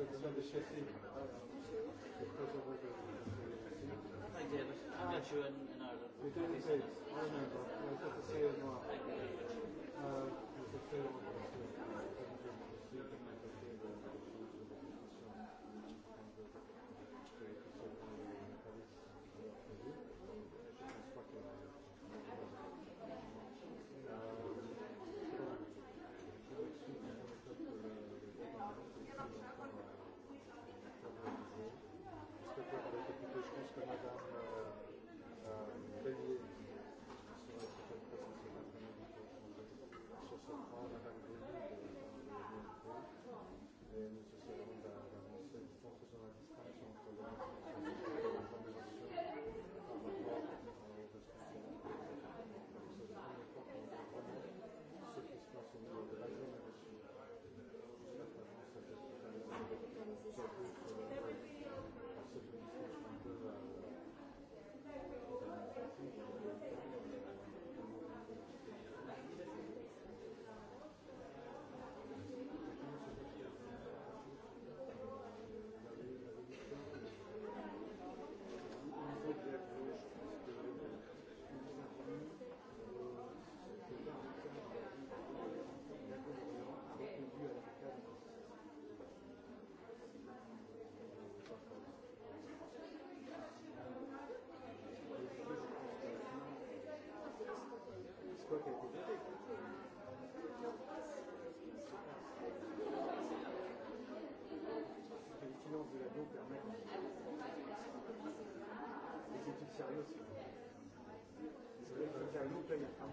I did. you in, Ireland. Thank you de l'avion C'est vrai que un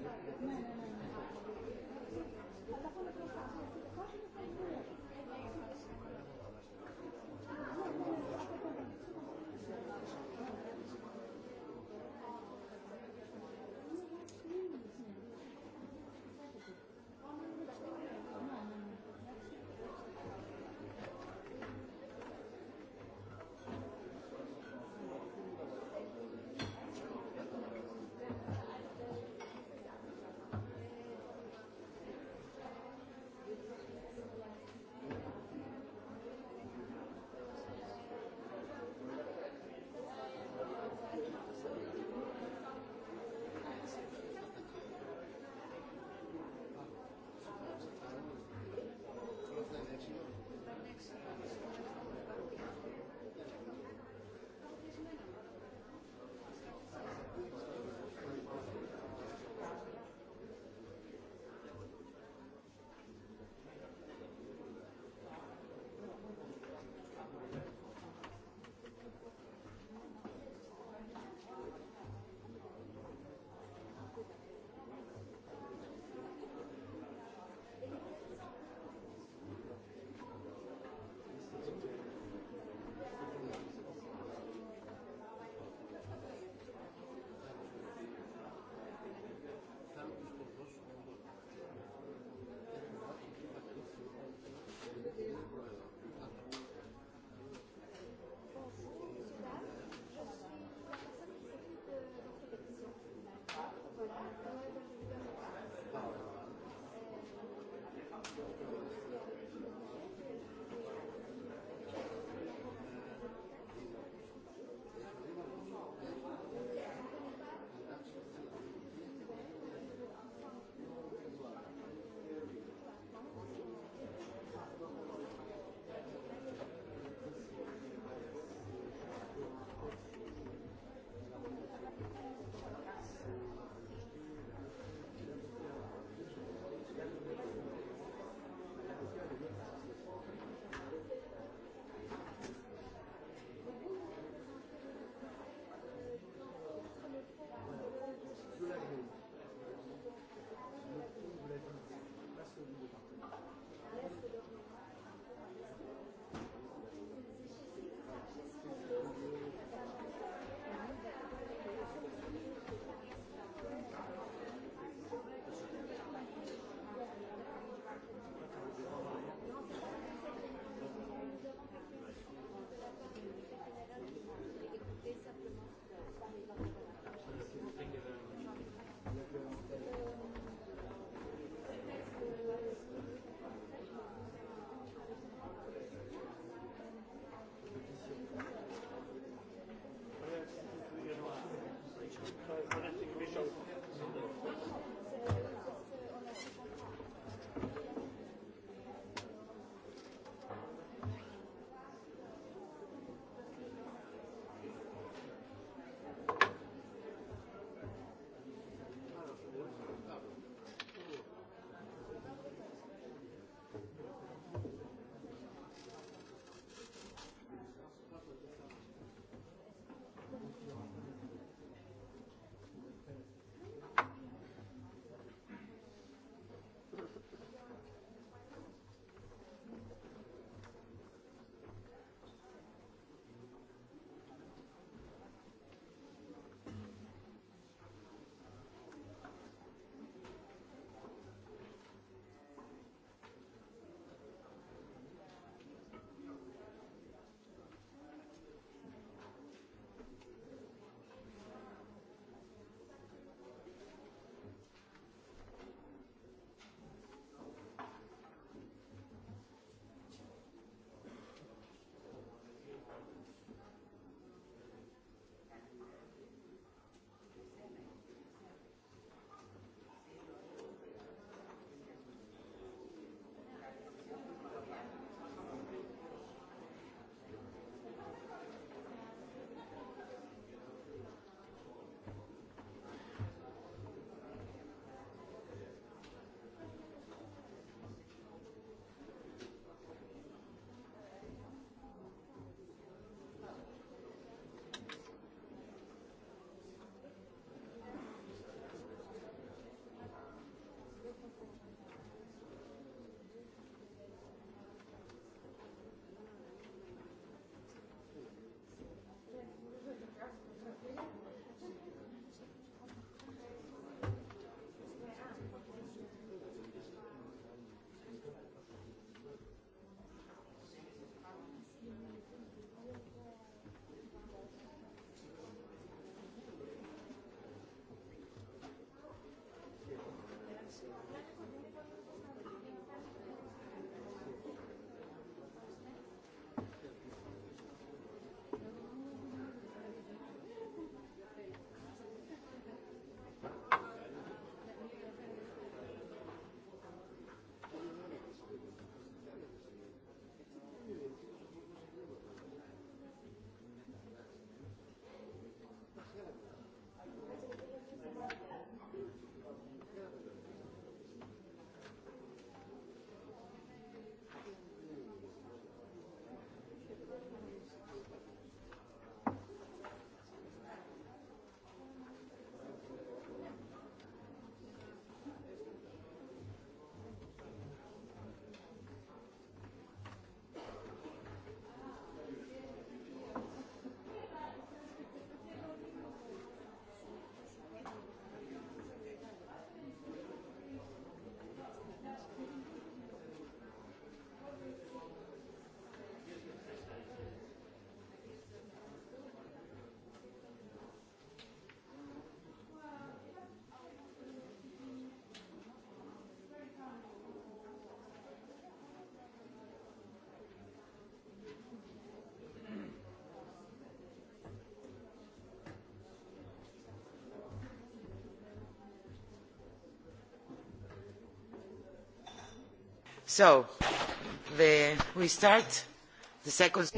Αλλά ναι, ναι, ναι.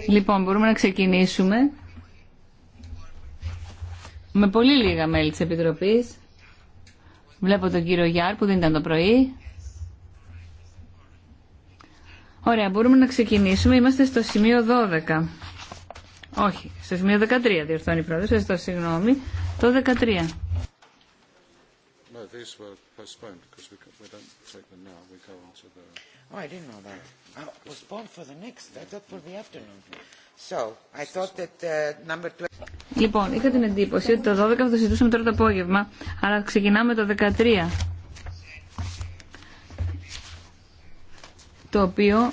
Λοιπόν, μπορούμε να ξεκινήσουμε με πολύ λίγα μέλη της Επιτροπής. Βλέπω τον κύριο Γιάρ που δεν ήταν το πρωί. Ωραία, μπορούμε να ξεκινήσουμε. Είμαστε στο σημείο 12. Όχι, στο σημείο 13 διορθώνει η πρόεδρος. Σας το συγγνώμη. Το 13 as were postponed because we, we don't take them now. We go on to the. Oh, I didn't know that. Uh, postponed for the next. I thought for the afternoon. So I thought that uh, number 20. Λοιπόν, είχα την εντύπωση ότι το 12 θα το συζητούσαμε τώρα το απόγευμα, αλλά ξεκινάμε το 13. Το οποίο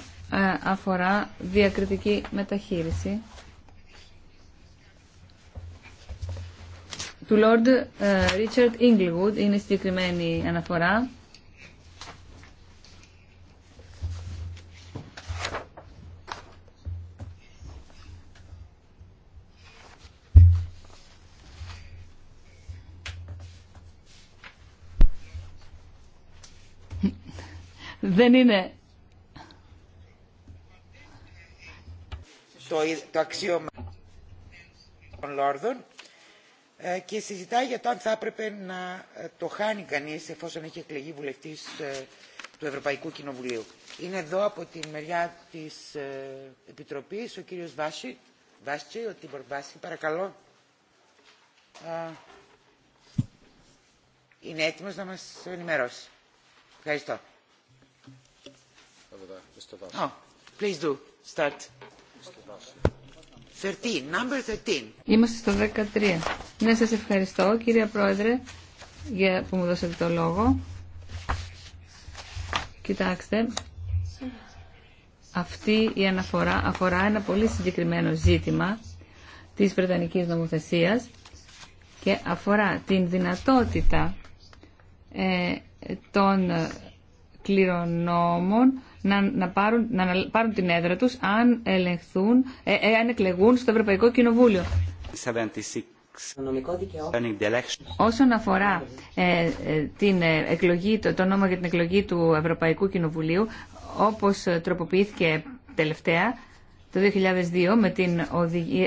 αφορά διακριτική μεταχείριση. του Lord ε, Richard Inglewood. Είναι συγκεκριμένη αναφορά. Δεν είναι. Το, το αξίωμα των Λόρδων ε, και συζητάει για το αν θα έπρεπε να ε, το χάνει κανείς εφόσον έχει εκλεγεί βουλευτής ε, του Ευρωπαϊκού Κοινοβουλίου. Είναι εδώ από τη μεριά της Επιτροπής ο κύριος Βάση. Βάση, ο Τίμπορ Βάση, παρακαλώ. Είναι έτοιμος να μας ενημερώσει. Ευχαριστώ. Oh, please do. Start. Είμαστε στο 13. Ναι, σας ευχαριστώ κύριε Πρόεδρε για που μου δώσατε το λόγο. Κοιτάξτε, αυτή η αναφορά αφορά ένα πολύ συγκεκριμένο ζήτημα της Βρετανικής νομοθεσίας και αφορά την δυνατότητα ε, των κληρονόμων να, να, πάρουν, να πάρουν την έδρα τους αν, ελεγχθούν, ε, ε, αν εκλεγούν στο Ευρωπαϊκό Κοινοβούλιο. 76. Όσον αφορά ε, την εκλογή, το, το νόμο για την εκλογή του Ευρωπαϊκού Κοινοβουλίου, όπως τροποποιήθηκε τελευταία, το 2002 με την,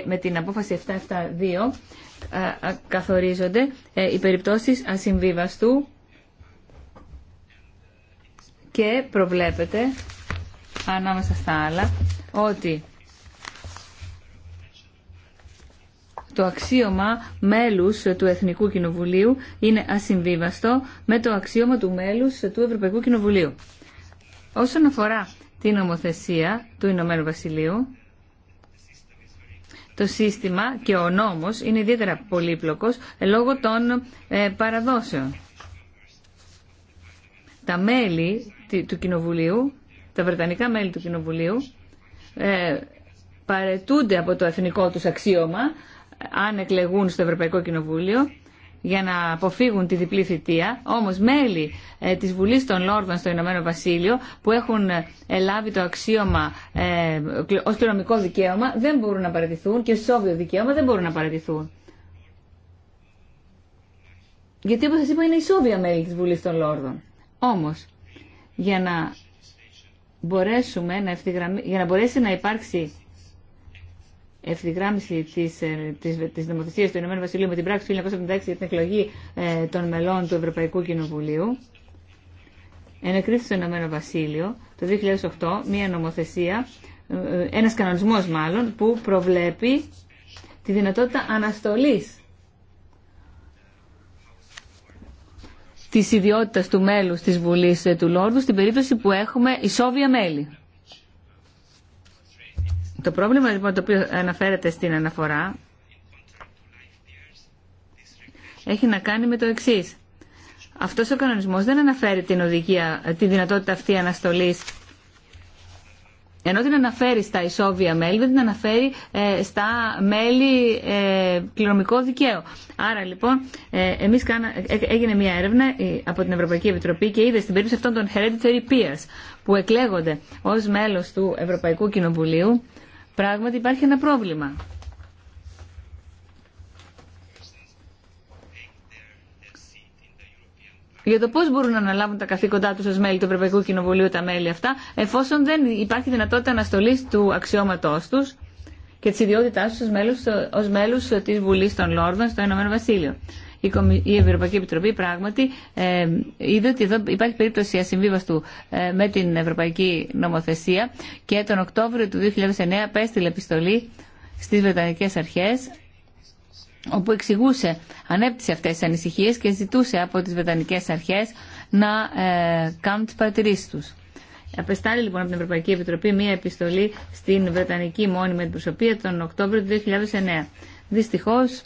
με την απόφαση 772 καθορίζονται οι περιπτώσεις ασυμβίβαστου και προβλέπεται ανάμεσα στα άλλα ότι το αξίωμα μέλους του Εθνικού Κοινοβουλίου είναι ασυμβίβαστο με το αξίωμα του μέλους του Ευρωπαϊκού Κοινοβουλίου. Όσον αφορά την νομοθεσία του Ηνωμένου Βασιλείου, το σύστημα και ο νόμος είναι ιδιαίτερα πολύπλοκος ε, λόγω των ε, παραδόσεων. Τα μέλη του Κοινοβουλίου, τα Βρετανικά μέλη του Κοινοβουλίου, ε, παρετούνται από το εθνικό τους αξίωμα αν εκλεγούν στο Ευρωπαϊκό Κοινοβούλιο για να αποφύγουν τη διπλή θητεία. Όμως μέλη ε, της Βουλής των Λόρδων στο Ηνωμένο Βασίλειο που έχουν ε, ελάβει το αξίωμα ε, ως κληρονομικό δικαίωμα δεν μπορούν να παρατηθούν και σόβιο δικαίωμα δεν μπορούν να παρατηθούν. Γιατί όπως σας είπα είναι ισόβια μέλη της Βουλής των Λόρδων. Όμως για να, μπορέσουμε να για να μπορέσει να υπάρξει ευθυγράμμιση της, ε, της, της νομοθεσίας του Ηνωμένου Βασιλείου με την πράξη του 1976 για την εκλογή ε, των μελών του Ευρωπαϊκού Κοινοβουλίου ενεκρίθησε το Ηνωμένο Βασίλειο το 2008 μια νομοθεσία, ε, ένας κανονισμός μάλλον, που προβλέπει τη δυνατότητα αναστολής Τη ιδιότητα του μέλου της Βουλής ε, του Λόρδου στην περίπτωση που έχουμε ισόβια μέλη. Το πρόβλημα λοιπόν το οποίο αναφέρεται στην αναφορά έχει να κάνει με το εξή. Αυτός ο κανονισμός δεν αναφέρει την, οδηγία, τη δυνατότητα αυτή αναστολής ενώ την αναφέρει στα ισόβια μέλη, δεν την αναφέρει ε, στα μέλη ε, κληρονομικό δικαίου. Άρα λοιπόν, ε, εμείς κάνα, έγινε μια έρευνα από την Ευρωπαϊκή Επιτροπή και είδε στην περίπτωση αυτών των hereditary peers που εκλέγονται ως μέλος του Ευρωπαϊκού Κοινοβουλίου, πράγματι υπάρχει ένα πρόβλημα. για το πώ μπορούν να αναλάβουν τα καθήκοντά του ω μέλη του Ευρωπαϊκού Κοινοβουλίου τα μέλη αυτά, εφόσον δεν υπάρχει δυνατότητα αναστολή του αξιώματό του και τη ιδιότητά του ω μέλου τη Βουλή των Λόρδων στο Ηνωμένο Βασίλειο. Η Ευρωπαϊκή Επιτροπή πράγματι ε, είδε ότι εδώ υπάρχει περίπτωση ασυμβίβαστου ε, με την Ευρωπαϊκή Νομοθεσία και τον Οκτώβριο του 2009 απέστειλε επιστολή στις Βρετανικές Αρχές όπου εξηγούσε, ανέπτυσε αυτές τις ανησυχίες και ζητούσε από τις Βρετανικές αρχές να ε, κάνουν τις παρατηρήσεις τους. Απεστάλλει λοιπόν από την Ευρωπαϊκή Επιτροπή μία επιστολή στην Βρετανική μόνιμη αντιπροσωπεία τον Οκτώβριο του 2009. Δυστυχώς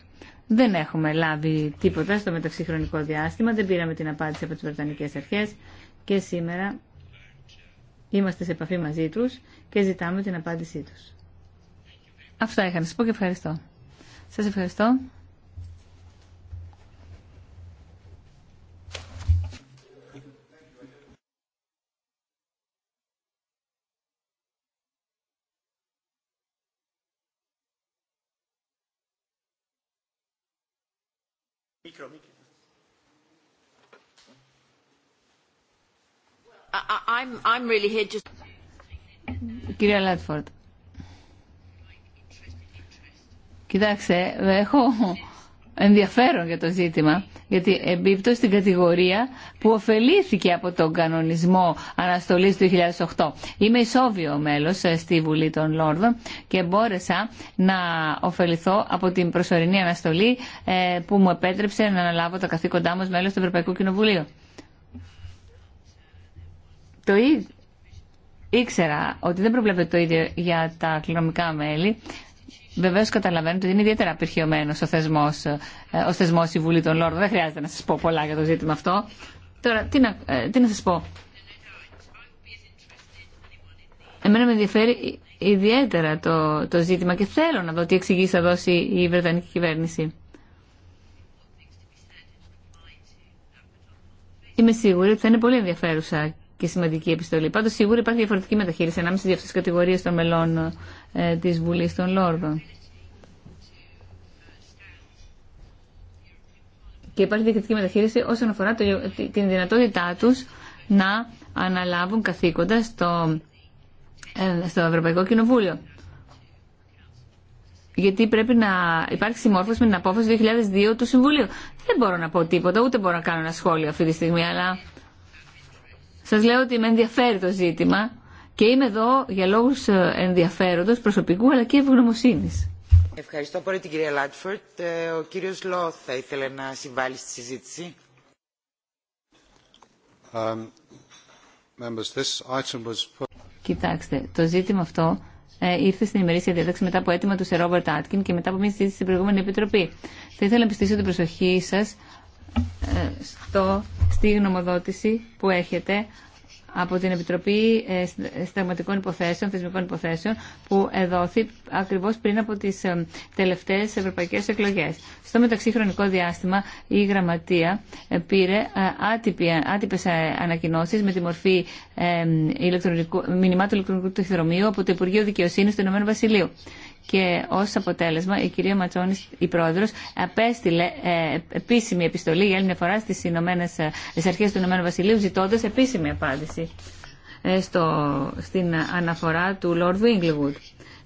δεν έχουμε λάβει τίποτα στο μεταξύχρονικό διάστημα, δεν πήραμε την απάντηση από τις Βρετανικές αρχές και σήμερα είμαστε σε επαφή μαζί τους και ζητάμε την απάντησή τους. Αυτά είχα να σας πω και ευχαριστώ. Σας ευχαριστώ. I'm, I'm really here just... Κυρία Λάτφορντ, Κοιτάξτε, έχω ενδιαφέρον για το ζήτημα, γιατί εμπίπτω στην κατηγορία που ωφελήθηκε από τον κανονισμό αναστολής του 2008. Είμαι ισόβιο μέλος ε, στη Βουλή των Λόρδων και μπόρεσα να ωφεληθώ από την προσωρινή αναστολή ε, που μου επέτρεψε να αναλάβω τα καθήκοντά μου ως μέλος του Ευρωπαϊκού Κοινοβουλίου. Το ήξερα ότι δεν προβλέπεται το ίδιο για τα κληρονομικά μέλη, Βεβαίω καταλαβαίνετε ότι είναι ιδιαίτερα απερχιωμένο ο θεσμό ε, ο θεσμός η Βουλή των Λόρδων. Δεν χρειάζεται να σα πω πολλά για το ζήτημα αυτό. Τώρα, τι να, ε, τι να σα πω. Εμένα με ενδιαφέρει ιδιαίτερα το, το ζήτημα και θέλω να δω τι εξηγήσει θα δώσει η Βρετανική κυβέρνηση. Είμαι σίγουρη ότι θα είναι πολύ ενδιαφέρουσα και σημαντική επιστολή. Πάντω σίγουρα υπάρχει διαφορετική μεταχείριση ανάμεσα σε αυτές τις κατηγορίες των μελών ε, της Βουλής των Λόρδων. Και υπάρχει διαφορετική μεταχείριση όσον αφορά το, την δυνατότητά του να αναλάβουν καθήκοντα στο, ε, στο Ευρωπαϊκό Κοινοβούλιο. Γιατί πρέπει να υπάρξει συμμόρφωση με την απόφαση 2002 του Συμβουλίου. Δεν μπορώ να πω τίποτα, ούτε μπορώ να κάνω ένα σχόλιο αυτή τη στιγμή, αλλά σας λέω ότι με ενδιαφέρει το ζήτημα και είμαι εδώ για λόγους ε, ενδιαφέροντος προσωπικού αλλά και ευγνωμοσύνης. Ευχαριστώ πολύ την κυρία Λάτφορτ. Ε, ο κύριος Λό θα ήθελε να συμβάλλει στη συζήτηση. Um, members, this item was... Κοιτάξτε, το ζήτημα αυτό ε, ήρθε στην ημερήσια διάταξη μετά από αίτημα του σε Ρόμπερτ Άτκιν και μετά από μια συζήτηση στην προηγούμενη επιτροπή. Θα ήθελα να πιστήσω την προσοχή σας... Ε, στο, στη γνωμοδότηση που έχετε από την Επιτροπή ε, Συνταγματικών Υποθέσεων, Θεσμικών Υποθέσεων, που εδόθη ακριβώς πριν από τις ε, τελευταίες ευρωπαϊκές εκλογές. Στο μεταξύ χρονικό διάστημα η Γραμματεία πήρε άτυπες ανακοινώσεις με τη μορφή ηλεκτρονικού, μηνυμάτου ηλεκτρονικού ταχυδρομείου από το Υπουργείο Δικαιοσύνης του Ηνωμένου Βασιλείου και ως αποτέλεσμα η κυρία Ματσόνης, η πρόεδρος, απέστειλε ε, επίσημη επιστολή για άλλη μια φορά στις, Ηνωμένες, ε, αρχές του Ηνωμένου Βασιλείου ζητώντας επίσημη απάντηση ε, στο, στην αναφορά του Λόρδου Ίγκλιγουτ.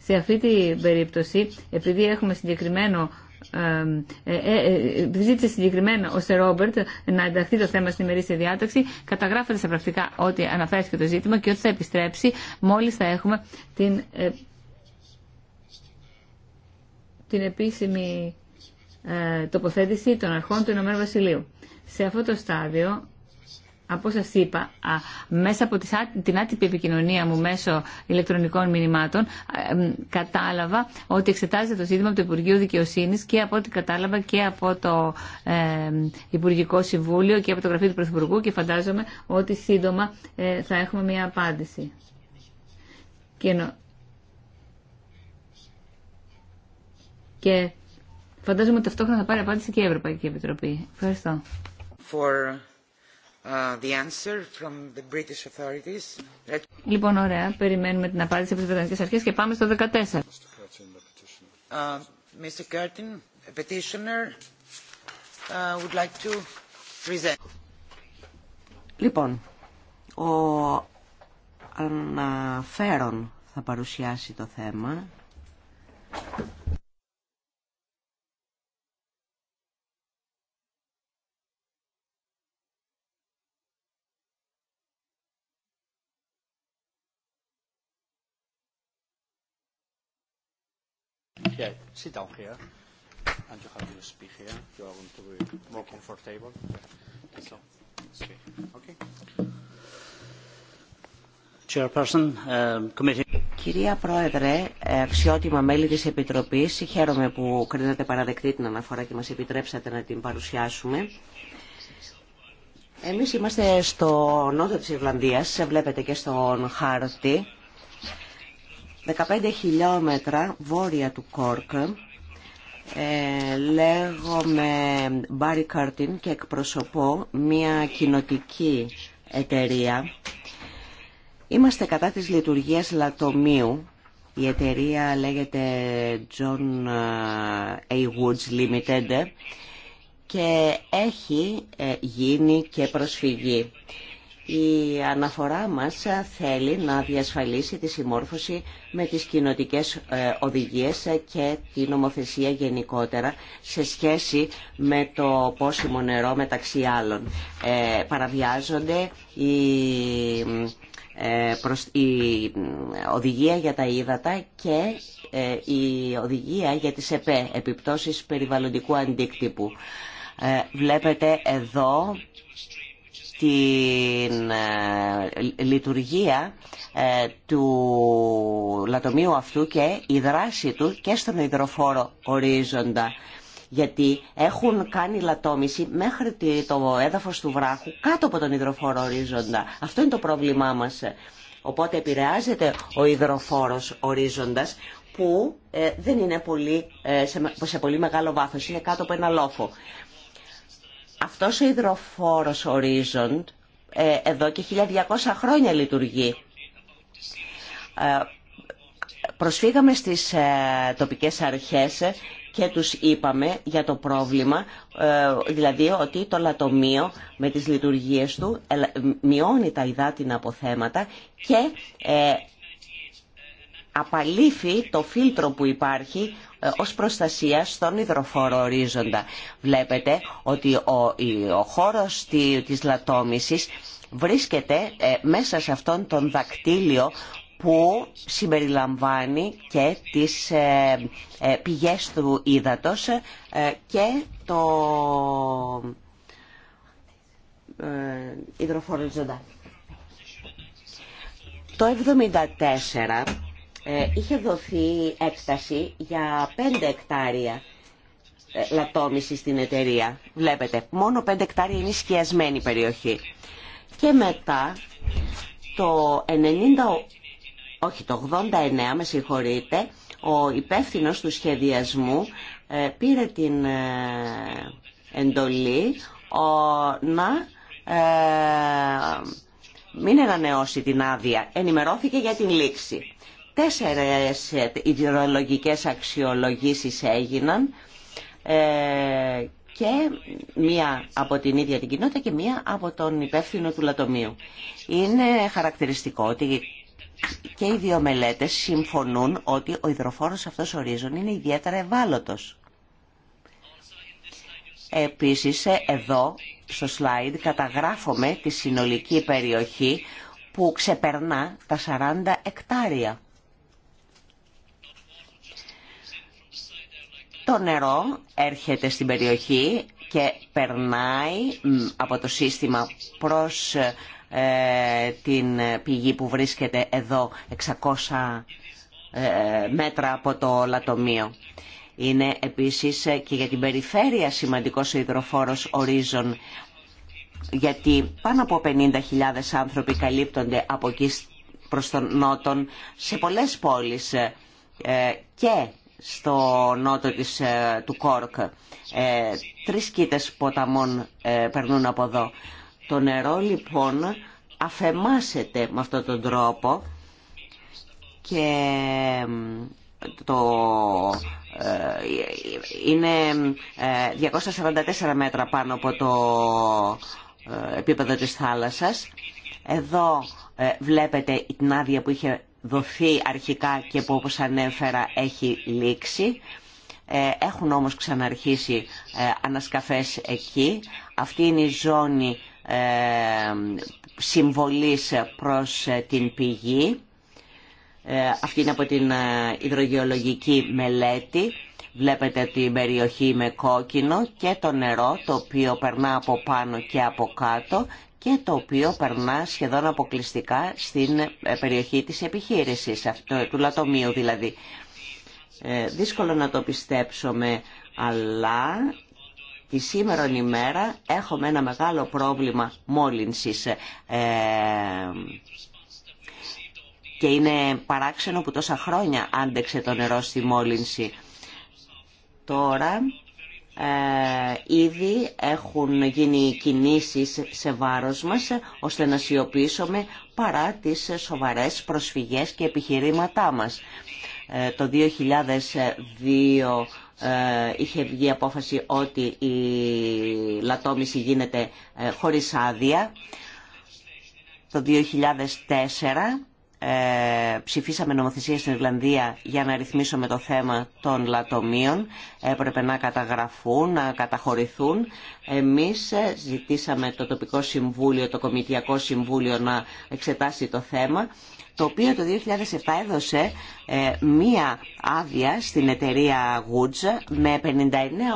Σε αυτή την περίπτωση, επειδή έχουμε συγκεκριμένο ζήτησε συγκεκριμένα ο Σε Ρόμπερτ να ενταχθεί το θέμα στην ημερήσια διάταξη. Καταγράφεται στα πρακτικά ότι αναφέρθηκε το ζήτημα και ότι θα επιστρέψει μόλι θα έχουμε την την επίσημη ε, τοποθέτηση των αρχών του Ηνωμένου Βασιλείου. Σε αυτό το στάδιο, από σας είπα, μέσα από την άτυπη επικοινωνία μου μέσω ηλεκτρονικών μηνυμάτων, ε, κατάλαβα ότι εξετάζεται το ζήτημα από το Υπουργείο Δικαιοσύνης και από ό,τι κατάλαβα και από το ε, Υπουργικό Συμβούλιο και από το Γραφείο του Πρωθυπουργού και φαντάζομαι ότι σύντομα θα έχουμε μια απάντηση. Και φαντάζομαι ότι ταυτόχρονα θα πάρει απάντηση και η Ευρωπαϊκή Επιτροπή. Ευχαριστώ. For, uh, Λοιπόν, ωραία. Περιμένουμε την απάντηση από τις Βρετανικές Αρχές και πάμε στο 14. Uh, uh, λοιπόν, ο αναφέρον θα παρουσιάσει το θέμα. Yeah, sit down here. And you have to speak here. You are going to be more comfortable. So, okay. Chairperson, um, committee. Κυρία Πρόεδρε, αξιότιμα μέλη της Επιτροπής, χαίρομαι που κρίνετε παραδεκτή την αναφορά και μας επιτρέψατε να την παρουσιάσουμε. Εμείς είμαστε στο νότο της Ιρλανδίας, βλέπετε και στον χάρτη. 15 χιλιόμετρα βόρεια του Κόρκ ε, λέγομαι Μπάρι Κάρτιν και εκπροσωπώ μια κοινοτική εταιρεία. Είμαστε κατά της λειτουργίας λατομείου. Η εταιρεία λέγεται John ε, A. Woods Limited και έχει ε, γίνει και προσφυγή. Η αναφορά μας θέλει να διασφαλίσει τη συμμόρφωση με τις κοινοτικές ε, οδηγίες και την νομοθεσία γενικότερα σε σχέση με το πόσιμο νερό μεταξύ άλλων. Ε, παραβιάζονται ε, η οδηγία για τα ύδατα και η οδηγία για τις ΕΠΕ, επιπτώσεις περιβαλλοντικού αντίκτυπου. Βλέπετε εδώ την ε, λειτουργία ε, του λατομείου αυτού και η δράση του και στον υδροφόρο ορίζοντα. Γιατί έχουν κάνει λατόμηση μέχρι το έδαφος του βράχου κάτω από τον υδροφόρο ορίζοντα. Αυτό είναι το πρόβλημά μας. Οπότε επηρεάζεται ο υδροφόρος ορίζοντας που ε, δεν είναι πολύ, σε πολύ μεγάλο βάθος, είναι κάτω από ένα λόφο. Αυτός ο υδροφόρος ορίζοντ ε, εδώ και 1200 χρόνια λειτουργεί. Ε, προσφύγαμε στις ε, τοπικές αρχές και τους είπαμε για το πρόβλημα, δηλαδή ότι το λατομείο με τις λειτουργίες του μειώνει τα υδάτινα αποθέματα και απαλήφει το φίλτρο που υπάρχει ως προστασία στον υδροφόρο ορίζοντα. Βλέπετε ότι ο, ο χώρος της λατόμησης βρίσκεται ε, μέσα σε αυτόν τον δακτύλιο που συμπεριλαμβάνει και τις ε, ε, πηγές του ύδατος και το υδροφόρο ορίζοντα. Το 1974 ε, είχε δοθεί έκταση για 5 εκτάρια ε, λατόμηση στην εταιρεία. Βλέπετε, μόνο 5 εκτάρια είναι σκιασμένη περιοχή. Και μετά το 90, όχι το 89 με συγχωρείτε, ο υπεύθυνος του σχεδιασμού ε, πήρε την εντολή να μην ανανεώσει την άδεια. Ενημερώθηκε για την λήξη. Τέσσερες ιδεολογικές αξιολογήσεις έγιναν ε, και μία από την ίδια την κοινότητα και μία από τον υπεύθυνο του Λατομείου. Είναι χαρακτηριστικό ότι και οι δύο μελέτες συμφωνούν ότι ο υδροφόρος αυτός ορίζων είναι ιδιαίτερα ευάλωτος. Επίσης ε, εδώ στο slide καταγράφουμε τη συνολική περιοχή που ξεπερνά τα 40 εκτάρια. το νερό έρχεται στην περιοχή και περνάει από το σύστημα προς ε, την πηγή που βρίσκεται εδώ 600 ε, μέτρα από το λατομείο. Είναι επίσης ε, και για την περιφέρεια σημαντικός ο υδροφόρος ορίζων γιατί πάνω από 50.000 άνθρωποι καλύπτονται από εκεί προς τον Νότον σε πολλές πόλεις και στο νότο της, ε, του Κόρκ. Ε, τρεις ποταμών ε, περνούν από εδώ. Το νερό λοιπόν αφεμάσεται με αυτόν τον τρόπο και ε, το, είναι 244 μέτρα πάνω από το επίπεδο της θάλασσας. Εδώ βλέπετε την άδεια που είχε δοθεί αρχικά και που όπως ανέφερα έχει λήξει. Ε, έχουν όμως ξαναρχίσει ε, ανασκαφές εκεί. Αυτή είναι η ζώνη ε, συμβολής προς την πηγή. Αυτή είναι από την υδρογεολογική μελέτη. Βλέπετε την περιοχή με κόκκινο και το νερό το οποίο περνά από πάνω και από κάτω και το οποίο περνά σχεδόν αποκλειστικά στην ε, περιοχή της επιχείρησης, του λατομείου δηλαδή. Ε, δύσκολο να το πιστέψουμε, αλλά τη σήμερα ημέρα έχουμε ένα μεγάλο πρόβλημα μόλυνσης ε, και είναι παράξενο που τόσα χρόνια άντεξε το νερό στη μόλυνση. Τώρα ε, ήδη έχουν γίνει κινήσεις σε βάρος μας ώστε να σιωπήσουμε παρά τις σοβαρές προσφυγές και επιχειρήματά μας. Ε, το 2002 ε, είχε βγει απόφαση ότι η λατόμηση γίνεται χωρίς άδεια. Το 2004 ε, ψηφίσαμε νομοθεσία στην Ιρλανδία για να ρυθμίσουμε το θέμα των λατομείων. Έπρεπε να καταγραφούν, να καταχωρηθούν. Εμείς ε, ζητήσαμε το τοπικό συμβούλιο, το κομιτιακό συμβούλιο να εξετάσει το θέμα το οποίο το 2007 έδωσε ε, μία άδεια στην εταιρεία Woods με 59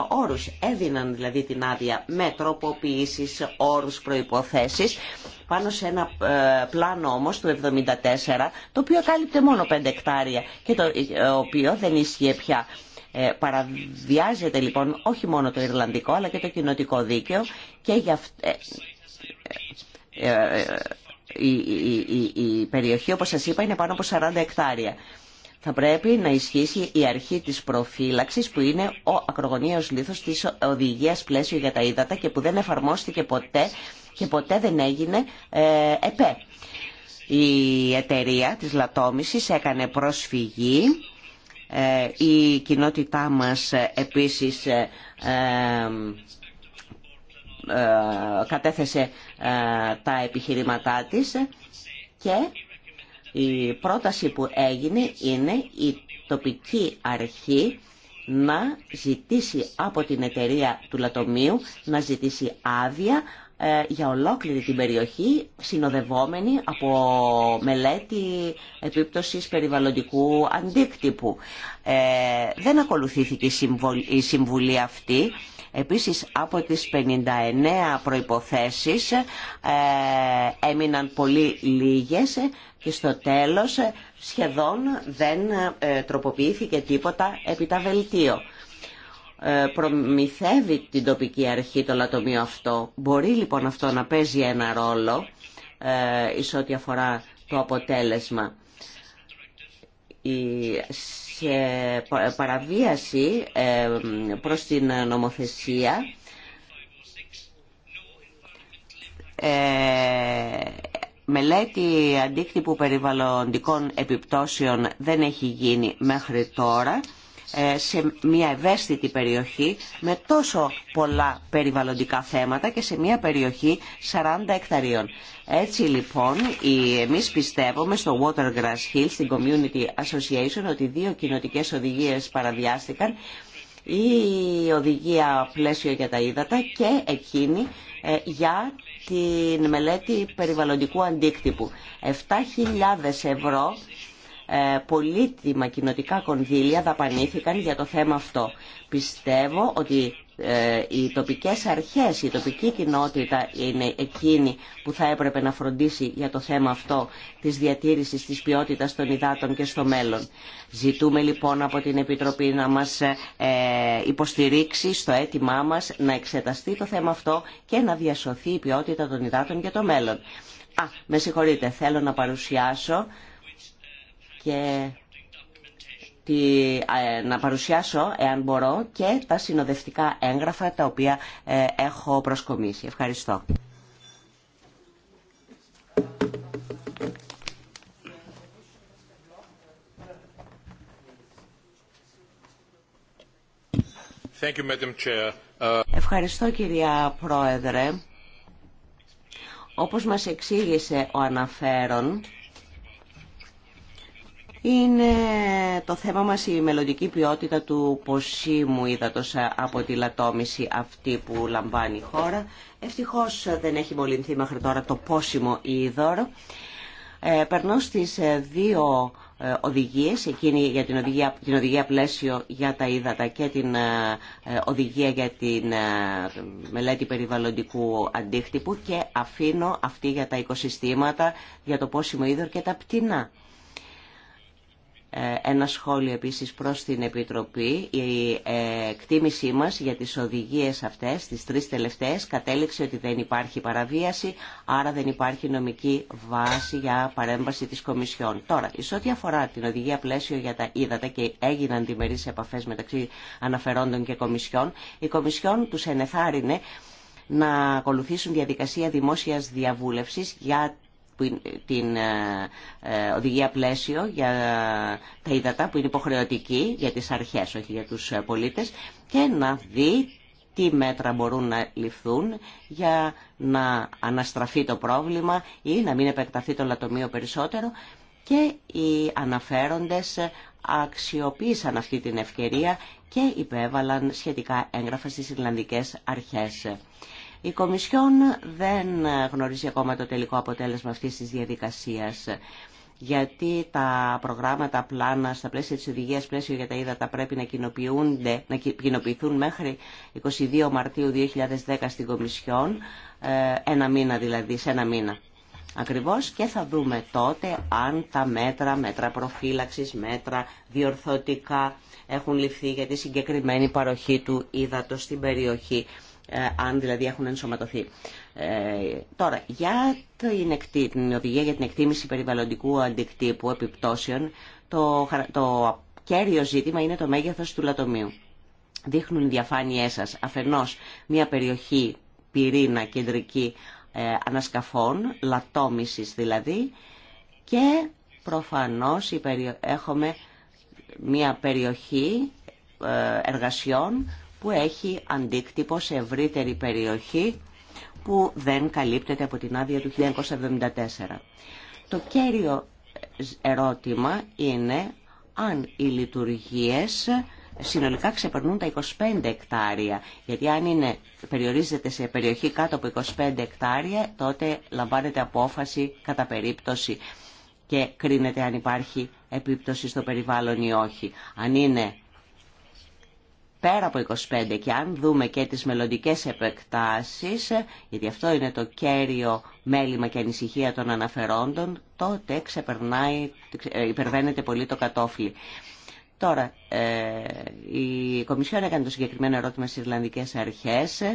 όρους. Έδιναν δηλαδή την άδεια με τροποποιήσεις, όρους, προϋποθέσεις πάνω σε ένα ε, πλάνο όμως του 1974 το οποίο κάλυπτε μόνο 5 εκτάρια και το ε, οποίο δεν ισχύει πια. Ε, παραβιάζεται λοιπόν όχι μόνο το Ιρλανδικό αλλά και το κοινοτικό δίκαιο και για, ε, η, περιοχή όπως σας είπα είναι πάνω από 40 εκτάρια. Θα πρέπει να ισχύσει η αρχή της προφύλαξης που είναι ο ακρογωνίος λίθος της οδηγίας πλαίσιο για τα ύδατα και που δεν εφαρμόστηκε ποτέ και ποτέ δεν έγινε ε, ΕΠΕ. Η εταιρεία της Λατόμησης έκανε προσφυγή ε, η κοινότητά μας επίσης ε, ε, κατέθεσε ε, τα επιχειρήματά της και η πρόταση που έγινε είναι η τοπική αρχή να ζητήσει από την εταιρεία του Λατομείου να ζητήσει άδεια ε, για ολόκληρη την περιοχή συνοδευόμενη από μελέτη επίπτωσης περιβαλλοντικού αντίκτυπου. δεν ακολουθήθηκε η συμβουλή αυτή Επίσης από τις 59 προϋποθέσεις ε, έμειναν πολύ λίγες και στο τέλος ε, σχεδόν δεν ε, τροποποιήθηκε τίποτα επί τα βελτίο. Προμηθεύει την τοπική αρχή το λατομείο αυτό. Μπορεί λοιπόν αυτό να παίζει ένα ρόλο εις ό,τι αφορά το αποτέλεσμα σε παραβίαση ε, προς την νομοθεσία ε, μελέτη αντίκτυπου περιβαλλοντικών επιπτώσεων δεν έχει γίνει μέχρι τώρα ε, σε μια ευαίσθητη περιοχή με τόσο πολλά περιβαλλοντικά θέματα και σε μια περιοχή 40 εκταρίων. Έτσι λοιπόν, εμείς πιστεύουμε στο Watergrass Hill, στην Community Association, ότι δύο κοινοτικέ οδηγίες παραδιάστηκαν, η οδηγία πλαίσιο για τα ύδατα και εκείνη ε, για την μελέτη περιβαλλοντικού αντίκτυπου. 7.000 ευρώ ε, πολύτιμα κοινοτικά κονδύλια δαπανήθηκαν για το θέμα αυτό. Πιστεύω ότι ε, οι τοπικές αρχές, η τοπική κοινότητα είναι εκείνη που θα έπρεπε να φροντίσει για το θέμα αυτό της διατήρησης της ποιότητας των υδάτων και στο μέλλον. Ζητούμε λοιπόν από την Επιτροπή να μας ε, υποστηρίξει στο αίτημά μας να εξεταστεί το θέμα αυτό και να διασωθεί η ποιότητα των υδάτων και το μέλλον. Α, με συγχωρείτε, θέλω να παρουσιάσω και ε, να παρουσιάσω, εάν μπορώ, και τα συνοδευτικά έγγραφα τα οποία ε, έχω προσκομίσει. Ευχαριστώ. Uh, Ευχαριστώ κυρία Πρόεδρε. Όπως μας εξήγησε ο αναφέρον, είναι το θέμα μας η μελλοντική ποιότητα του ποσίμου ύδατος από τη λατόμηση αυτή που λαμβάνει η χώρα. Ευτυχώς δεν έχει μολυνθεί μέχρι τώρα το πόσιμο ύδωρο. Ε, περνώ στις ε, δύο ε, οδηγίες, εκείνη για την οδηγία, την οδηγία πλαίσιο για τα ύδατα και την ε, οδηγία για την μελέτη περιβαλλοντικού αντίκτυπου και αφήνω αυτή για τα οικοσυστήματα, για το πόσιμο ύδωρο και τα πτηνά. Ε, ένα σχόλιο επίσης προς την Επιτροπή. Η ε, εκτίμησή μας για τις οδηγίες αυτές, τις τρεις τελευταίες, κατέληξε ότι δεν υπάρχει παραβίαση, άρα δεν υπάρχει νομική βάση για παρέμβαση της Κομισιόν. Τώρα, εις ό,τι αφορά την οδηγία πλαίσιο για τα ύδατα και έγιναν διμερείς επαφές μεταξύ αναφερόντων και Κομισιόν, η Κομισιόν τους ενεθάρρυνε να ακολουθήσουν διαδικασία δημόσιας διαβούλευσης για την ε, ε, οδηγία πλαίσιο για τα ύδατα που είναι υποχρεωτική για τις αρχές, όχι για τους ε, πολίτες και να δει τι μέτρα μπορούν να ληφθούν για να αναστραφεί το πρόβλημα ή να μην επεκταθεί το λατομείο περισσότερο και οι αναφέροντες αξιοποίησαν αυτή την ευκαιρία και υπέβαλαν σχετικά έγγραφα στις Ιρλανδικές αρχές. Η Κομισιόν δεν γνωρίζει ακόμα το τελικό αποτέλεσμα αυτής της διαδικασίας γιατί τα προγράμματα πλάνα στα πλαίσια της οδηγία πλαίσιο για τα ύδατα πρέπει να, να κοινοποιηθούν μέχρι 22 Μαρτίου 2010 στην Κομισιόν, ε, ένα μήνα δηλαδή, σε ένα μήνα ακριβώς και θα δούμε τότε αν τα μέτρα, μέτρα προφύλαξης, μέτρα διορθωτικά έχουν ληφθεί για τη συγκεκριμένη παροχή του ύδατος στην περιοχή ε, αν δηλαδή έχουν ενσωματωθεί. Ε, τώρα, για την οδηγία για την εκτίμηση περιβαλλοντικού αντικτύπου επιπτώσεων, το, το κέριο ζήτημα είναι το μέγεθος του λατομείου. Δείχνουν οι διαφάνειές σας αφενός μια περιοχή πυρήνα κεντρική ε, ανασκαφών, λατόμησης δηλαδή, και προφανώς έχουμε μια περιοχή εργασιών που έχει αντίκτυπο σε ευρύτερη περιοχή που δεν καλύπτεται από την άδεια του 1974. Το κέριο ερώτημα είναι αν οι λειτουργίες συνολικά ξεπερνούν τα 25 εκτάρια. Γιατί αν είναι, περιορίζεται σε περιοχή κάτω από 25 εκτάρια, τότε λαμβάνεται απόφαση κατά περίπτωση και κρίνεται αν υπάρχει επίπτωση στο περιβάλλον ή όχι. Αν είναι πέρα από 25 και αν δούμε και τις μελλοντικέ επεκτάσεις, γιατί αυτό είναι το κέριο μέλημα και ανησυχία των αναφερόντων, τότε ξεπερνάει, ε, υπερβαίνεται πολύ το κατόφλι. Τώρα, ε, η Κομισιόν έκανε το συγκεκριμένο ερώτημα στις Ιρλανδικές Αρχές. Ε,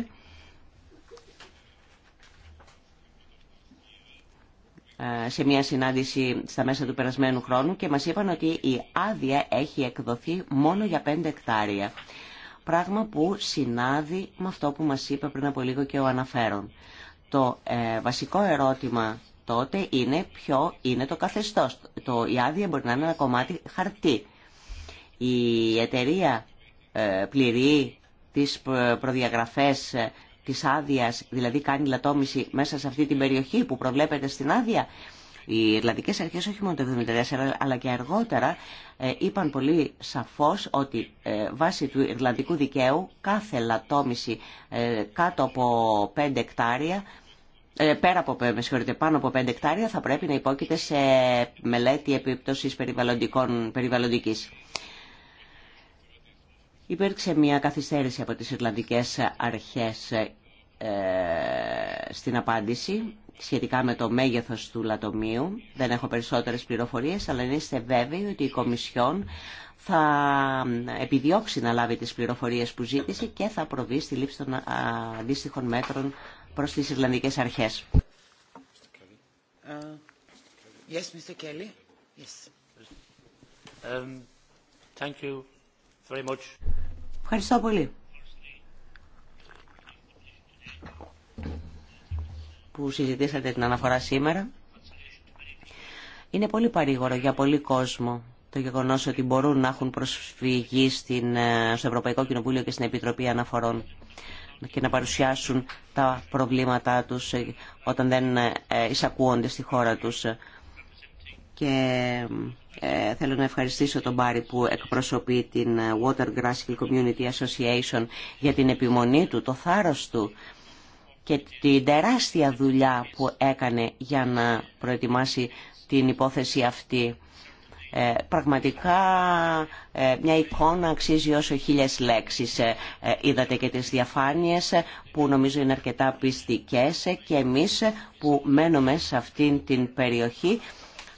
σε μια συνάντηση στα μέσα του περασμένου χρόνου και μας είπαν ότι η άδεια έχει εκδοθεί μόνο για 5 εκτάρια πράγμα που συνάδει με αυτό που μας είπε πριν από λίγο και ο αναφέρον. Το ε, βασικό ερώτημα τότε είναι ποιο είναι το καθεστώς. Το, η άδεια μπορεί να είναι ένα κομμάτι χαρτί. Η εταιρεία ε, πληρεί τις προδιαγραφές ε, της άδειας, δηλαδή κάνει λατόμηση μέσα σε αυτή την περιοχή που προβλέπεται στην άδεια. Οι Ιρλανδικές αρχές όχι μόνο το 1974 αλλά και αργότερα ε, είπαν πολύ σαφώς ότι ε, βάσει του Ιρλανδικού δικαίου κάθε λατόμηση ε, κάτω από 5 εκτάρια πέρα από, με πάνω από 5 εκτάρια θα πρέπει να υπόκειται σε μελέτη επίπτωσης περιβαλλοντικών, περιβαλλοντικής. Υπήρξε μια καθυστέρηση από τις Ιρλανδικές αρχές στην απάντηση σχετικά με το μέγεθος του λατομείου. Δεν έχω περισσότερες πληροφορίες, αλλά είστε βέβαιοι ότι η Κομισιόν θα επιδιώξει να λάβει τις πληροφορίες που ζήτησε και θα προβεί στη λήψη των αντίστοιχων μέτρων προς τις Ιρλανδικές αρχές. Uh, um, Ευχαριστώ πολύ που συζητήσατε την αναφορά σήμερα. Είναι πολύ παρήγορο για πολύ κόσμο το γεγονός ότι μπορούν να έχουν προσφυγεί στην, ε, στο Ευρωπαϊκό Κοινοβούλιο και στην Επιτροπή Αναφορών και να παρουσιάσουν τα προβλήματά τους ε, όταν δεν ε, εισακούονται στη χώρα τους. Και ε, θέλω να ευχαριστήσω τον Μπάρι που εκπροσωπεί την Watergrass Community Association για την επιμονή του, το θάρρος του και την τεράστια δουλειά που έκανε για να προετοιμάσει την υπόθεση αυτή. Ε, πραγματικά ε, μια εικόνα αξίζει όσο χίλιες λέξεις. Ε, είδατε και τις διαφάνειες που νομίζω είναι αρκετά πιστικές και εμείς που μένουμε σε αυτήν την περιοχή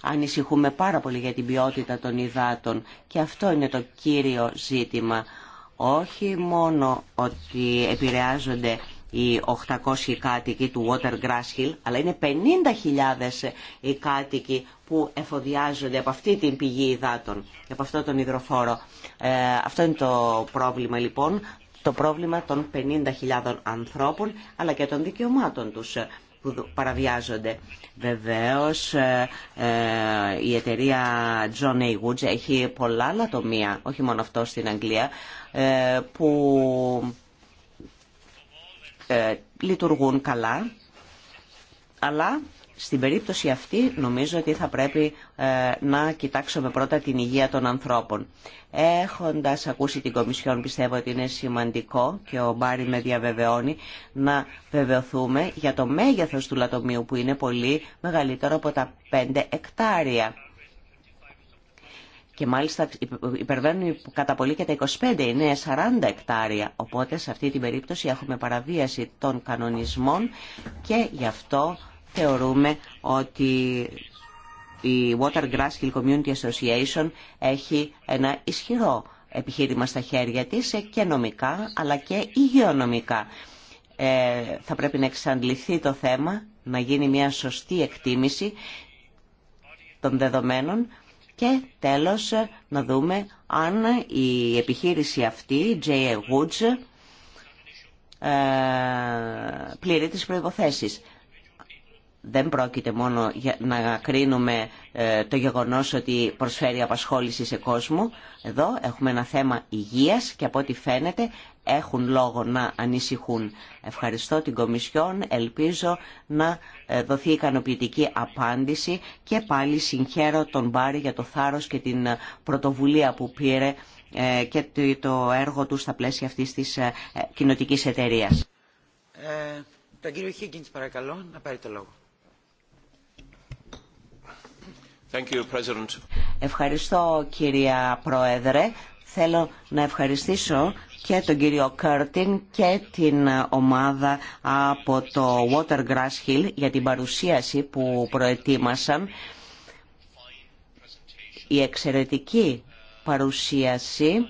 ανησυχούμε πάρα πολύ για την ποιότητα των υδάτων και αυτό είναι το κύριο ζήτημα. Όχι μόνο ότι επηρεάζονται οι 800 κάτοικοι του Watergrass Hill, αλλά είναι 50.000 οι κάτοικοι που εφοδιάζονται από αυτή την πηγή υδάτων από αυτό τον υδροφόρο. Ε, αυτό είναι το πρόβλημα λοιπόν, το πρόβλημα των 50.000 ανθρώπων, αλλά και των δικαιωμάτων τους που παραβιάζονται. Βεβαίως ε, ε, η εταιρεία John A. Woods έχει πολλά λατομεία, όχι μόνο αυτό στην Αγγλία, ε, που ε, λειτουργούν καλά, αλλά στην περίπτωση αυτή νομίζω ότι θα πρέπει ε, να κοιτάξουμε πρώτα την υγεία των ανθρώπων. Έχοντας ακούσει την Κομισιόν πιστεύω ότι είναι σημαντικό και ο Μπάρι με διαβεβαιώνει να βεβαιωθούμε για το μέγεθος του λατομείου που είναι πολύ μεγαλύτερο από τα 5 εκτάρια και μάλιστα υπερβαίνουν κατά πολύ και τα 25, είναι 40 εκτάρια. Οπότε σε αυτή την περίπτωση έχουμε παραβίαση των κανονισμών και γι' αυτό θεωρούμε ότι η Water Hill Community Association έχει ένα ισχυρό επιχείρημα στα χέρια της ε, και νομικά αλλά και υγειονομικά. Ε, θα πρέπει να εξαντληθεί το θέμα, να γίνει μια σωστή εκτίμηση των δεδομένων και τέλος να δούμε αν η επιχείρηση αυτή, η J.A. Woods, ε, πληρεί τις προϋποθέσεις. Δεν πρόκειται μόνο να κρίνουμε ε, το γεγονός ότι προσφέρει απασχόληση σε κόσμο. Εδώ έχουμε ένα θέμα υγείας και από ό,τι φαίνεται έχουν λόγο να ανησυχούν. Ευχαριστώ την Κομισιόν, ελπίζω να ε, δοθεί ικανοποιητική απάντηση και πάλι συγχαίρω τον Μπάρι για το θάρρος και την ε, πρωτοβουλία που πήρε ε, και το έργο του στα πλαίσια αυτής της κοινοτικής εταιρείας. Ε, τον Higgins, παρακαλώ να πάρει το λόγο. Ευχαριστώ κυρία Πρόεδρε. Θέλω να ευχαριστήσω και τον κύριο Κέρτιν και την ομάδα από το Watergrass Hill για την παρουσίαση που προετοίμασαν. Η εξαιρετική παρουσίαση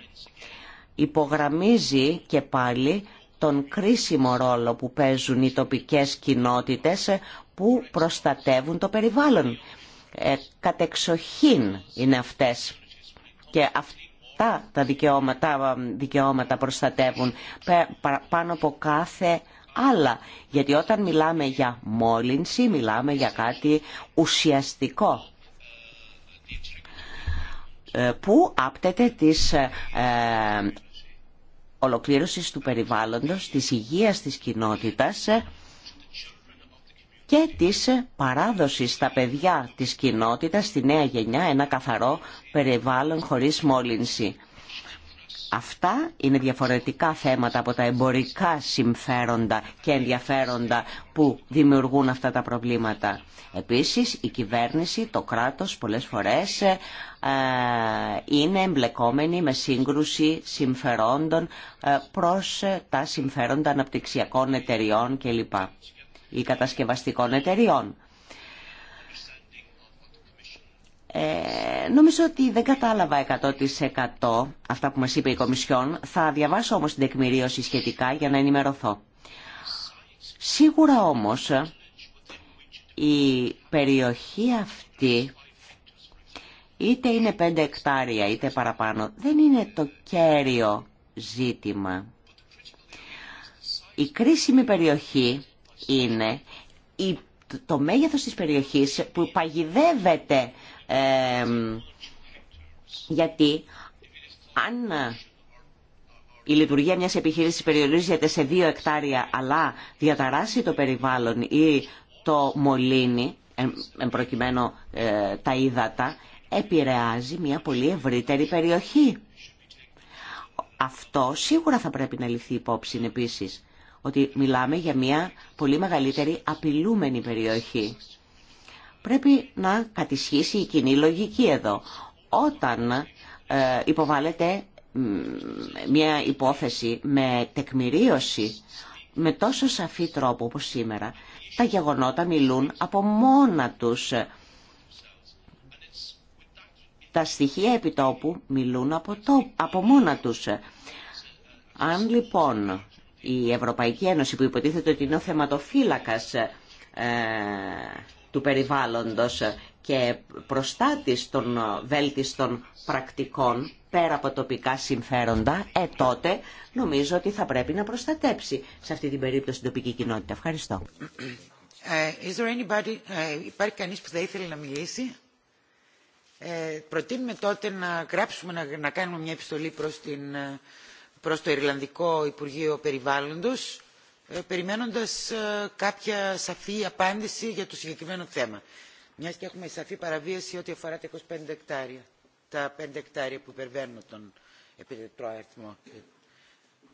υπογραμμίζει και πάλι τον κρίσιμο ρόλο που παίζουν οι τοπικές κοινότητες που προστατεύουν το περιβάλλον. Ε, κατεξοχήν είναι αυτές και αυτές τα δικαιώματα, δικαιώματα προστατεύουν πάνω από κάθε άλλα. Γιατί όταν μιλάμε για μόλυνση, μιλάμε για κάτι ουσιαστικό ε, που άπτεται της ε, ε, ολοκλήρωσης του περιβάλλοντος, της υγείας της κοινότητας ε, και της παράδοσης στα παιδιά της κοινότητας, στη νέα γενιά, ένα καθαρό περιβάλλον χωρίς μόλυνση. Αυτά είναι διαφορετικά θέματα από τα εμπορικά συμφέροντα και ενδιαφέροντα που δημιουργούν αυτά τα προβλήματα. Επίσης, η κυβέρνηση, το κράτος πολλές φορές ε, είναι εμπλεκόμενη με σύγκρουση συμφερόντων ε, προς ε, τα συμφέροντα αναπτυξιακών εταιριών κλπ ή κατασκευαστικών εταιριών. Ε, νομίζω ότι δεν κατάλαβα 100% αυτά που μας είπε η Κομισιόν. Θα διαβάσω όμως την τεκμηρίωση σχετικά για να ενημερωθώ. Σίγουρα όμως η περιοχή αυτή είτε είναι 5 εκτάρια είτε παραπάνω δεν είναι το κέριο ζήτημα. Η κρίσιμη περιοχή είναι το μέγεθος της περιοχής που παγιδεύεται γιατί αν η λειτουργία μιας επιχείρησης περιορίζεται σε δύο εκτάρια αλλά διαταράσει το περιβάλλον ή το μολύνει, εν προκειμένου ε, τα ύδατα, επηρεάζει μια πολύ ευρύτερη περιοχή. Αυτό σίγουρα θα πρέπει να ληφθεί υπόψη επίσης ότι μιλάμε για μια πολύ μεγαλύτερη απειλούμενη περιοχή. Πρέπει να κατησχύσει η κοινή λογική εδώ. Όταν ε, υποβάλλεται μια υπόθεση με τεκμηρίωση με τόσο σαφή τρόπο όπως σήμερα, τα γεγονότα μιλούν από μόνα τους. Τα στοιχεία επιτόπου μιλούν από, το, από μόνα τους. Αν λοιπόν η Ευρωπαϊκή Ένωση που υποτίθεται ότι είναι ο θεματοφύλακας ε, του περιβάλλοντος και προστάτης των βέλτιστων πρακτικών πέρα από τοπικά συμφέροντα, ε, τότε νομίζω ότι θα πρέπει να προστατέψει σε αυτή την περίπτωση την τοπική κοινότητα. Ευχαριστώ. Ε, is there anybody, ε, υπάρχει κανείς που θα ήθελε να μιλήσει. Ε, προτείνουμε τότε να γράψουμε, να, να κάνουμε μια επιστολή προς την προς το Ιρλανδικό Υπουργείο Περιβάλλοντος ε, περιμένοντας ε, κάποια σαφή απάντηση για το συγκεκριμένο θέμα. Μιας και έχουμε σαφή παραβίαση ό,τι αφορά τα 25 εκτάρια, τα 5 εκτάρια που υπερβαίνουν τον επιτετρό αριθμό.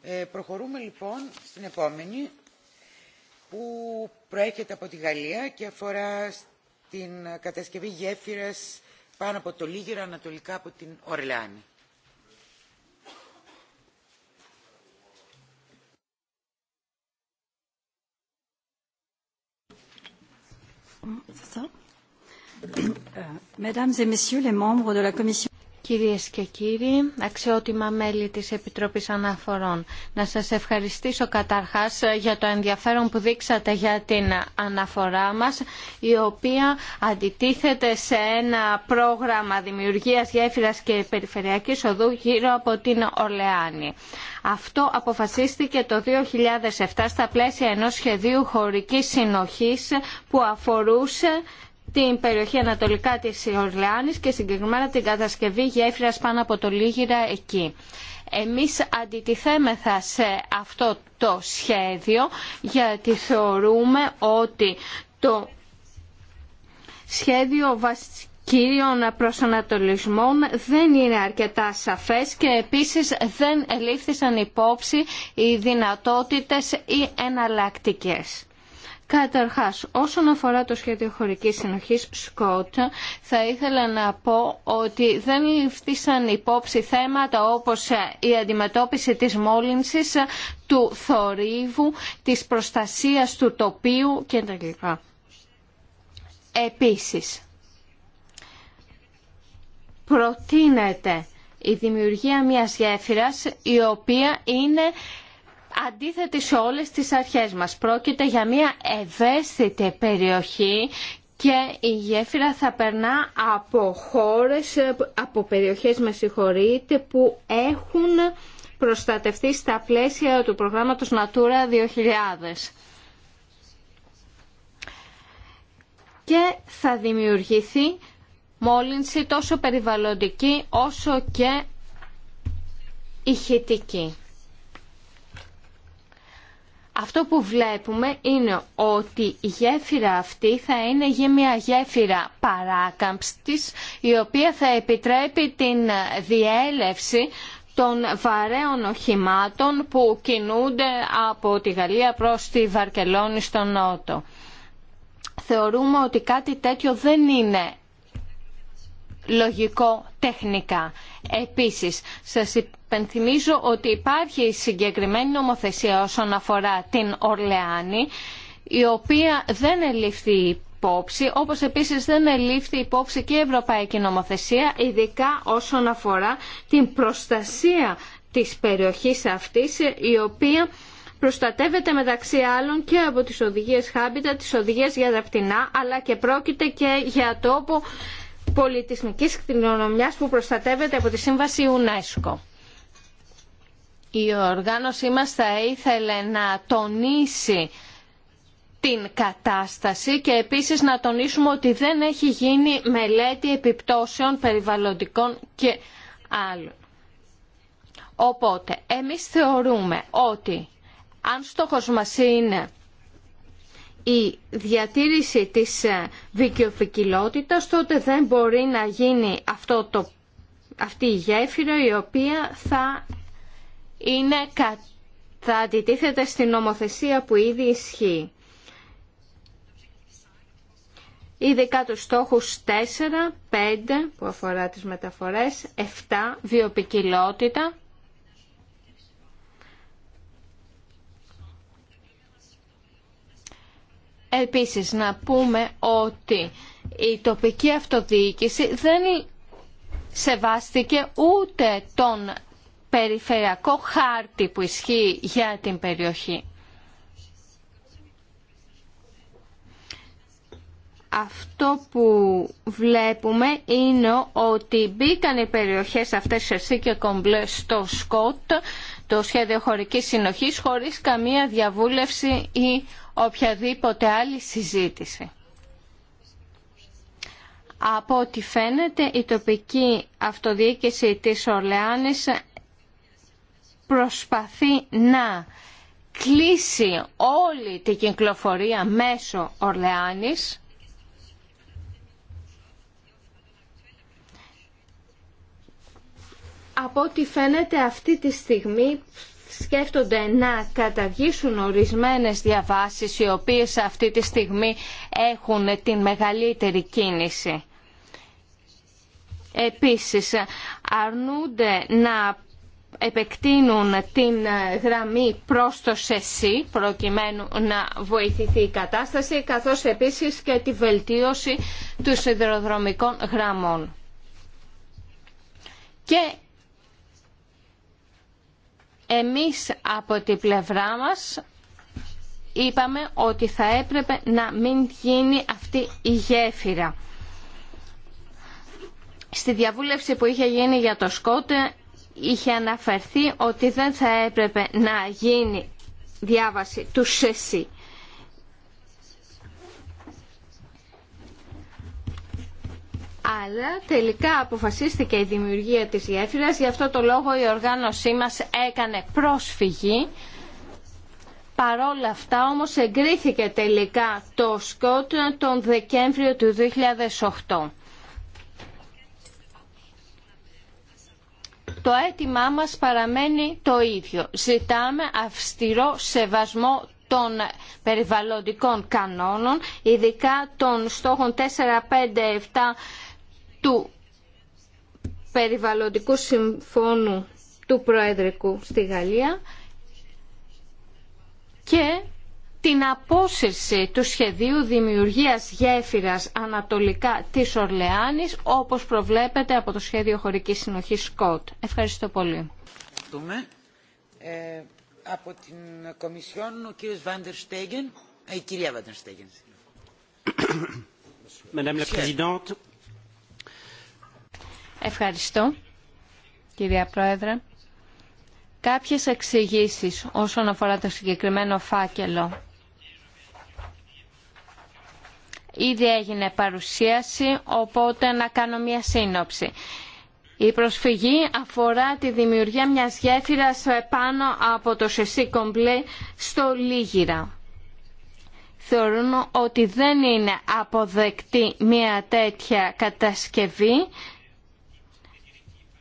Ε, προχωρούμε λοιπόν στην επόμενη που προέρχεται από τη Γαλλία και αφορά την κατασκευή γέφυρας πάνω από το Λίγυρα ανατολικά από την Ορλάνη. Mesdames et messieurs les membres de la commission Κυρίες και κύριοι, αξιότιμα μέλη της Επιτροπής Αναφορών, να σας ευχαριστήσω καταρχάς για το ενδιαφέρον που δείξατε για την αναφορά μας, η οποία αντιτίθεται σε ένα πρόγραμμα δημιουργίας γέφυρας και περιφερειακής οδού γύρω από την Ολεάνη. Αυτό αποφασίστηκε το 2007 στα πλαίσια ενός σχεδίου χωρικής συνοχής που αφορούσε την περιοχή ανατολικά της Ορλεάνης και συγκεκριμένα την κατασκευή γέφυρας πάνω από το Λίγυρα εκεί. Εμείς αντιτιθέμεθα σε αυτό το σχέδιο γιατί θεωρούμε ότι το σχέδιο βασικό κύριων προσανατολισμών δεν είναι αρκετά σαφές και επίσης δεν ελήφθησαν υπόψη οι δυνατότητες ή εναλλακτικές. Καταρχάς, όσον αφορά το σχέδιο χωρικής συνοχής ΣΚΟΤ, θα ήθελα να πω ότι δεν ληφθήσαν υπόψη θέματα όπως ε, η αντιμετώπιση της μόλυνσης, ε, του θορύβου, της προστασίας του τοπίου κλπ. Επίσης, προτείνεται η δημιουργία μιας γέφυρας η οποία είναι αντίθετη σε όλες τις αρχές μας. Πρόκειται για μια ευαίσθητη περιοχή και η γέφυρα θα περνά από χώρες, από περιοχές με που έχουν προστατευτεί στα πλαίσια του προγράμματος Natura 2000. Και θα δημιουργηθεί μόλυνση τόσο περιβαλλοντική όσο και ηχητική αυτό που βλέπουμε είναι ότι η γέφυρα αυτή θα είναι για μια γέφυρα παράκαμψης η οποία θα επιτρέπει την διέλευση των βαρέων οχημάτων που κινούνται από τη Γαλλία προς τη Βαρκελόνη στον Νότο. Θεωρούμε ότι κάτι τέτοιο δεν είναι λογικό τεχνικά. Επίσης, υπενθυμίζω ότι υπάρχει συγκεκριμένη νομοθεσία όσον αφορά την Ορλεάνη, η οποία δεν ελήφθη υπόψη, όπως επίσης δεν ελήφθη υπόψη και η Ευρωπαϊκή Νομοθεσία, ειδικά όσον αφορά την προστασία της περιοχής αυτής, η οποία προστατεύεται μεταξύ άλλων και από τις οδηγίες Habitat, τις οδηγίες για τα πτηνά, αλλά και πρόκειται και για τόπο πολιτισμικής κτηνονομιάς που προστατεύεται από τη Σύμβαση UNESCO. Η οργάνωσή μας θα ήθελε να τονίσει την κατάσταση και επίσης να τονίσουμε ότι δεν έχει γίνει μελέτη επιπτώσεων περιβαλλοντικών και άλλων. Οπότε, εμείς θεωρούμε ότι αν στόχος μας είναι η διατήρηση της ε, δικαιοφικιλότητας, τότε δεν μπορεί να γίνει αυτό το, αυτή η γέφυρα η οποία θα είναι θα αντιτίθεται στην νομοθεσία που ήδη ισχύει. Ειδικά τους στόχους 4, 5 που αφορά τις μεταφορές, 7 βιοπικιλότητα, Επίσης να πούμε ότι η τοπική αυτοδιοίκηση δεν σεβάστηκε ούτε τον περιφερειακό χάρτη που ισχύει για την περιοχή. Αυτό που βλέπουμε είναι ότι μπήκαν οι περιοχές αυτές σε και κομπλέ στο ΣΚΟΤ, το σχέδιο χωρικής συνοχής, χωρίς καμία διαβούλευση ή οποιαδήποτε άλλη συζήτηση. Από ό,τι φαίνεται η τοπική αυτοδιοίκηση της Ορλεάνης προσπαθεί να κλείσει όλη την κυκλοφορία μέσω Ορλεάνης από ό,τι φαίνεται αυτή τη στιγμή σκέφτονται να καταργήσουν ορισμένες διαβάσεις οι οποίες αυτή τη στιγμή έχουν την μεγαλύτερη κίνηση. Επίσης αρνούνται να επεκτείνουν την ε, γραμμή προς το ΣΕΣΥ προκειμένου να βοηθηθεί η κατάσταση καθώς επίσης και τη βελτίωση των σιδηροδρομικών γραμμών. Και εμείς από την πλευρά μας είπαμε ότι θα έπρεπε να μην γίνει αυτή η γέφυρα. Στη διαβούλευση που είχε γίνει για το ΣΚΟΤΕ είχε αναφερθεί ότι δεν θα έπρεπε να γίνει διάβαση του ΣΕΣΥ. αλλά τελικά αποφασίστηκε η δημιουργία της γέφυρας, γι' αυτό το λόγο η οργάνωσή μας έκανε πρόσφυγη. Παρόλα αυτά όμως εγκρίθηκε τελικά το ΣΚΟΤ τον Δεκέμβριο του 2008. το αίτημά μας παραμένει το ίδιο. Ζητάμε αυστηρό σεβασμό των περιβαλλοντικών κανόνων, ειδικά των στόχων 4, 5, 7 του περιβαλλοντικού συμφώνου του Προεδρικού στη Γαλλία και την απόσυρση του σχεδίου δημιουργίας γέφυρας ανατολικά της Ορλεάνης, όπως προβλέπεται από το σχέδιο χωρικής συνοχής ΣΚΟΤ. Ευχαριστώ πολύ. Ε, από την Κομισιόν, ο κύριος Βάντερ ε, Ευχαριστώ, κυρία Πρόεδρε. Κάποιες εξηγήσεις όσον αφορά το συγκεκριμένο φάκελο Ήδη έγινε παρουσίαση, οπότε να κάνω μια σύνοψη. Η προσφυγή αφορά τη δημιουργία μιας γέφυρας πάνω από το Σεσί Κομπλέ στο Λίγυρα. Θεωρούν ότι δεν είναι αποδεκτή μια τέτοια κατασκευή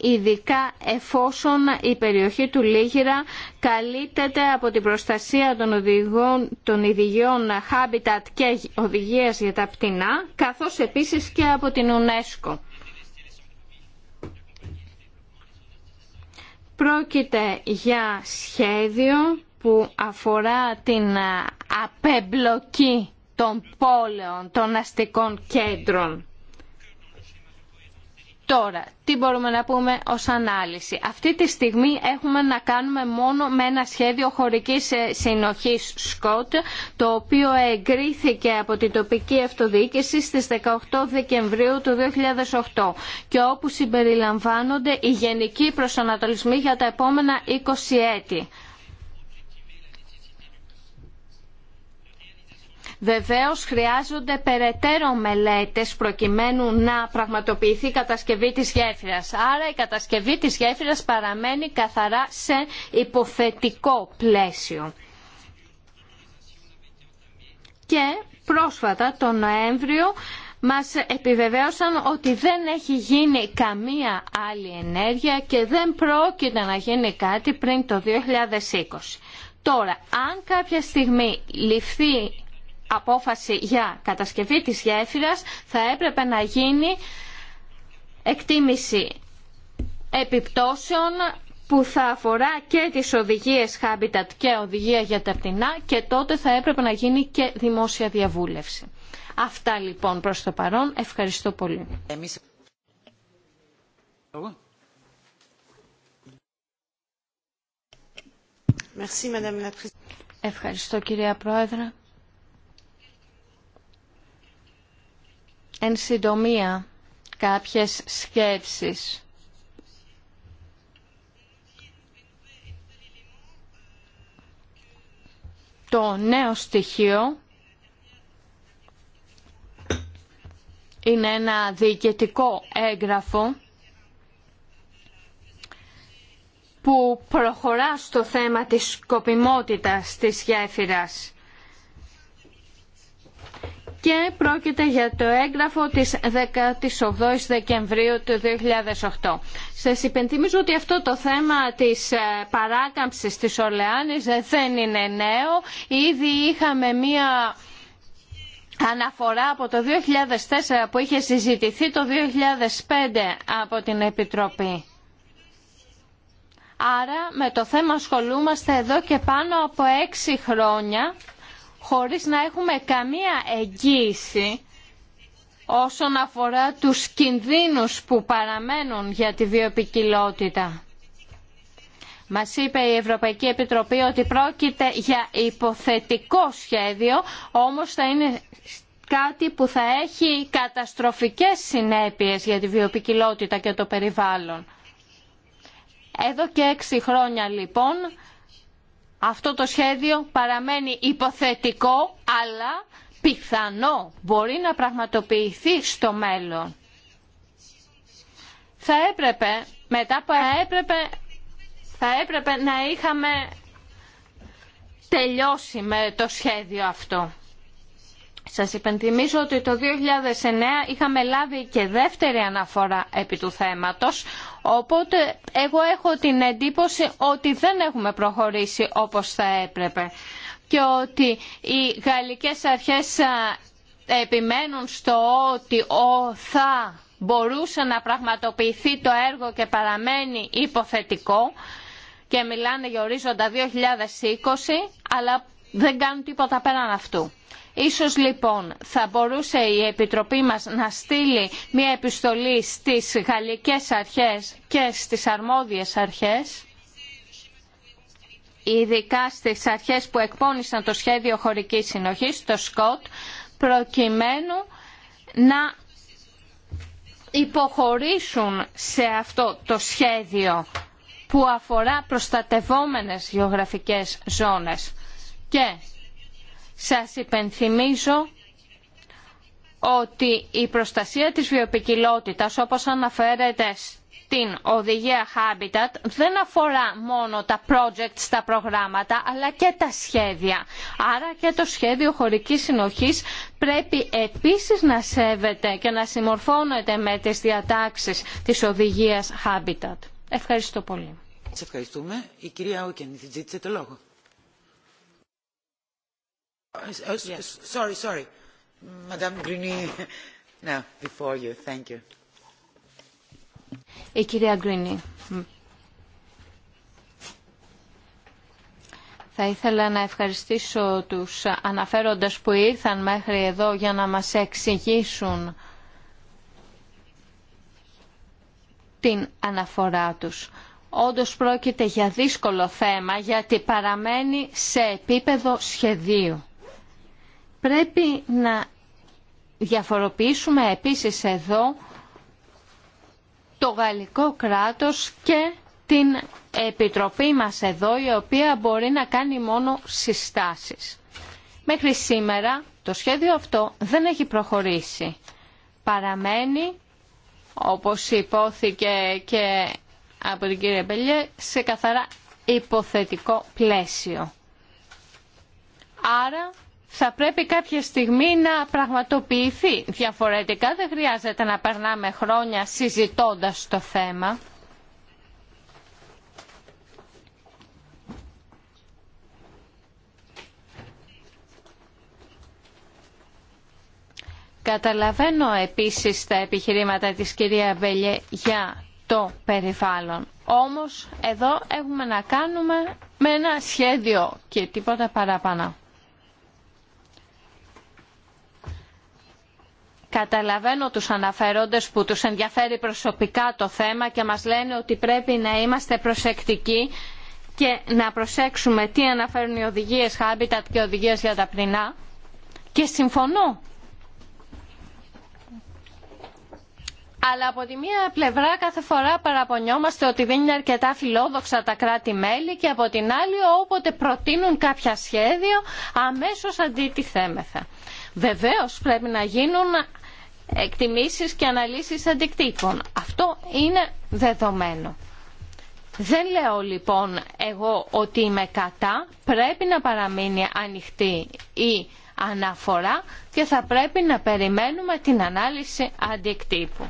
ειδικά εφόσον η περιοχή του Λίγυρα καλύπτεται από την προστασία των, οδηγών, των οδηγιών Habitat και οδηγία για τα πτηνά, καθώς επίσης και από την UNESCO. Πρόκειται για σχέδιο που αφορά την απεμπλοκή των πόλεων, των αστικών κέντρων. Τώρα, τι μπορούμε να πούμε ως ανάλυση. Αυτή τη στιγμή έχουμε να κάνουμε μόνο με ένα σχέδιο χωρικής ε, συνοχής ΣΚΟΤ, το οποίο εγκρίθηκε από την τοπική αυτοδιοίκηση στις 18 Δεκεμβρίου του 2008 και όπου συμπεριλαμβάνονται οι γενικοί προσανατολισμοί για τα επόμενα 20 έτη. Βεβαίως χρειάζονται περαιτέρω μελέτες προκειμένου να πραγματοποιηθεί η κατασκευή της γέφυρας. Άρα η κατασκευή της γέφυρας παραμένει καθαρά σε υποθετικό πλαίσιο. Και πρόσφατα τον Νοέμβριο μας επιβεβαίωσαν ότι δεν έχει γίνει καμία άλλη ενέργεια και δεν πρόκειται να γίνει κάτι πριν το 2020. Τώρα, αν κάποια στιγμή ληφθεί απόφαση για κατασκευή της γέφυρας θα έπρεπε να γίνει εκτίμηση επιπτώσεων που θα αφορά και τις οδηγίες Habitat και οδηγία για τα πτηνά και τότε θα έπρεπε να γίνει και δημόσια διαβούλευση. Αυτά λοιπόν προς το παρόν. Ευχαριστώ πολύ. Εμείς... Ευχαριστώ κυρία Πρόεδρε. εν συντομία κάποιες σκέψεις. Το νέο στοιχείο είναι ένα διοικητικό έγγραφο που προχωρά στο θέμα της σκοπιμότητας της γέφυρας και πρόκειται για το έγγραφο της 18ης Δεκεμβρίου του 2008. Σας υπενθυμίζω ότι αυτό το θέμα της ε, παράκαμψης της Ολεάνης ε, δεν είναι νέο. Ήδη είχαμε μία αναφορά από το 2004 που είχε συζητηθεί το 2005 από την Επιτροπή. Άρα με το θέμα ασχολούμαστε εδώ και πάνω από έξι χρόνια χωρίς να έχουμε καμία εγγύηση όσον αφορά τους κινδύνους που παραμένουν για τη βιοπικιλότητα. Μας είπε η Ευρωπαϊκή Επιτροπή ότι πρόκειται για υποθετικό σχέδιο, όμως θα είναι κάτι που θα έχει καταστροφικές συνέπειες για τη βιοπικιλότητα και το περιβάλλον. Εδώ και έξι χρόνια λοιπόν αυτό το σχέδιο παραμένει υποθετικό αλλά πιθανό μπορεί να πραγματοποιηθεί στο μέλλον. Θα έπρεπε, μετά από έπρεπε, θα έπρεπε να είχαμε τελειώσει με το σχέδιο αυτό. Σας υπενθυμίζω ότι το 2009 είχαμε λάβει και δεύτερη αναφορά επί του θέματος Οπότε εγώ έχω την εντύπωση ότι δεν έχουμε προχωρήσει όπως θα έπρεπε και ότι οι γαλλικές αρχές επιμένουν στο ότι ο θα μπορούσε να πραγματοποιηθεί το έργο και παραμένει υποθετικό και μιλάνε για ορίζοντα 2020 αλλά δεν κάνουν τίποτα πέραν αυτού. Ίσως λοιπόν θα μπορούσε η Επιτροπή μας να στείλει μια επιστολή στις γαλλικές αρχές και στις αρμόδιες αρχές ειδικά στις αρχές που εκπώνησαν το σχέδιο χωρικής συνοχής, το ΣΚΟΤ, προκειμένου να υποχωρήσουν σε αυτό το σχέδιο που αφορά προστατευόμενες γεωγραφικές ζώνες. Και σας υπενθυμίζω ότι η προστασία της βιοπικιλότητας όπως αναφέρεται στην οδηγία Habitat δεν αφορά μόνο τα projects, τα προγράμματα αλλά και τα σχέδια. Άρα και το σχέδιο χωρικής συνοχής πρέπει επίσης να σέβεται και να συμμορφώνεται με τις διατάξεις της οδηγίας Habitat. Ευχαριστώ πολύ. Σας ευχαριστούμε. Η κυρία Ούκεν, το λόγο. Uh, sorry, sorry. Η ε, κυρία Θα ήθελα να ευχαριστήσω τους αναφέροντες που ήρθαν μέχρι εδώ για να μας εξηγήσουν την αναφορά τους. Όντως πρόκειται για δύσκολο θέμα γιατί παραμένει σε επίπεδο σχεδίου. Πρέπει να διαφοροποιήσουμε επίσης εδώ το γαλλικό κράτος και την επιτροπή μας εδώ η οποία μπορεί να κάνει μόνο συστάσεις. Μέχρι σήμερα το σχέδιο αυτό δεν έχει προχωρήσει. Παραμένει, όπως υπόθηκε και από την κυρία Μπελιέ, σε καθαρά υποθετικό πλαίσιο. Άρα θα πρέπει κάποια στιγμή να πραγματοποιηθεί. Διαφορετικά δεν χρειάζεται να περνάμε χρόνια συζητώντας το θέμα. Καταλαβαίνω επίσης τα επιχειρήματα της κυρία Μπέλιε για το περιβάλλον. Όμως εδώ έχουμε να κάνουμε με ένα σχέδιο και τίποτα παραπάνω. Καταλαβαίνω τους αναφέροντες που τους ενδιαφέρει προσωπικά το θέμα και μας λένε ότι πρέπει να είμαστε προσεκτικοί και να προσέξουμε τι αναφέρουν οι οδηγίες Habitat και οδηγίες για τα πρινά. Και συμφωνώ. Αλλά από τη μία πλευρά κάθε φορά παραπονιόμαστε ότι δεν είναι αρκετά φιλόδοξα τα κράτη-μέλη και από την άλλη όποτε προτείνουν κάποια σχέδιο αμέσως αντιτιθέμεθα. Βεβαίως πρέπει να γίνουν εκτιμήσεις και αναλύσεις αντικτύπων. Αυτό είναι δεδομένο. Δεν λέω λοιπόν εγώ ότι είμαι κατά, πρέπει να παραμείνει ανοιχτή η αναφορά και θα πρέπει να περιμένουμε την ανάλυση αντικτύπου.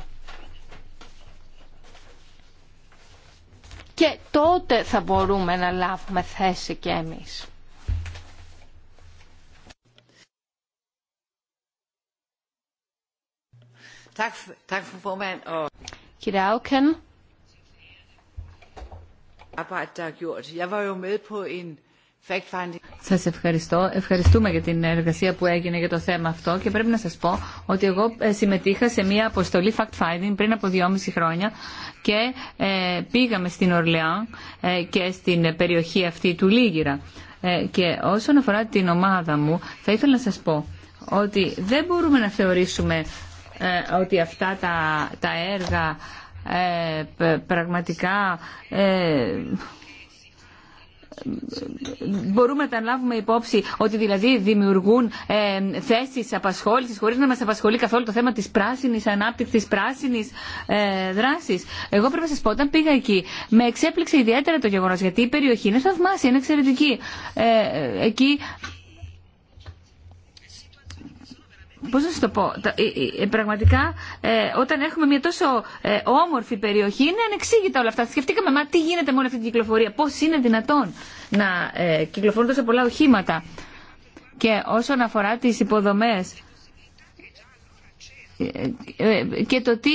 Και τότε θα μπορούμε να λάβουμε θέση και εμείς. Σας ευχαριστώ. Ευχαριστούμε για την εργασία που έγινε για το θέμα αυτό και πρέπει να σας πω ότι εγώ ε, συμμετείχα σε μια αποστολή fact-finding πριν από δυόμιση χρόνια και ε, πήγαμε στην Ορλεάν ε, και στην περιοχή αυτή του Λίγυρα. Και όσον αφορά την ομάδα μου θα ήθελα να σας πω ότι δεν μπορούμε να θεωρήσουμε ε, ότι αυτά τα, τα έργα ε, πραγματικά ε, μπορούμε να τα λάβουμε υπόψη ότι δηλαδή δημιουργούν ε, θέσεις απασχόλησης χωρίς να μας απασχολεί καθόλου το θέμα της πράσινης ανάπτυξης, πράσινης ε, δράσης. Εγώ πρέπει να σας πω, όταν πήγα εκεί, με εξέπληξε ιδιαίτερα το γεγονός, γιατί η περιοχή είναι θαυμάσια, είναι εξαιρετική. Ε, εκεί Πώς να σα το πω, ε, πραγματικά ε, όταν έχουμε μια τόσο ε, όμορφη περιοχή είναι ανεξήγητα όλα αυτά. Σκεφτήκαμε, μα τι γίνεται με όλη αυτή την κυκλοφορία, πώς είναι δυνατόν να κυκλοφορούν τόσο πολλά οχήματα. Και όσον αφορά τις υποδομές, ε, ε, ε, και το τι.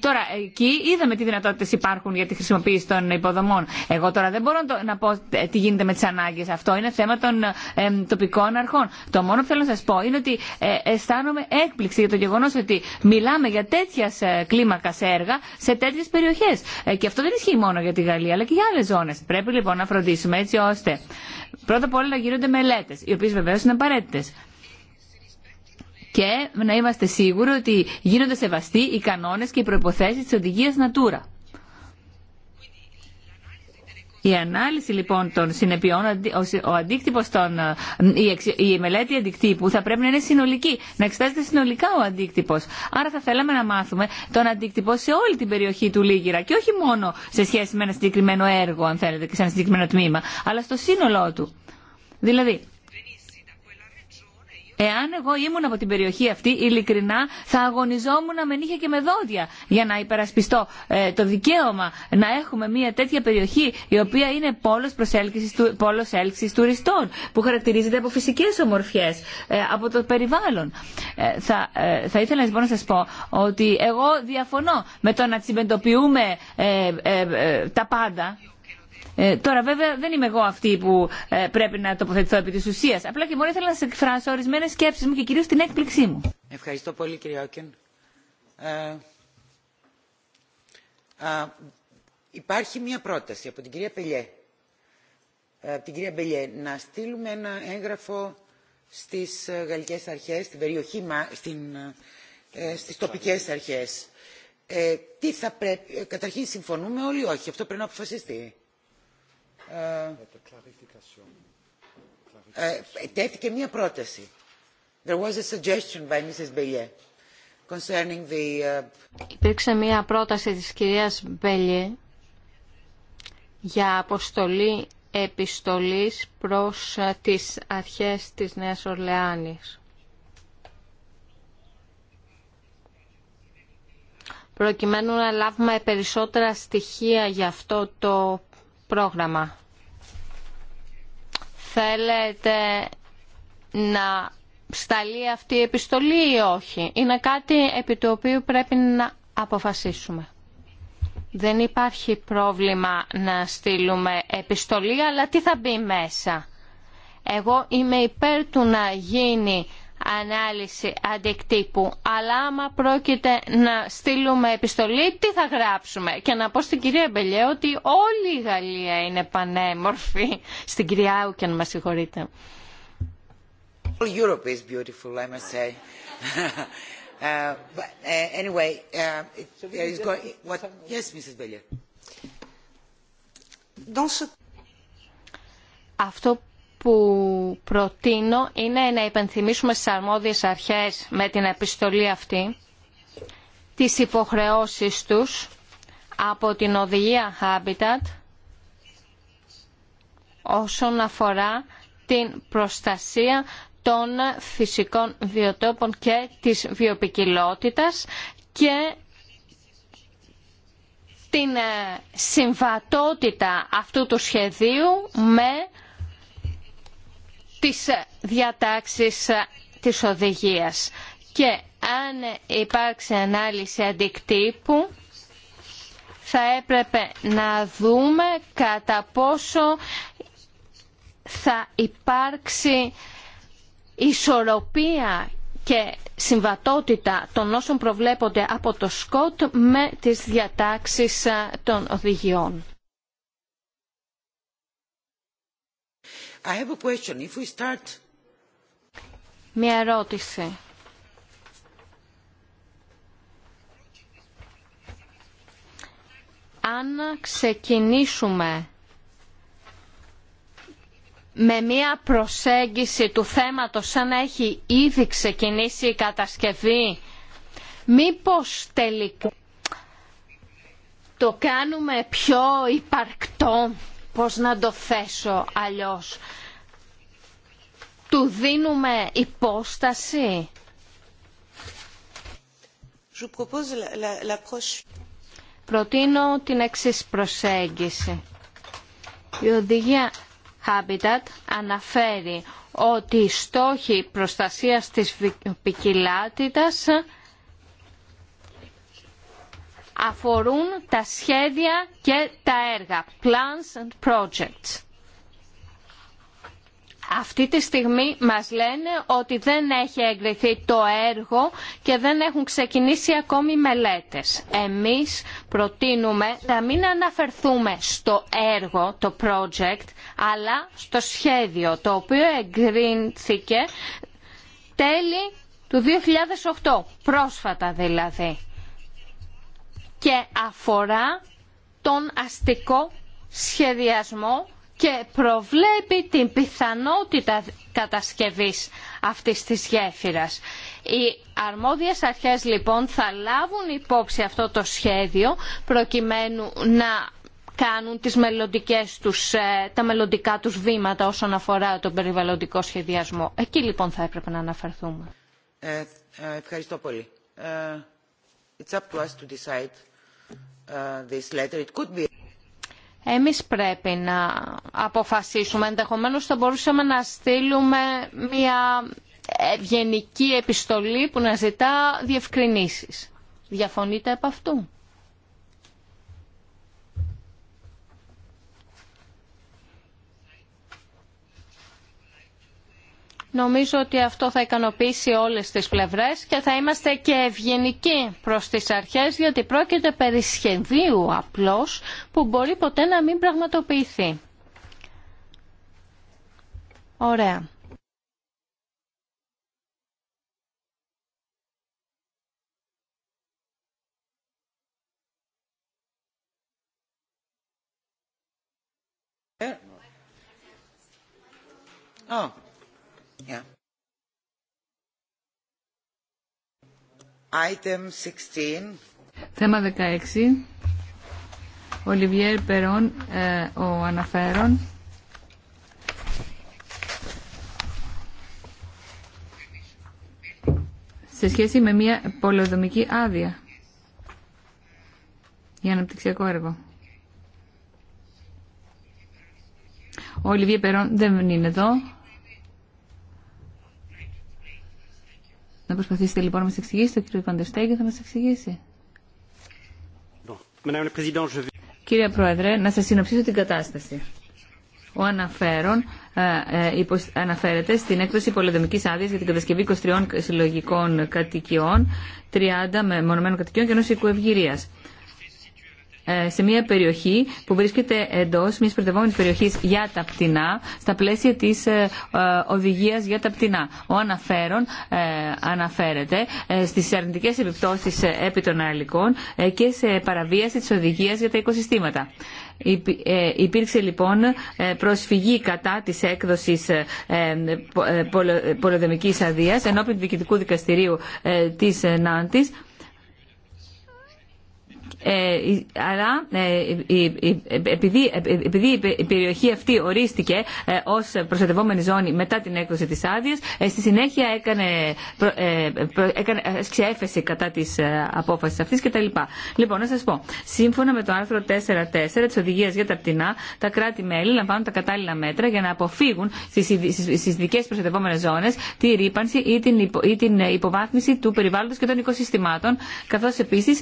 Τώρα, εκεί είδαμε τι δυνατότητε υπάρχουν για τη χρησιμοποίηση των υποδομών. Εγώ τώρα δεν μπορώ να πω τι γίνεται με τι ανάγκε. Αυτό είναι θέμα των τοπικών αρχών. Το μόνο που θέλω να σα πω είναι ότι αισθάνομαι έκπληξη για το γεγονό ότι μιλάμε για τέτοια κλίμακα έργα σε τέτοιε περιοχέ. Και αυτό δεν ισχύει μόνο για τη Γαλλία, αλλά και για άλλε ζώνε. Πρέπει λοιπόν να φροντίσουμε έτσι ώστε πρώτα απ' όλα να γίνονται μελέτε, οι οποίε βεβαίω είναι απαραίτητε και να είμαστε σίγουροι ότι γίνονται σεβαστοί οι κανόνες και οι προϋποθέσεις της οδηγίας Natura. Η ανάλυση λοιπόν των συνεπειών, ο αντίκτυπος των, ε, η μελέτη αντικτύπου θα πρέπει να είναι συνολική, να εξετάζεται συνολικά ο αντίκτυπος. Άρα θα θέλαμε να μάθουμε τον αντίκτυπο σε όλη την περιοχή του Λίγυρα και όχι μόνο σε σχέση με ένα συγκεκριμένο έργο, αν θέλετε, και σε ένα συγκεκριμένο τμήμα, αλλά στο σύνολό του. Δηλαδή, Εάν εγώ ήμουν από την περιοχή αυτή, ειλικρινά θα αγωνιζόμουν με νύχια και με δόντια για να υπερασπιστώ ε, το δικαίωμα να έχουμε μια τέτοια περιοχή η οποία είναι πόλος, πόλος έλξης τουριστών που χαρακτηρίζεται από φυσικές ομορφιές, ε, από το περιβάλλον. Ε, θα, θα ήθελα λοιπόν να σας πω ότι εγώ διαφωνώ με το να τσιμπεντοποιούμε τα πάντα ε, τώρα βέβαια δεν είμαι εγώ αυτή που ε, πρέπει να τοποθετηθώ επί της ουσίας. Απλά και μόνο ήθελα να σε εκφράσω ορισμένες σκέψεις μου και κυρίως την έκπληξή μου. Ευχαριστώ πολύ κύριε Όκεν. Ε, υπάρχει μια πρόταση από την κυρία Πελιέ, από την κυρία Μπελιέ να στείλουμε ένα έγγραφο στις γαλλικές αρχές, στην περιοχή, στην, στις τοπικές αρχές. τι θα πρέπει, καταρχήν συμφωνούμε όλοι, όχι, αυτό πρέπει να αποφασιστεί ε, ε, τέθηκε μία πρόταση. There was a suggestion by Mrs. Bellier concerning the... Ε, Υπήρξε μία πρόταση της κυρίας Μπελιέ για αποστολή επιστολής προς τις αρχές της Νέας Ορλεάνης. προκειμένου να λάβουμε περισσότερα στοιχεία για αυτό το πρόγραμμα. Θέλετε να σταλεί αυτή η επιστολή ή όχι. Είναι κάτι επί το οποίο πρέπει να αποφασίσουμε. Δεν υπάρχει πρόβλημα να στείλουμε επιστολή, αλλά τι θα μπει μέσα. Εγώ είμαι υπέρ του να γίνει ανάλυση αντικτύπου. Αλλά άμα πρόκειται να στείλουμε επιστολή, τι θα γράψουμε. Και να πω στην κυρία Μπελιέ ότι όλη η Γαλλία είναι πανέμορφη. Στην κυρία Άουκεν, μας συγχωρείτε. Europe is beautiful, I must say. Uh, uh, anyway, Αυτό που προτείνω είναι να υπενθυμίσουμε στις αρμόδιες αρχές με την επιστολή αυτή τις υποχρεώσεις τους από την οδηγία Habitat όσον αφορά την προστασία των φυσικών βιοτόπων και της βιοπικιλότητας και την ε, συμβατότητα αυτού του σχεδίου με τις ε, διατάξεις ε, της οδηγίας και αν υπάρξει ανάλυση αντικτύπου θα έπρεπε να δούμε κατά πόσο θα υπάρξει ισορροπία και συμβατότητα των όσων προβλέπονται από το ΣΚΟΤ με τις διατάξεις ε, των οδηγιών. Μια ερώτηση. Αν ξεκινήσουμε με μια προσέγγιση του θέματος σαν να έχει ήδη ξεκινήσει η κατασκευή, μήπως τελικά το κάνουμε πιο υπαρκτό πώς να το θέσω αλλιώς. Του δίνουμε υπόσταση. Προτείνω την εξή προσέγγιση. Η οδηγία Habitat αναφέρει ότι οι στόχοι προστασίας της ποικιλάτητας αφορούν τα σχέδια και τα έργα, plans and projects. Αυτή τη στιγμή μας λένε ότι δεν έχει εγκριθεί το έργο και δεν έχουν ξεκινήσει ακόμη μελέτες. Εμείς προτείνουμε να μην αναφερθούμε στο έργο, το project, αλλά στο σχέδιο το οποίο εγκρίνθηκε τέλη του 2008, πρόσφατα δηλαδή και αφορά τον αστικό σχεδιασμό και προβλέπει την πιθανότητα κατασκευής αυτής της γέφυρας. Οι αρμόδιες αρχές λοιπόν θα λάβουν υπόψη αυτό το σχέδιο προκειμένου να κάνουν τις μελλοντικές τους, ε, τα μελλοντικά τους βήματα όσον αφορά τον περιβαλλοντικό σχεδιασμό. Εκεί λοιπόν θα έπρεπε να αναφερθούμε. Ε, ε ευχαριστώ πολύ. Ε, it's up to us Uh, this Εμείς πρέπει να αποφασίσουμε. Ενδεχομένως θα μπορούσαμε να στείλουμε μια ευγενική επιστολή που να ζητά διευκρινήσεις. Διαφωνείτε από αυτού. Νομίζω ότι αυτό θα ικανοποιήσει όλες τις πλευρές και θα είμαστε και ευγενικοί προς τις αρχές γιατί πρόκειται περί σχεδίου απλώς που μπορεί ποτέ να μην πραγματοποιηθεί. Ωραία. Oh. Θέμα 16. Θέμα 16. Ολιβιέρ Περόν, ε, ο αναφέρον. Σε σχέση με μια πολεοδομική άδεια για αναπτυξιακό έργο. Ο Ολιβιέ Περόν δεν είναι εδώ. Να προσπαθήσετε λοιπόν να μα εξηγήσετε, ο κύριος Παντεστέγγε θα μα εξηγήσει. Κύριε Πρόεδρε, να σας συνοψίσω την κατάσταση. Ο αναφέρον ε, ε, αναφέρεται στην έκδοση πολυδομικής άδειας για την κατασκευή 23 συλλογικών κατοικιών, 30 μεμονωμένων κατοικιών και ενός οικού ευγυρίας. Ε, σε μια περιοχή που βρίσκεται εντό μια προτευόμενη περιοχή για τα πτηνά, στα πλαίσια τη ε, ε, οδηγία για τα πτηνά. Ο αναφέρον αναφέρεται στι αρνητικέ επιπτώσει επί των αρλικών και σε παραβίαση τη οδηγία για τα οικοσυστήματα. Υπήρξε λοιπόν προσφυγή κατά της έκδοσης πολεοδομικής αδείας ενώπιν του Διοικητικού Δικαστηρίου της Νάντης ε, αλλά ε, επειδή ε, η περιοχή αυτή ορίστηκε ως προστατευόμενη ζώνη μετά την έκδοση της άδεια, στη συνέχεια έκανε, έκανε ξέφεση κατά της απόφασης αυτής κτλ. Λοιπόν, να σας πω, σύμφωνα με το άρθρο 4.4 της οδηγίας για τα πτηνά, τα κράτη-μέλη λαμβάνουν τα κατάλληλα μέτρα για να αποφύγουν στις δικές προστατευόμενες ζώνες τη ρήπανση ή την υποβάθμιση του περιβάλλοντος και των οικοσυστημάτων, καθώς επίσης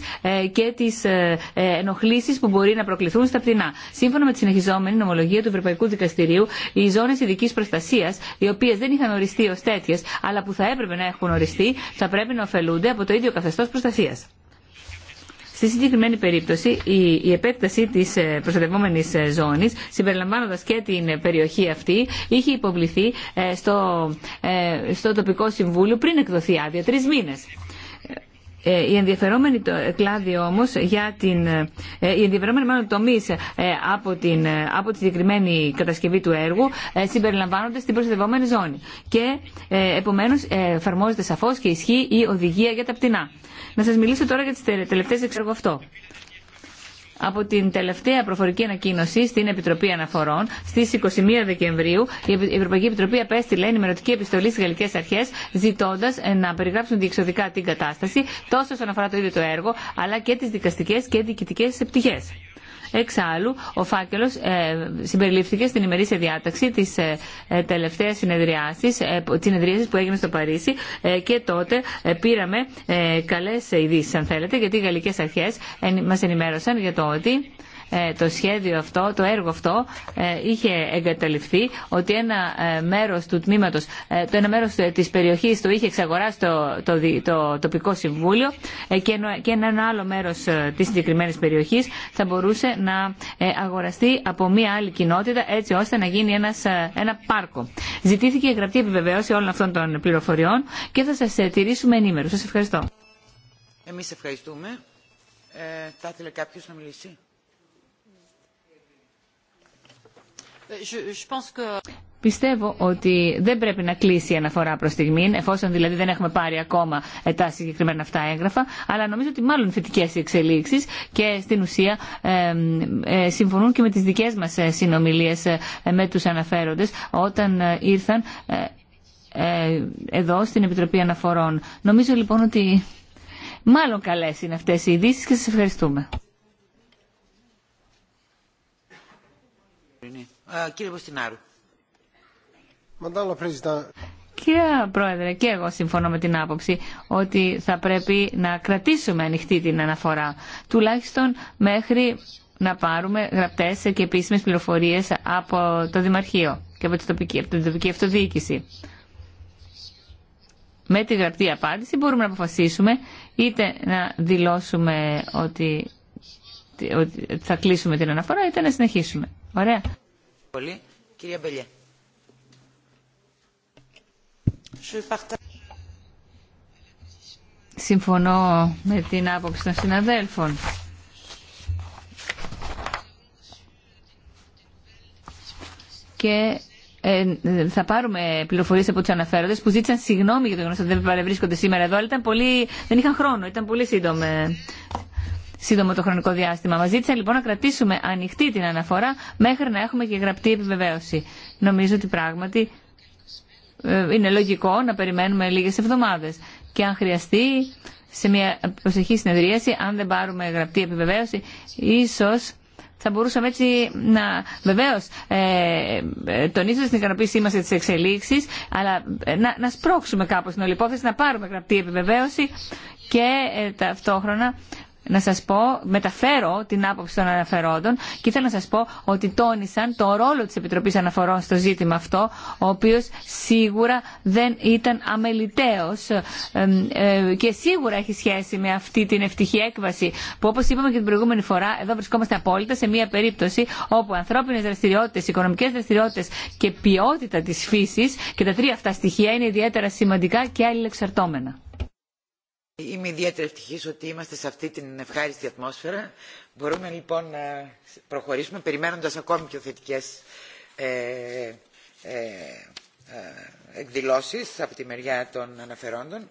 και τις τις ε, ε, ενοχλήσεις που μπορεί να προκληθούν στα πτηνά. Σύμφωνα με τη συνεχιζόμενη νομολογία του Ευρωπαϊκού Δικαστηρίου, οι ζώνες ειδικής προστασίας, οι οποίες δεν είχαν οριστεί ως τέτοιες, αλλά που θα έπρεπε να έχουν οριστεί, θα πρέπει να ωφελούνται από το ίδιο καθεστώς προστασίας. Στη συγκεκριμένη περίπτωση, η, επέκταση τη ε, προστατευόμενη ζώνη, συμπεριλαμβάνοντα και την περιοχή αυτή, είχε υποβληθεί στο, στο τοπικό συμβούλιο πριν εκδοθεί άδεια, τρει μήνε. Οι ε, ενδιαφερόμενοι ε, κλάδοι όμω για την... Οι ε, μάλλον τομείς από την, από τη συγκεκριμένη κατασκευή του έργου συμπεριλαμβάνονται στην προστατευόμενη ζώνη. Και επομένως εφαρμόζεται σαφώ και ισχύει η οδηγία για τα πτηνά. Να σα μιλήσω τώρα για τις τελευταίε εξέργου αυτό από την τελευταία προφορική ανακοίνωση στην Επιτροπή Αναφορών στι 21 Δεκεμβρίου, η Ευρωπαϊκή Επιτροπή απέστειλε ενημερωτική επιστολή στι γαλλικέ αρχέ, ζητώντα ε, να περιγράψουν διεξοδικά την κατάσταση, τόσο όσον αφορά το ίδιο το έργο, αλλά και τι δικαστικέ και διοικητικέ επιτυχίε. Εξάλλου, ο φάκελος ε, συμπεριλήφθηκε στην ημερήσια διάταξη της ε, ε, τελευταίας συνεδριάσης, συνεδρίασης που έγινε στο Παρίσι και τότε πήραμε καλέ ειδήσει, αν θέλετε, γιατί οι γαλλικές αρχές μας ενημέρωσαν για το ότι ε, το σχέδιο αυτό, το έργο αυτό ε, είχε εγκαταληφθεί, ότι ένα ε, μέρος του τμήματος, το ένα μέρος της περιοχής το είχε εξαγοράσει το, τοπικό συμβούλιο και ένα άλλο μέρος της συγκεκριμένη περιοχής θα μπορούσε να αγοραστεί από μία άλλη κοινότητα έτσι ώστε να γίνει ένας, ένα πάρκο. Ζητήθηκε η γραπτή επιβεβαίωση όλων αυτών των πληροφοριών και θα σας τηρήσουμε ενήμερους. Σας ευχαριστώ. Εμείς ευχαριστούμε. Ε, θα ήθελε κάποιος να μιλήσει. Ε, ε, Πιστεύω ότι δεν πρέπει να κλείσει η αναφορά προ στιγμή, εφόσον δηλαδή δεν έχουμε πάρει ακόμα ε, τα συγκεκριμένα αυτά έγγραφα, αλλά νομίζω ότι μάλλον θετικέ οι εξελίξει και στην ουσία ε, συμφωνούν και με τι δικέ μα συνομιλίε με του αναφέροντε όταν ήρθαν ε, εδώ στην Επιτροπή Αναφορών. Νομίζω λοιπόν ότι μάλλον καλέ είναι αυτέ οι ειδήσει και σα ευχαριστούμε. Ε, κύριε Κύριε Πρόεδρε, και εγώ συμφωνώ με την άποψη ότι θα πρέπει να κρατήσουμε ανοιχτή την αναφορά, τουλάχιστον μέχρι να πάρουμε γραπτές και επίσημες πληροφορίες από το Δημαρχείο και από την τοπική, από αυτοδιοίκηση. Με τη γραπτή απάντηση μπορούμε να αποφασίσουμε είτε να δηλώσουμε ότι, ότι θα κλείσουμε την αναφορά είτε να συνεχίσουμε. Ωραία. Συμφωνώ με την άποψη των συναδέλφων. Και ε, θα πάρουμε πληροφορίες από του αναφέροντες που ζήτησαν συγγνώμη για το γνώστο. ότι δεν παρευρίσκονται σήμερα εδώ, αλλά ήταν πολύ... δεν είχαν χρόνο, ήταν πολύ σύντομε σύντομο το χρονικό διάστημα. Μα ζήτησαν λοιπόν να κρατήσουμε ανοιχτή την αναφορά μέχρι να έχουμε και γραπτή επιβεβαίωση. Νομίζω ότι πράγματι ε, είναι λογικό να περιμένουμε λίγε εβδομάδε. Και αν χρειαστεί, σε μια προσεχή συνεδρίαση, αν δεν πάρουμε γραπτή επιβεβαίωση, ίσω θα μπορούσαμε έτσι να. Βεβαίω, ε, στην ε, στην ικανοποίησή μα για τι εξελίξει, αλλά ε, να, να σπρώξουμε κάπω την όλη υπόθεση, να πάρουμε γραπτή επιβεβαίωση και ταυτόχρονα να σας πω, μεταφέρω την άποψη των αναφερόντων και ήθελα να σας πω ότι τόνισαν το ρόλο της Επιτροπής Αναφορών στο ζήτημα αυτό, ο οποίος σίγουρα δεν ήταν αμεληταίος ε, ε, και σίγουρα έχει σχέση με αυτή την ευτυχή έκβαση που όπως είπαμε και την προηγούμενη φορά, εδώ βρισκόμαστε απόλυτα σε μια περίπτωση όπου ανθρώπινες δραστηριότητες, οικονομικές δραστηριότητες και ποιότητα της φύσης και τα τρία αυτά στοιχεία είναι ιδιαίτερα σημαντικά και αλληλεξαρτώμενα. Είμαι ιδιαίτερα ευτυχής ότι είμαστε σε αυτή την ευχάριστη ατμόσφαιρα. Μπορούμε λοιπόν να προχωρήσουμε περιμένοντας ακόμη πιο θετικές ε, ε, ε εκδηλώσεις από τη μεριά των αναφερόντων.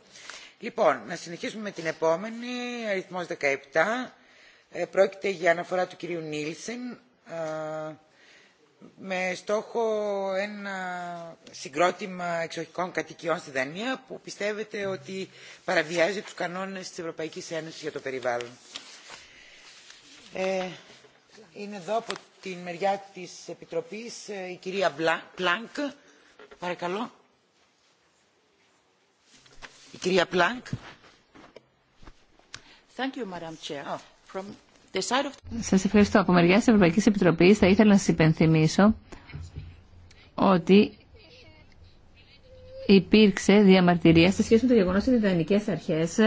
Λοιπόν, να συνεχίσουμε με την επόμενη, αριθμός 17. Ε, πρόκειται για αναφορά του κυρίου Νίλσεν με στόχο ένα συγκρότημα εξοχικών κατοικιών στη Δανία που πιστεύετε ότι παραβιάζει τους κανόνες της Ευρωπαϊκής Ένωσης για το περιβάλλον. Ε, είναι εδώ από την μεριά της Επιτροπής ε, η κυρία Πλάνκ. Παρακαλώ. Η κυρία Πλάνκ. Thank you, Madam σας ευχαριστώ. Από μεριά της Ευρωπαϊκής Επιτροπής θα ήθελα να σας υπενθυμίσω ότι υπήρξε διαμαρτυρία σε σχέση με το γεγονός ότι οι δανεικές αρχές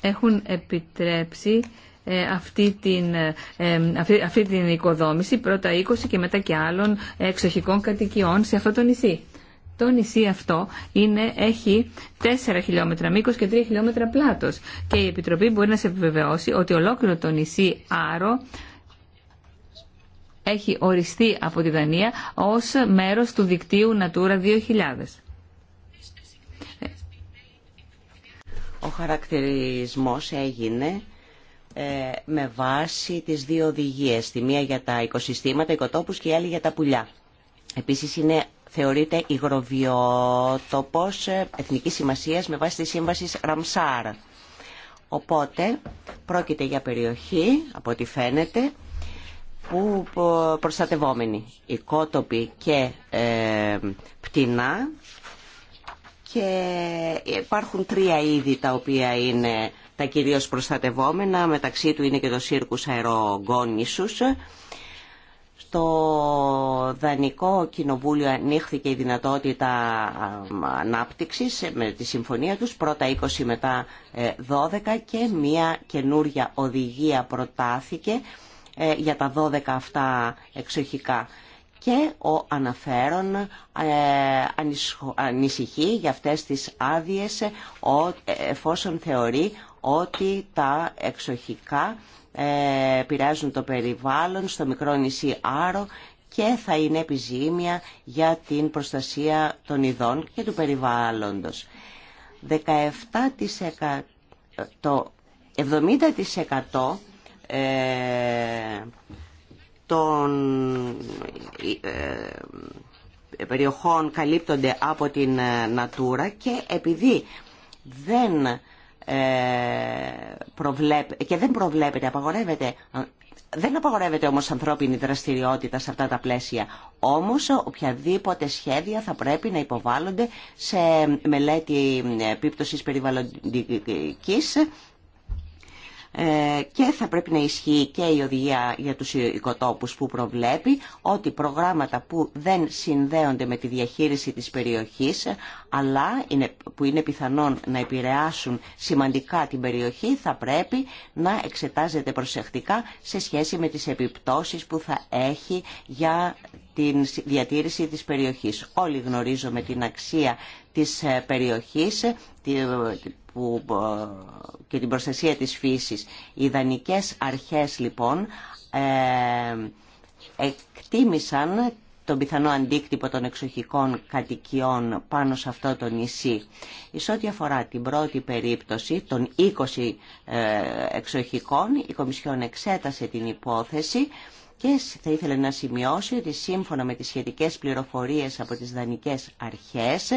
έχουν επιτρέψει ε, αυτή, την, ε, ε, αυτή, αυτή την οικοδόμηση πρώτα 20 και μετά και άλλων εξοχικών κατοικιών σε αυτό το νησί. Το νησί αυτό είναι, έχει 4 χιλιόμετρα μήκο και 3 χιλιόμετρα πλάτο. και η Επιτροπή μπορεί να σε επιβεβαιώσει ότι ολόκληρο το νησί Άρο έχει οριστεί από τη Δανία ως μέρος του δικτύου Natura 2000. Ο χαρακτηρισμός έγινε ε, με βάση τις δύο οδηγίες, τη μία για τα οικοσυστήματα, οικοτόπους και η άλλη για τα πουλιά. Επίσης είναι θεωρείται υγροβιότοπος ε, εθνικής σημασίας με βάση τη σύμβαση Ραμσάρ. Οπότε πρόκειται για περιοχή, από ό,τι φαίνεται, που ε, προστατευόμενη οικότοποι και ε, πτηνά και υπάρχουν τρία είδη τα οποία είναι τα κυρίως προστατευόμενα μεταξύ του είναι και το σύρκους αερογόνησους το Δανικό Κοινοβούλιο ανοίχθηκε η δυνατότητα ανάπτυξης με τη συμφωνία τους, πρώτα 20 μετά 12 ε, και μια καινούρια οδηγία προτάθηκε ε, για τα 12 αυτά εξοχικά. Και ο αναφέρον ε, ανησυχεί για αυτές τις άδειες εφόσον θεωρεί ότι τα εξοχικά ε, πηράζουν το περιβάλλον στο μικρό νησί Άρο και θα είναι επιζήμια για την προστασία των ειδών και του περιβάλλοντος. 17% το 70% ε, των ε, περιοχών καλύπτονται από την Νατούρα και επειδή δεν ε, προβλέπ... και δεν προβλέπεται, απαγορεύεται δεν απαγορεύεται όμως ανθρώπινη δραστηριότητα σε αυτά τα πλαίσια. Όμως οποιαδήποτε σχέδια θα πρέπει να υποβάλλονται σε μελέτη επίπτωσης περιβαλλοντικής ε, και θα πρέπει να ισχύει και η οδηγία για τους οικοτόπους που προβλέπει ότι προγράμματα που δεν συνδέονται με τη διαχείριση της περιοχής αλλά που είναι πιθανόν να επηρεάσουν σημαντικά την περιοχή θα πρέπει να εξετάζεται προσεκτικά σε σχέση με τις επιπτώσεις που θα έχει για την διατήρηση της περιοχής. Όλοι γνωρίζουμε την αξία της ε, περιοχής ε, και την προστασία της φύσης. Οι ιδανικές αρχές λοιπόν ε, εκτίμησαν τον πιθανό αντίκτυπο των εξοχικών κατοικιών πάνω σε αυτό το νησί. Σε ό,τι αφορά την πρώτη περίπτωση των 20 εξοχικών, η Κομισιόν εξέτασε την υπόθεση και θα ήθελε να σημειώσει ότι σύμφωνα με τις σχετικές πληροφορίες από τις δανεικές αρχές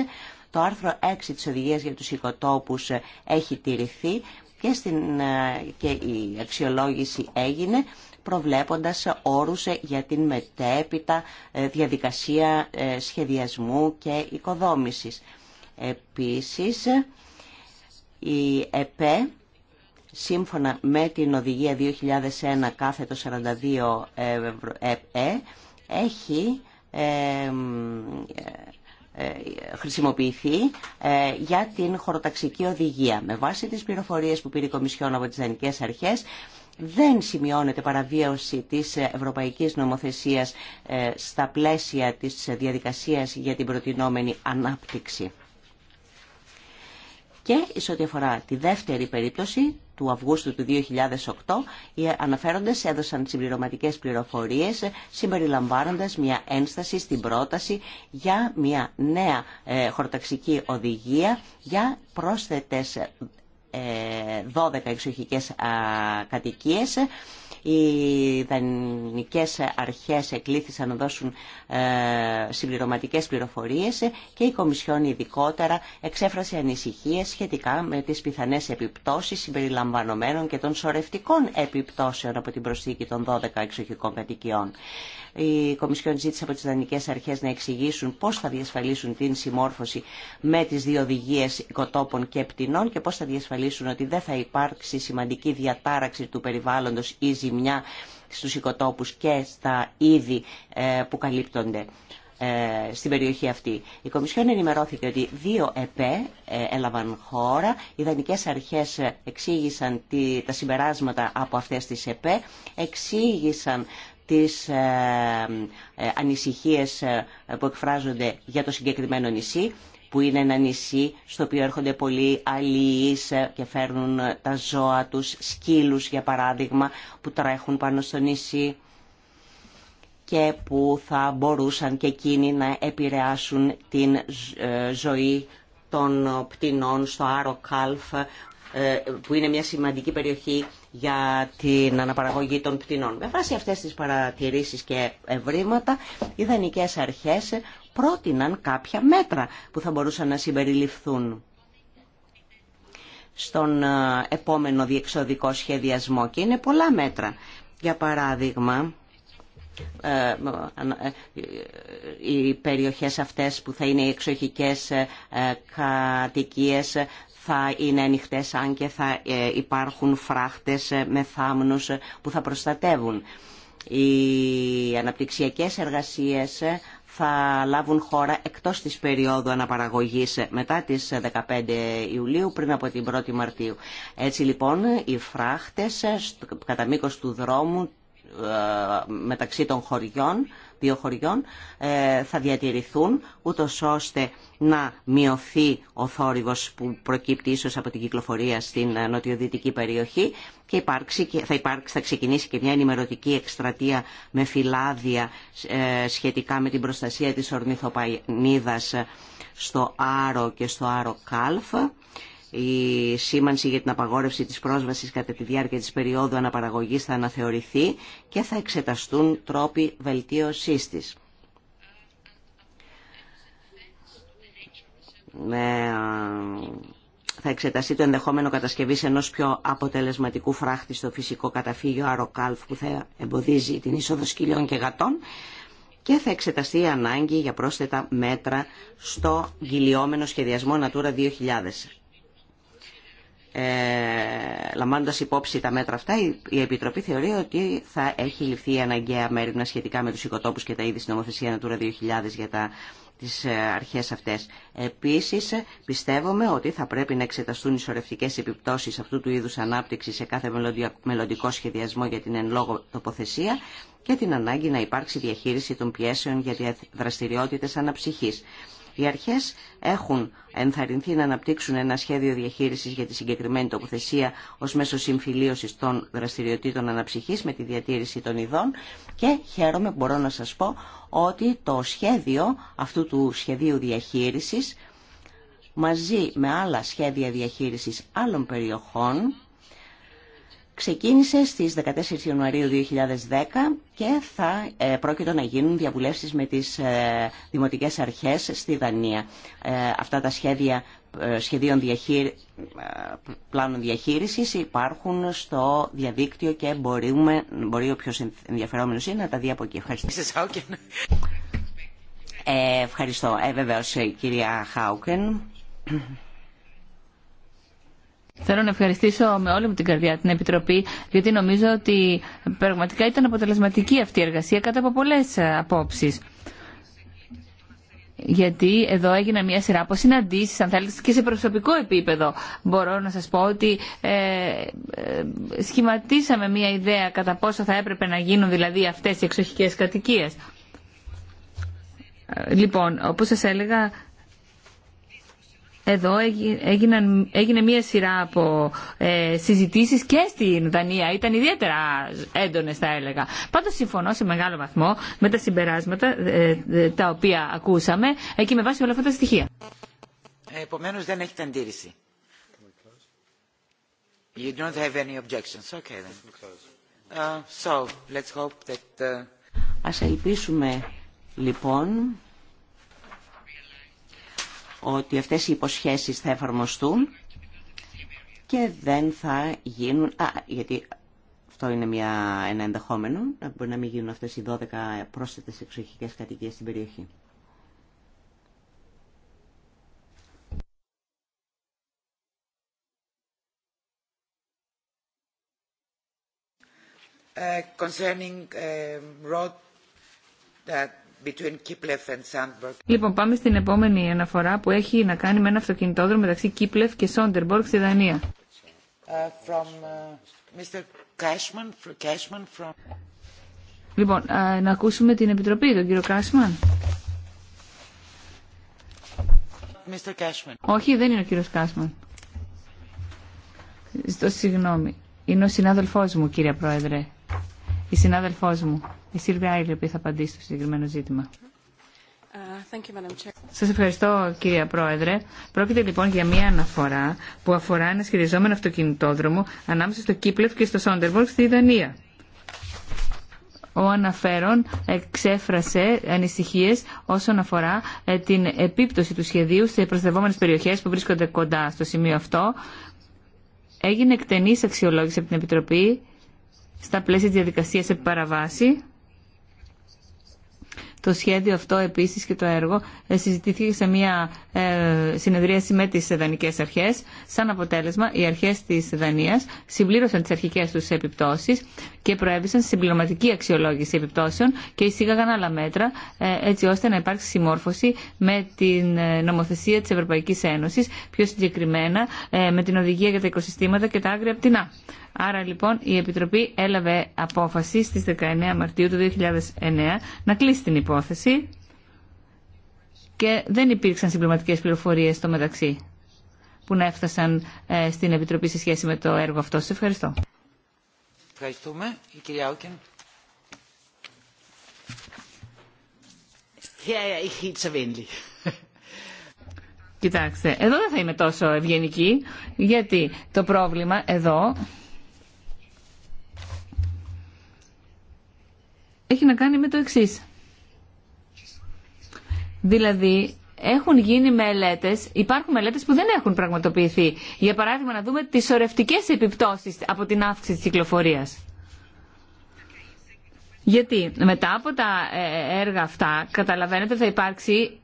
το άρθρο 6 της Οδηγίας για τους Οικοτόπους ε, έχει τηρηθεί και, στην, ε, και η αξιολόγηση έγινε προβλέποντας όρους ε, για την μετέπειτα διαδικασία σχεδιασμού και οικοδόμησης. Επίσης, η ΕΠΕ, σύμφωνα με την Οδηγία 2001 κάθετο 42 ΕΕ, έχει ε, χρησιμοποιηθεί ε, για την χωροταξική οδηγία. Με βάση τις πληροφορίες που πήρε η Κομισιόν από τις Δανικές Αρχές, δεν σημειώνεται παραβίαση της ευρωπαϊκής νομοθεσίας ε, στα πλαίσια της διαδικασίας για την προτινόμενη ανάπτυξη. Και σε ό,τι αφορά τη δεύτερη περίπτωση του Αυγούστου του 2008, οι αναφέροντες έδωσαν συμπληρωματικές πληροφορίες συμπεριλαμβάνοντας μια ένσταση στην πρόταση για μια νέα ε, χορταξική οδηγία για πρόσθετες 12 ε, εξοχικές κατοικίες οι δανεικές αρχές εκλήθησαν να δώσουν ε, συμπληρωματικές πληροφορίες και η Κομισιόν ειδικότερα εξέφρασε ανησυχίες σχετικά με τις πιθανές επιπτώσεις συμπεριλαμβανομένων και των σωρευτικών επιπτώσεων από την προσθήκη των 12 εξοχικών κατοικιών. Η Κομισιόν ζήτησε από τις δανεικές αρχές να εξηγήσουν πώς θα διασφαλίσουν την συμμόρφωση με τις δύο οδηγίες οικοτόπων και πτηνών και πώς θα διασφαλίσουν ότι δεν θα υπάρξει σημαντική διατάραξη του περιβάλλοντος ή ζημιά στους οικοτόπους και στα είδη ε, που καλύπτονται ε, στην περιοχή αυτή. Η Κομισιόν ενημερώθηκε ότι δύο ΕΠΕ ε, έλαβαν χώρα. Οι δανεικές αρχές εξήγησαν τα συμπεράσματα από αυτές τις ΕΠΕ, εξήγησαν τις ανησυχίες που εκφράζονται για το συγκεκριμένο νησί που είναι ένα νησί στο οποίο έρχονται πολλοί αλληλείς και φέρνουν τα ζώα τους, σκύλους για παράδειγμα, που τρέχουν πάνω στο νησί και που θα μπορούσαν και εκείνοι να επηρεάσουν την ε, ζωή των πτηνών στο Άρο Κάλφ, ε, που είναι μια σημαντική περιοχή για την αναπαραγωγή των πτηνών. Με βάση αυτές τις παρατηρήσεις και ευρήματα, οι δανεικές αρχές πρότειναν κάποια μέτρα που θα μπορούσαν να συμπεριληφθούν στον ε, επόμενο διεξοδικό σχεδιασμό και είναι πολλά μέτρα. Για παράδειγμα, ε, ε, οι περιοχές αυτές που θα είναι οι εξοχικές κατοικίες θα είναι ανοιχτέ αν και θα υπάρχουν φράχτες με θάμνους που θα προστατεύουν. Οι αναπτυξιακές εργασίες θα λάβουν χώρα εκτός της περίοδου αναπαραγωγής μετά τις 15 Ιουλίου πριν από την 1η Μαρτίου. Έτσι λοιπόν οι φράχτες κατά μήκος του δρόμου ε, μεταξύ των χωριών δύο χωριών ε, θα διατηρηθούν, ούτω ώστε να μειωθεί ο θόρυβος που προκύπτει ίσως από την κυκλοφορία στην ε, νοτιοδυτική περιοχή και θα, υπάρξει, θα ξεκινήσει και μια ενημερωτική εκστρατεία με φυλάδια ε, σχετικά με την προστασία της ορνηθοπανίδας στο Άρο και στο Άρο Κάλφ η σήμανση για την απαγόρευση της πρόσβασης κατά τη διάρκεια της περίοδου αναπαραγωγής θα αναθεωρηθεί και θα εξεταστούν τρόποι βελτίωσής της. Ε, θα εξεταστεί το ενδεχόμενο κατασκευής ενός πιο αποτελεσματικού φράχτη στο φυσικό καταφύγιο Αροκάλφ που θα εμποδίζει την είσοδο σκυλιών και γατών και θα εξεταστεί η ανάγκη για πρόσθετα μέτρα στο γυλιόμενο σχεδιασμό Natura 2000. Ε, λαμβάνοντας υπόψη τα μέτρα αυτά, η Επιτροπή θεωρεί ότι θα έχει ληφθεί η αναγκαία μέρη σχετικά με του οικοτόπου και τα είδη στην νομοθεσία Natura 2000 για τα τις ε, αρχές αυτές. Επίσης, πιστεύουμε ότι θα πρέπει να εξεταστούν οι σορευτικές επιπτώσεις αυτού του είδους ανάπτυξη σε κάθε μελλοντικό σχεδιασμό για την εν λόγω τοποθεσία και την ανάγκη να υπάρξει διαχείριση των πιέσεων για δραστηριότητες αναψυχής. Οι αρχέ έχουν ενθαρρυνθεί να αναπτύξουν ένα σχέδιο διαχείρισης για τη συγκεκριμένη τοποθεσία ως μέσο συμφιλίωσης των δραστηριοτήτων αναψυχή με τη διατήρηση των ειδών και χαίρομαι μπορώ να σας πω ότι το σχέδιο αυτού του σχεδίου διαχείρισης μαζί με άλλα σχέδια διαχείρισης άλλων περιοχών Ξεκίνησε στις 14 Ιανουαρίου 2010 και θα ε, πρόκειται να γίνουν διαβουλεύσεις με τις ε, δημοτικές αρχές στη Δανία. Ε, αυτά τα σχέδια ε, σχεδίων πλάνων διαχείρισης υπάρχουν στο διαδίκτυο και μπορούμε, μπορεί όποιος ενδιαφερόμενος είναι να τα δει από εκεί. Ευχαριστώ. Ε, ευχαριστώ. Ε, βεβαίως, κυρία Χάουκεν. Θέλω να ευχαριστήσω με όλη μου την καρδιά την Επιτροπή, γιατί νομίζω ότι πραγματικά ήταν αποτελεσματική αυτή η εργασία κατά από πολλέ ε, απόψει. Γιατί εδώ έγιναν μια σειρά από συναντήσει, αν θέλετε, και σε προσωπικό επίπεδο. Μπορώ να σα πω ότι ε, ε, σχηματίσαμε μια ιδέα κατά πόσο θα έπρεπε να γίνουν δηλαδή αυτέ οι εξοχικέ κατοικίε. Λοιπόν, όπως σας έλεγα, εδώ έγινε μία σειρά από ε, συζητήσεις και στην Δανία. Ήταν ιδιαίτερα έντονες θα έλεγα. Πάντως συμφωνώ σε μεγάλο βαθμό με τα συμπεράσματα ε, ε, τα οποία ακούσαμε εκεί και με βάση όλα αυτά τα στοιχεία. Επομένως δεν έχετε αντίρρηση. You don't have any objections. Okay then. Uh, so, let's hope that... Uh, Ας ελπίσουμε λοιπόν ότι αυτές οι υποσχέσεις θα εφαρμοστούν και δεν θα γίνουν... Α, γιατί αυτό είναι μια, ένα ενδεχόμενο, να μπορεί να μην γίνουν αυτές οι 12 πρόσθετες εξοχικές κατοικίες στην περιοχή. Ε, concerning ε, road that Λοιπόν, πάμε στην επόμενη αναφορά που έχει να κάνει με ένα αυτοκινητόδρομο μεταξύ Κίπλεφ και Σόντερμπορκ στη Δανία. Uh, uh, λοιπόν, να ακούσουμε την Επιτροπή, τον κύριο Κάσμαν. Όχι, δεν είναι ο κύριος Κάσμαν. Ζητώ συγγνώμη. Είναι ο συνάδελφός μου, κύριε Πρόεδρε η συνάδελφό μου, η Σίλβια Άιλ, η οποία θα απαντήσει στο συγκεκριμένο ζήτημα. Σα ευχαριστώ κύριε Πρόεδρε. Πρόκειται λοιπόν για μία αναφορά που αφορά ένα σχεδιαζόμενο αυτοκινητόδρομο ανάμεσα στο Κίπλεφ και στο Σόντερβολκ στη Δανία. Ο αναφέρον εξέφρασε ανησυχίε όσον αφορά ε, την επίπτωση του σχεδίου σε προστατευόμενε περιοχέ που βρίσκονται κοντά στο σημείο αυτό. Έγινε εκτενή αξιολόγηση από την Επιτροπή στα πλαίσια της διαδικασίας επί παραβάση. Το σχέδιο αυτό επίσης και το έργο ε, συζητήθηκε σε μια ε, συνεδρίαση με τις δανεικές αρχές. Σαν αποτέλεσμα, οι αρχές της Δανίας συμπλήρωσαν τις αρχικές τους επιπτώσεις και προέβησαν συμπληρωματική αξιολόγηση επιπτώσεων και εισήγαγαν άλλα μέτρα ε, έτσι ώστε να υπάρξει συμμόρφωση με την νομοθεσία της Ευρωπαϊκής Ένωσης, πιο συγκεκριμένα με την οδηγία για τα οικοσυστήματα και τα άγρια πτηνά. Άρα λοιπόν η Επιτροπή έλαβε απόφαση στις 19 Μαρτίου του 2009 να κλείσει την υπόθεση και δεν υπήρξαν συμπληρωματικές πληροφορίες στο μεταξύ που να έφτασαν ε, στην Επιτροπή σε σχέση με το έργο αυτό. Σας ευχαριστώ. Ευχαριστούμε. Η κυρία Όκεν. Κοιτάξτε, εδώ δεν θα είμαι τόσο ευγενική, γιατί το πρόβλημα εδώ έχει να κάνει με το εξή. Δηλαδή, έχουν γίνει μελέτε, υπάρχουν μελέτε που δεν έχουν πραγματοποιηθεί. Για παράδειγμα, να δούμε τι σορευτικέ επιπτώσει από την αύξηση τη κυκλοφορία. Γιατί μετά από τα ε, έργα αυτά, καταλαβαίνετε, θα υπάρξει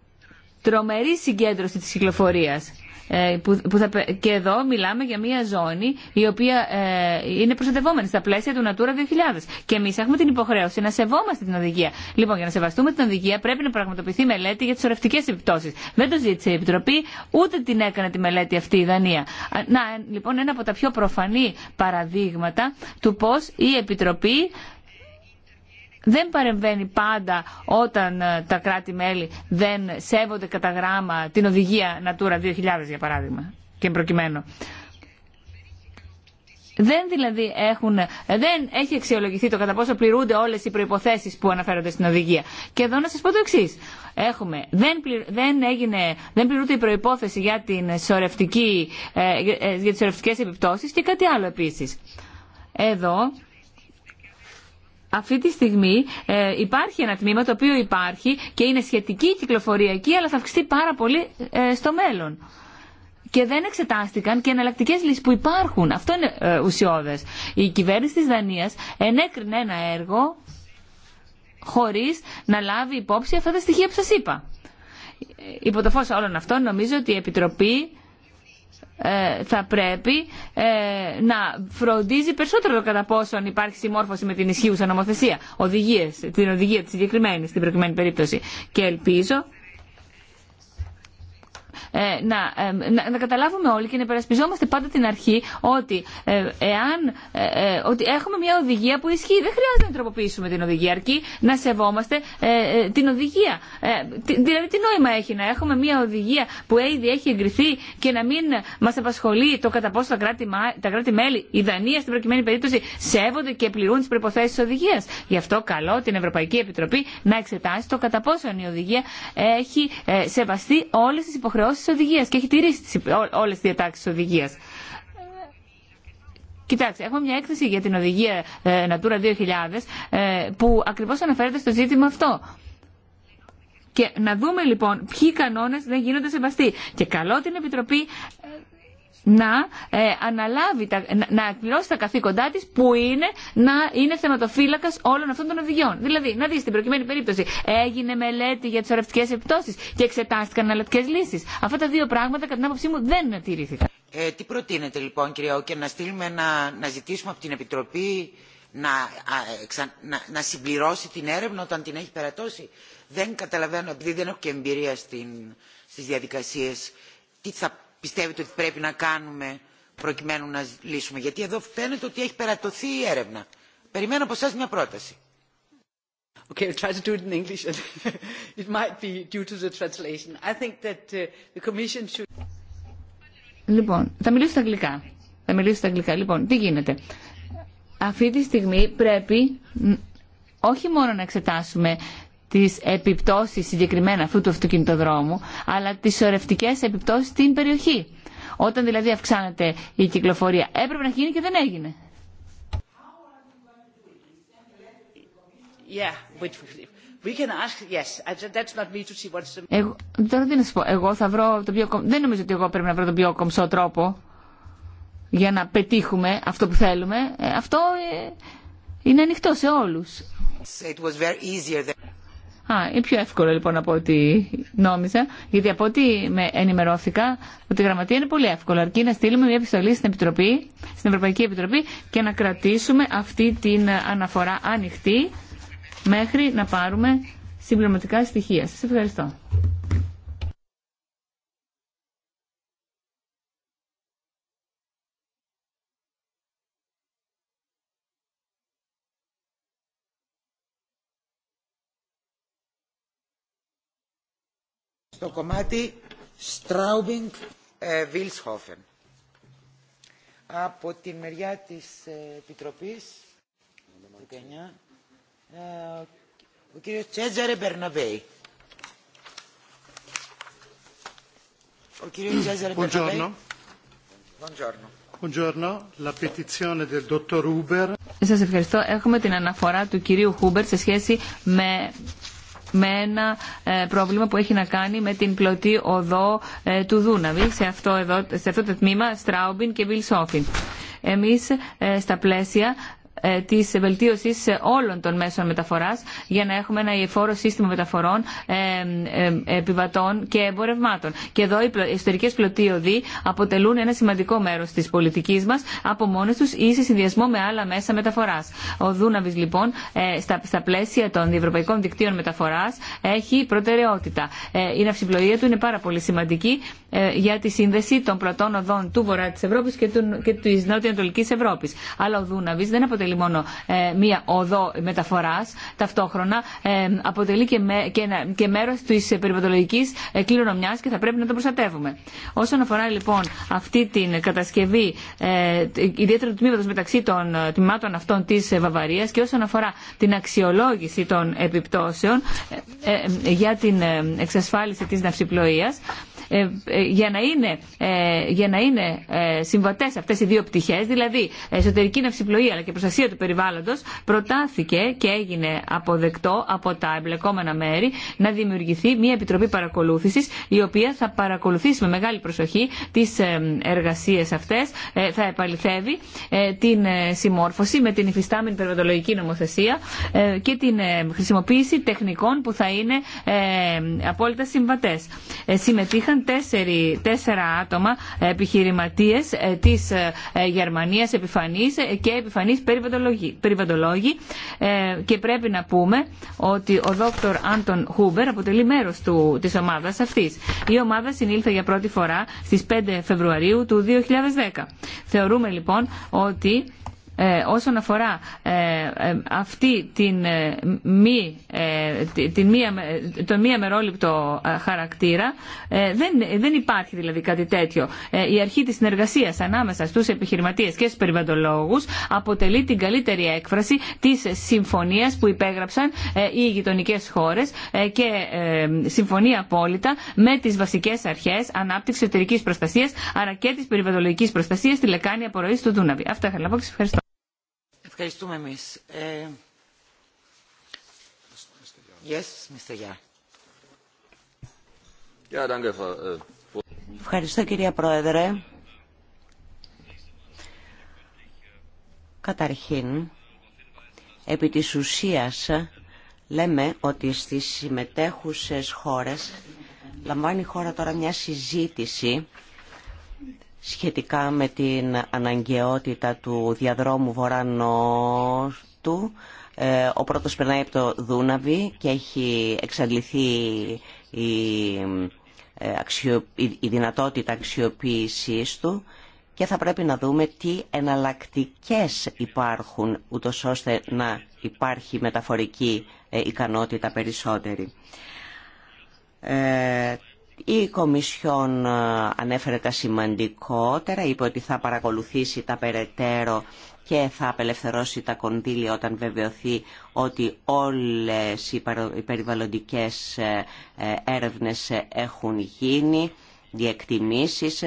τρομερή συγκέντρωση της κυκλοφορίας. Ε, που, που θα, και εδώ μιλάμε για μια ζώνη η οποία ε, είναι προστατευόμενη στα πλαίσια του Natura 2000. Και εμεί έχουμε την υποχρέωση να σεβόμαστε την οδηγία. Λοιπόν, για να σεβαστούμε την οδηγία πρέπει να πραγματοποιηθεί μελέτη για τι ορευτικέ επιπτώσει. Δεν το ζήτησε η Επιτροπή, ούτε την έκανε τη μελέτη αυτή η Δανία. Ε, λοιπόν, ένα από τα πιο προφανή παραδείγματα του πώ η Επιτροπή δεν παρεμβαίνει πάντα όταν ε, τα κράτη-μέλη δεν σέβονται κατά γράμμα την οδηγία Natura 2000 για παράδειγμα και προκειμένου. Δεν δηλαδή έχουν, ε, δεν έχει αξιολογηθεί το κατά πόσο πληρούνται όλε οι προποθέσει που αναφέρονται στην οδηγία. Και εδώ να σα πω το εξή. Έχουμε, δεν, δεν, έγινε, δεν πληρούνται η προπόθεση για, την ε, για τι σορευτικέ επιπτώσει και κάτι άλλο επίση. Εδώ αυτή τη στιγμή ε, υπάρχει ένα τμήμα το οποίο υπάρχει και είναι σχετική κυκλοφοριακή αλλά θα αυξηθεί πάρα πολύ ε, στο μέλλον. Και δεν εξετάστηκαν και εναλλακτικέ λύσει που υπάρχουν. Αυτό είναι ε, ουσιώδε. Η κυβέρνηση τη Δανία ενέκρινε ένα έργο χωρί να λάβει υπόψη αυτά τα στοιχεία που σα είπα. Ε, υπό το φως όλων αυτών νομίζω ότι η Επιτροπή ε, θα πρέπει ε, να φροντίζει περισσότερο κατά πόσον υπάρχει συμμόρφωση με την ισχύουσα νομοθεσία, οδηγίες, την οδηγία της συγκεκριμένη, στην προκειμένη περίπτωση. Και ελπίζω ε, να, ε, να, να καταλάβουμε όλοι και να υπερασπιζόμαστε πάντα την αρχή ότι, ε, εάν, ότι έχουμε μια οδηγία που ισχύει. Δεν χρειάζεται να τροποποιήσουμε την οδηγία, αρκεί να σεβόμαστε την οδηγία. δηλαδή, τι νόημα έχει να έχουμε μια οδηγία που ήδη έχει εγκριθεί και να μην μα απασχολεί το κατά πόσο τα κράτη-μέλη, η Δανία στην προκειμένη περίπτωση, σέβονται και πληρούν τι προποθέσει τη οδηγία. Γι' αυτό καλό την Ευρωπαϊκή Επιτροπή να εξετάσει το κατά πόσο η οδηγία έχει σεβαστεί όλε τι υποχρεώσει διατάξεις της και έχει τηρήσει όλες τις διατάξεις της οδηγίας. Κοιτάξτε, έχουμε μια έκθεση για την οδηγία ε, Natura 2000 ε, που ακριβώς αναφέρεται στο ζήτημα αυτό. Και να δούμε λοιπόν ποιοι κανόνε δεν γίνονται σεβαστοί. Και καλό την Επιτροπή να ε, αναλάβει, τα, να εκπληρώσει τα καθήκοντά τη που είναι να είναι θεματοφύλακα όλων αυτών των οδηγιών. Δηλαδή, να δεί στην προκειμένη περίπτωση, έγινε μελέτη για τι ορευτικέ επιπτώσεις και εξετάστηκαν εναλλακτικές λύσει. Αυτά τα δύο πράγματα, κατά την άποψή μου, δεν τηρήθηκαν. Ε, τι προτείνετε λοιπόν, κύριε Όκερ, να, στείλουμε, να, να ζητήσουμε από την Επιτροπή να, να, να συμπληρώσει την έρευνα όταν την έχει περατώσει. Δεν καταλαβαίνω, επειδή δεν έχω και εμπειρία στι διαδικασίε. τι θα πιστεύετε ότι πρέπει να κάνουμε προκειμένου να λύσουμε. Γιατί εδώ φαίνεται ότι έχει περατωθεί η έρευνα. Περιμένω από εσά μια πρόταση. Okay, I'll try to do it in English. it might be due to the translation. I think that uh, the Commission should... Λοιπόν, θα μιλήσω στα αγγλικά. Θα μιλήσω στα αγγλικά. Λοιπόν, τι γίνεται. Αυτή τη στιγμή πρέπει όχι μόνο να εξετάσουμε τις επιπτώσεις συγκεκριμένα αυτού του αυτοκινητοδρόμου, αλλά τις σωρευτικές επιπτώσεις στην περιοχή. Όταν δηλαδή αυξάνεται η κυκλοφορία. Έπρεπε να γίνει και δεν έγινε. Εγώ, τώρα τι να σου πω, εγώ θα βρω το πιο, δεν νομίζω ότι εγώ πρέπει να βρω τον πιο κομψό τρόπο για να πετύχουμε αυτό που θέλουμε. Ε, αυτό ε, είναι ανοιχτό σε όλους. Α, είναι πιο εύκολο λοιπόν από ό,τι νόμιζα, γιατί από ό,τι με ενημερώθηκα, ότι η γραμματεία είναι πολύ εύκολο. Αρκεί να στείλουμε μια επιστολή στην, Επιτροπή, στην Ευρωπαϊκή Επιτροπή και να κρατήσουμε αυτή την αναφορά ανοιχτή μέχρι να πάρουμε συμπληρωματικά στοιχεία. Σας ευχαριστώ. στο κομμάτι Straubing-Wilshofen. Ε, Από τη μεριά της ε, Επιτροπής, ε, ο κύριος Τσέζαρε Μπερναβέη. Ο κύριος Τσέζαρε Μπερναβέη. Σας ευχαριστώ. Έχουμε την αναφορά του κυρίου Χούμπερ σε σχέση με με ένα ε, πρόβλημα που έχει να κάνει με την πλωτή οδό ε, του Δούναβη, σε αυτό, εδώ, σε αυτό το τμήμα Στράουμπιν και Βιλσόφιν. Εμείς ε, στα πλαίσια ε, τη βελτίωση όλων των μέσων μεταφορά για να έχουμε ένα υφόρο σύστημα μεταφορών ε, ε, επιβατών και εμπορευμάτων. Και εδώ οι εσωτερικέ πλωτοί οδοί αποτελούν ένα σημαντικό μέρο τη πολιτική μα από μόνε του ή σε συνδυασμό με άλλα μέσα μεταφορά. Ο Δούναβη, λοιπόν, στα πλαίσια των ευρωπαϊκών δικτύων μεταφορά, έχει προτεραιότητα. Η σε συνδυασμο με αλλα μεσα μεταφορα ο δουναβη λοιπον στα πλαισια των ευρωπαικων δικτυων μεταφορα εχει προτεραιοτητα η ναυσιπλοεια του είναι πάρα πολύ σημαντική για τη σύνδεση των πλωτών οδών του Βορρά τη Ευρώπη και τη Νότια Ανατολική Ευρώπη. Αλλά ο Δούναβη δεν αποτελεί μόνο ε, μία οδό μεταφοράς, ταυτόχρονα ε, αποτελεί και, με, και, μέρος της περιβαλλοντικής ε, κληρονομιάς και θα πρέπει να το προστατεύουμε. Όσον αφορά λοιπόν αυτή την κατασκευή του τμήματος μεταξύ των τμήματων αυτών της Βαβαρίας και όσον αφορά την αξιολόγηση των επιπτώσεων για την εξασφάλιση της ναυσιπλοείας, για να είναι, για να είναι συμβατές αυτές οι δύο πτυχές, δηλαδή εσωτερική ναυσιπλοεία αλλά και προστασία του περιβάλλοντος προτάθηκε και έγινε αποδεκτό από τα εμπλεκόμενα μέρη να δημιουργηθεί μια επιτροπή παρακολούθησης η οποία θα παρακολουθήσει με μεγάλη προσοχή τις ε, εργασίες αυτές, ε, θα επαληθεύει ε, την συμμόρφωση με την υφιστάμενη περιβαλλοντολογική νομοθεσία και την χρησιμοποίηση τεχνικών που θα είναι απόλυτα συμβατές. Συμμετείχαν τέσσερα άτομα επιχειρηματίες της Γερμανίας επιφανής και επιφανής περιβαλλοντολογικής περιβαντολόγοι ε, και πρέπει να πούμε ότι ο δόκτωρ Άντων Χούμπερ αποτελεί μέρο τη ομάδα αυτή. Η ομάδα συνήλθε για πρώτη φορά στι 5 Φεβρουαρίου του 2010. Θεωρούμε λοιπόν ότι ε, όσον αφορά ε, ε αυτή την ε, μη, ε, την μία, μία χαρακτήρα, δεν, δεν υπάρχει δηλαδή κάτι τέτοιο. Η αρχή της συνεργασίας ανάμεσα στους επιχειρηματίες και στους περιβαντολόγους αποτελεί την καλύτερη έκφραση της συμφωνίας που υπέγραψαν οι γειτονικέ χώρες και συμφωνία απόλυτα με τις βασικές αρχές ανάπτυξη εταιρική προστασίας αλλά και της περιβαλλοντικής προστασίας στη λεκάνη απορροής του Δούναβη. Αυτά είχα να πω ευχαριστώ. Ευχαριστούμε εμείς. Ε, äh, Ευχαριστώ κυρία Πρόεδρε. Καταρχήν, επί της ουσίας λέμε ότι στις συμμετέχουσες χώρες λαμβάνει η χώρα τώρα μια συζήτηση σχετικά με την αναγκαιότητα του διαδρόμου του, ε, Ο πρώτος περνάει από το Δούναβι και έχει εξαντληθεί ε, η, η δυνατότητα αξιοποίησής του και θα πρέπει να δούμε τι εναλλακτικές υπάρχουν ούτως ώστε να υπάρχει μεταφορική ε, ικανότητα περισσότερη. Η Κομισιόν ε, ανέφερε τα σημαντικότερα, είπε ότι θα παρακολουθήσει τα περαιτέρω και θα απελευθερώσει τα κονδύλια όταν βεβαιωθεί ότι όλες οι περιβαλλοντικές ε, ε, έρευνες έχουν γίνει, διεκτιμήσεις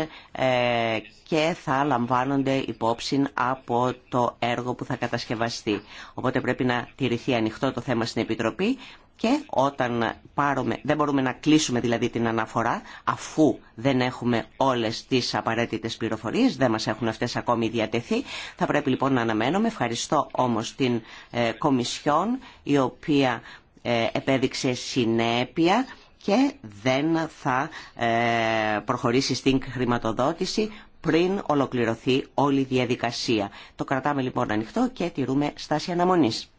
και θα λαμβάνονται υπόψη από το έργο που θα κατασκευαστεί. Οπότε πρέπει να τηρηθεί ανοιχτό το θέμα στην Επιτροπή και όταν πάρουμε, δεν μπορούμε να κλείσουμε δηλαδή την αναφορά αφού δεν έχουμε όλες τις απαραίτητες πληροφορίες, δεν μας έχουν αυτές ακόμη διατεθεί. Θα πρέπει λοιπόν να αναμένουμε. Ευχαριστώ όμως την ε, Κομισιόν η οποία ε, επέδειξε συνέπεια και δεν θα ε, προχωρήσει στην χρηματοδότηση πριν ολοκληρωθεί όλη η διαδικασία. Το κρατάμε λοιπόν ανοιχτό και τηρούμε στάση αναμονής.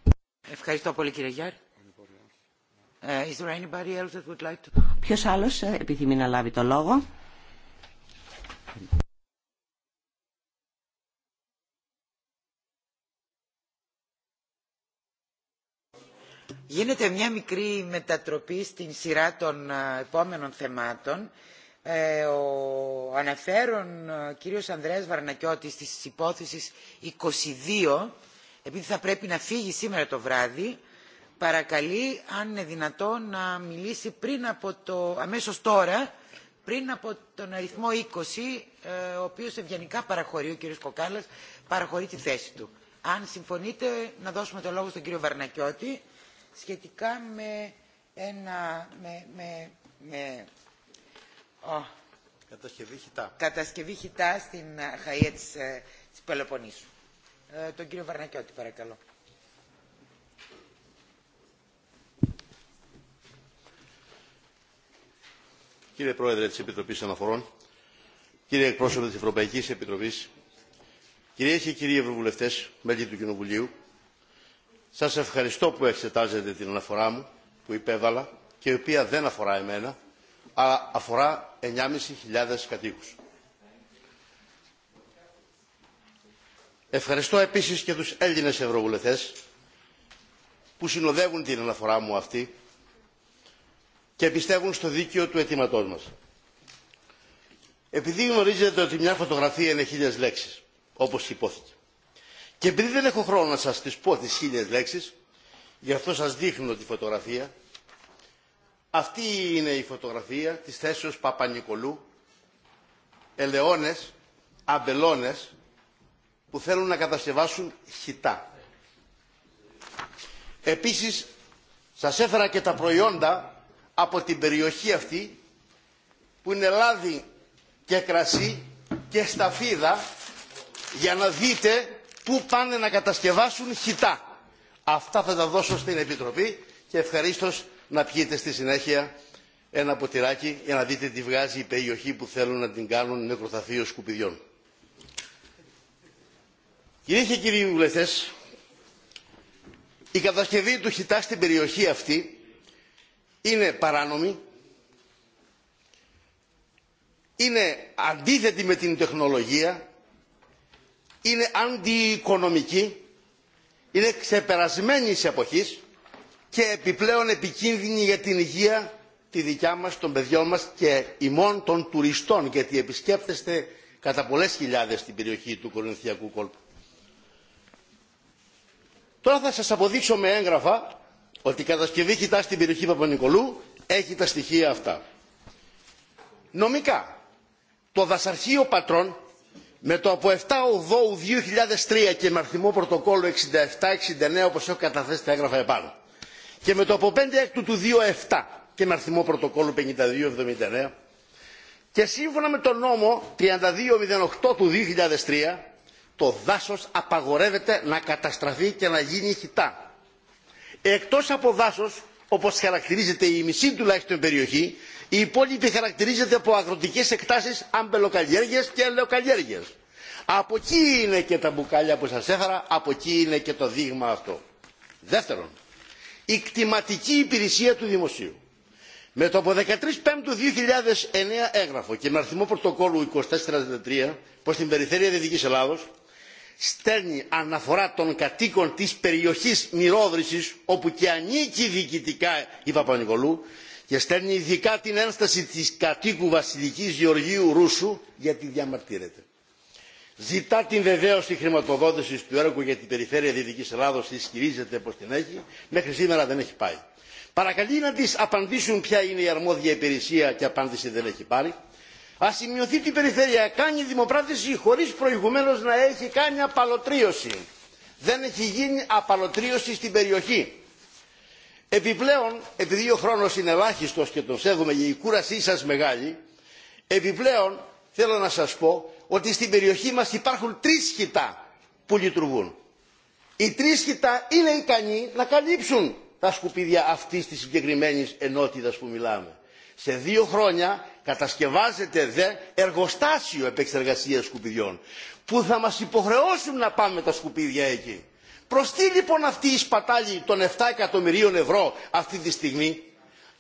Ευχαριστώ πολύ κύριε Γιάρη. Uh, is there Ποιος άλλος ε, επιθυμεί να λάβει το λόγο. Γίνεται μια μικρή μετατροπή στην σειρά των ε, επόμενων θεμάτων. Ε, ο αναφέρον κύριος Ανδρέας Βαρνακιώτης της υπόθεσης 22, επειδή θα πρέπει να φύγει σήμερα το βράδυ, παρακαλεί αν είναι δυνατό να μιλήσει πριν από το, αμέσως τώρα πριν από τον αριθμό 20 ε, ο οποίος ευγενικά παραχωρεί ο κύριος Κοκάλας παραχωρεί τη θέση του. Αν συμφωνείτε να δώσουμε το λόγο στον κύριο Βαρνακιώτη σχετικά με ένα... Με, με, με, κατασκευή χιτά. Κατασκευή χιτά στην ε, χαΐα της, ε, της Πελοποννήσου. τον κύριο Βαρνακιώτη παρακαλώ. κύριε πρόεδρε της επιτροπής αναφορών κύριε εκπρόσωπε της ευρωπαϊκής επιτροπής κυρίες και κύριοι ευρωβουλευτές μέλη του κοινοβουλίου σας ευχαριστώ που εξετάζετε την αναφορά μου που υπέβαλα και η οποία δεν αφορά εμένα αλλά αφορά 9.500 κατοίκους. Ευχαριστώ επίσης και τους Έλληνες ευρωβουλευτές που συνοδεύουν την αναφορά μου αυτή και πιστεύουν στο δίκαιο του αιτήματό μας. Επειδή γνωρίζετε ότι μια φωτογραφία είναι χίλιες λέξεις, όπως υπόθηκε. Και επειδή δεν έχω χρόνο να σας τις πω τις χίλιες λέξεις, γι' αυτό σας δείχνω τη φωτογραφία. Αυτή είναι η φωτογραφία της θέσεως Παπα-Νικολού, ελαιώνες, αμπελώνες, που θέλουν να κατασκευάσουν χιτά. Επίσης, σας έφερα και τα προϊόντα από την περιοχή αυτή που είναι λάδι και κρασί και σταφίδα για να δείτε πού πάνε να κατασκευάσουν χιτά. Αυτά θα τα δώσω στην Επιτροπή και ευχαριστώ να πιείτε στη συνέχεια ένα ποτηράκι για να δείτε τι βγάζει η περιοχή που θέλουν να την κάνουν νεκροθαφείο σκουπιδιών. Κυρίε και κύριοι βουλευτέ, η κατασκευή του χιτά στην περιοχή αυτή είναι παράνομη, είναι αντίθετη με την τεχνολογία, είναι αντιοικονομική, είναι ξεπερασμένη σε εποχής και επιπλέον επικίνδυνη για την υγεία τη δικιά μας, των παιδιών μας και ημών των τουριστών γιατί επισκέπτεστε κατά πολλές χιλιάδες την περιοχή του Κορινθιακού κόλπου. Τώρα θα σας αποδείξω με έγγραφα ότι η κατασκευή κοιτά στην περιοχή Παπα-Νικολού έχει τα στοιχεία αυτά. Νομικά, το δασαρχείο πατρών με το από 7 Οδόου 2003 και με αριθμό πρωτοκόλλου 67-69 όπως έχω καταθέσει τα έγγραφα επάνω και με το από 5 έκτου του 2007 και με αριθμό πρωτοκόλλου 52-79 και σύμφωνα με τον νόμο 3208 του 2003 το δάσος απαγορεύεται να καταστραφεί και να γίνει χιτά εκτός από δάσος όπως χαρακτηρίζεται η μισή τουλάχιστον περιοχή η υπόλοιπη χαρακτηρίζεται από αγροτικές εκτάσεις αμπελοκαλλιέργειας και ελαιοκαλλιέργειας. Από εκεί είναι και τα μπουκάλια που σας έφερα, από εκεί είναι και το δείγμα αυτό. Δεύτερον, η κτηματική υπηρεσία του Δημοσίου. Με το από 13 Πέμπτου 2009 έγγραφο και με αριθμό πρωτοκόλλου 2433 προς την Περιφέρεια Δυτικής Ελλάδος στέλνει αναφορά των κατοίκων της περιοχής Μυρόδρυσης όπου και ανήκει διοικητικά η Παπανικολού και στέλνει ειδικά την ένσταση της κατοίκου Βασιλικής Γεωργίου Ρούσου γιατί διαμαρτύρεται. Ζητά την βεβαίωση χρηματοδότηση του έργου για την περιφέρεια Δυτική Ελλάδο, ισχυρίζεται πω την έχει, μέχρι σήμερα δεν έχει πάει. Παρακαλεί να τη απαντήσουν ποια είναι η αρμόδια υπηρεσία και απάντηση δεν έχει πάρει Α σημειωθεί την περιφέρεια κάνει δημοπράτηση χωρί προηγουμένω να έχει κάνει απαλωτρίωση. Δεν έχει γίνει απαλωτρίωση στην περιοχή. Επιπλέον, επειδή ο χρόνο είναι ελάχιστο και τον σέβομαι για η κούρασή σα μεγάλη, επιπλέον θέλω να σα πω ότι στην περιοχή μα υπάρχουν τρεις που λειτουργούν. Οι τρεις χιτά είναι ικανοί να καλύψουν τα σκουπίδια αυτή τη συγκεκριμένη ενότητα που μιλάμε. Σε δύο χρόνια κατασκευάζεται δε εργοστάσιο επεξεργασίας σκουπιδιών που θα μας υποχρεώσουν να πάμε τα σκουπίδια εκεί. Προς τι λοιπόν αυτή η σπατάλη των 7 εκατομμυρίων ευρώ αυτή τη στιγμή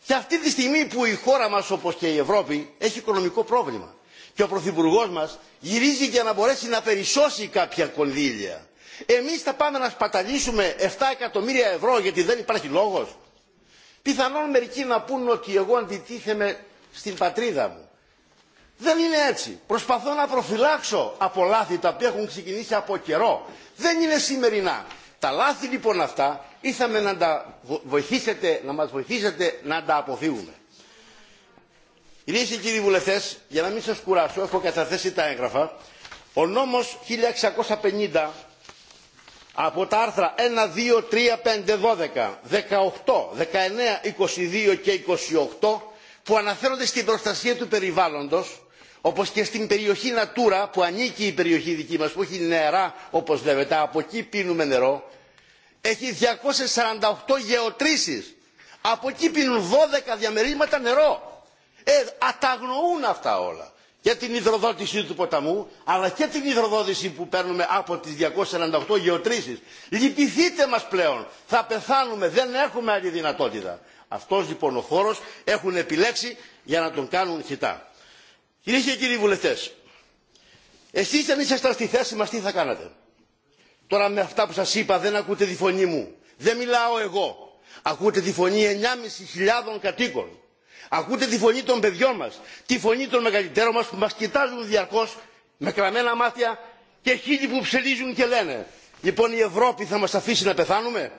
και αυτή τη στιγμή που η χώρα μας όπως και η Ευρώπη έχει οικονομικό πρόβλημα και ο Πρωθυπουργό μας γυρίζει για να μπορέσει να περισσώσει κάποια κονδύλια. Εμείς θα πάμε να σπαταλήσουμε 7 εκατομμύρια ευρώ γιατί δεν υπάρχει λόγος. Πιθανόν μερικοί να πούν ότι εγώ αντιτίθεμαι στην πατρίδα μου. Δεν είναι έτσι. Προσπαθώ να προφυλάξω από λάθη τα οποία έχουν ξεκινήσει από καιρό. Δεν είναι σημερινά. Τα λάθη λοιπόν αυτά ήθαμε να, τα βοηθήσετε, να μας βοηθήσετε να τα αποφύγουμε. Κυρίε και κύριοι βουλευτές, για να μην σα κουράσω, έχω καταθέσει τα έγγραφα. Ο νόμο 1650 από τα άρθρα 1, 2, 3, 5, 12, 18, 19, 22 και 28 που αναφέρονται στην προστασία του περιβάλλοντος όπως και στην περιοχή Natura που ανήκει η περιοχή δική μας που έχει νερά όπως λέμε από εκεί πίνουμε νερό έχει 248 γεωτρήσεις από εκεί πίνουν 12 διαμερίσματα νερό ε, αταγνοούν αυτά όλα και την υδροδότηση του ποταμού αλλά και την υδροδότηση που παίρνουμε από τις 248 γεωτρήσεις λυπηθείτε μας πλέον θα πεθάνουμε δεν έχουμε άλλη δυνατότητα αυτός λοιπόν ο χώρος έχουν επιλέξει για να τον κάνουν χιτά. Κυρίες και κύριοι βουλευτές, εσείς αν ήσασταν στη θέση μας τι θα κάνατε. Τώρα με αυτά που σας είπα δεν ακούτε τη φωνή μου. Δεν μιλάω εγώ. Ακούτε τη φωνή 9.500 κατοίκων. Ακούτε τη φωνή των παιδιών μας, τη φωνή των μεγαλύτερων μας που μας κοιτάζουν διαρκώς με κραμμένα μάτια και χίλιοι που ψελίζουν και λένε «Λοιπόν η Ευρώπη θα μας αφήσει να πεθάνουμε»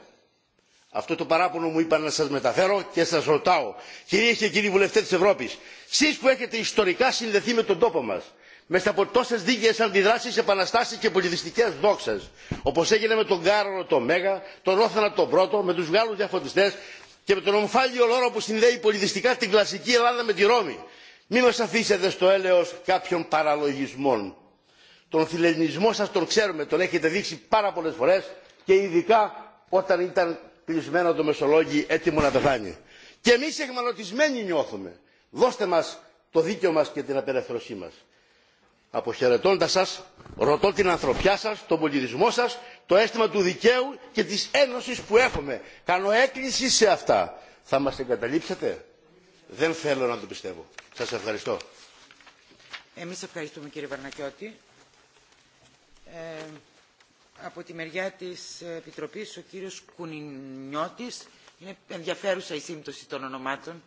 αυτό το παράπονο μου είπα να σας μεταφέρω και σας ρωτάω κυρίες και κύριοι βουλευτές της Ευρώπης εσείς που έχετε ιστορικά συνδεθεί με τον τόπο μας μέσα από τόσε δίκαιε αντιδράσει, επαναστάσει και πολιτιστικέ δόξες όπω έγινε με τον Κάρολο τον Μέγα, τον Όθανα τον Πρώτο, με του Γάλλου διαφωτιστέ και με τον ομφάλιο λόρο που συνδέει πολιτιστικά την κλασική Ελλάδα με τη Ρώμη. Μην μα αφήσετε στο έλεο κάποιων παραλογισμών. Τον φιλελληνισμό σα τον ξέρουμε, τον έχετε δείξει πάρα πολλέ φορέ και ειδικά όταν ήταν κλεισμένο το μεσολόγιο έτοιμο να πεθάνει. Και εμείς εγμαλωτισμένοι νιώθουμε. Δώστε μας το δίκαιο μας και την απελευθερωσή μας. Αποχαιρετώντα σας, ρωτώ την ανθρωπιά σας, τον πολιτισμό σας, το αίσθημα του δικαίου και της ένωσης που έχουμε. Κάνω έκκληση σε αυτά. Θα μας εγκαταλείψετε. Δεν θέλω να το πιστεύω. Σας ευχαριστώ. Εμείς ευχαριστούμε κύριε Βαρνακιώτη. Ε από τη μεριά της Επιτροπής ο κύριος Κουνινιώτης. Είναι ενδιαφέρουσα η σύμπτωση των ονομάτων.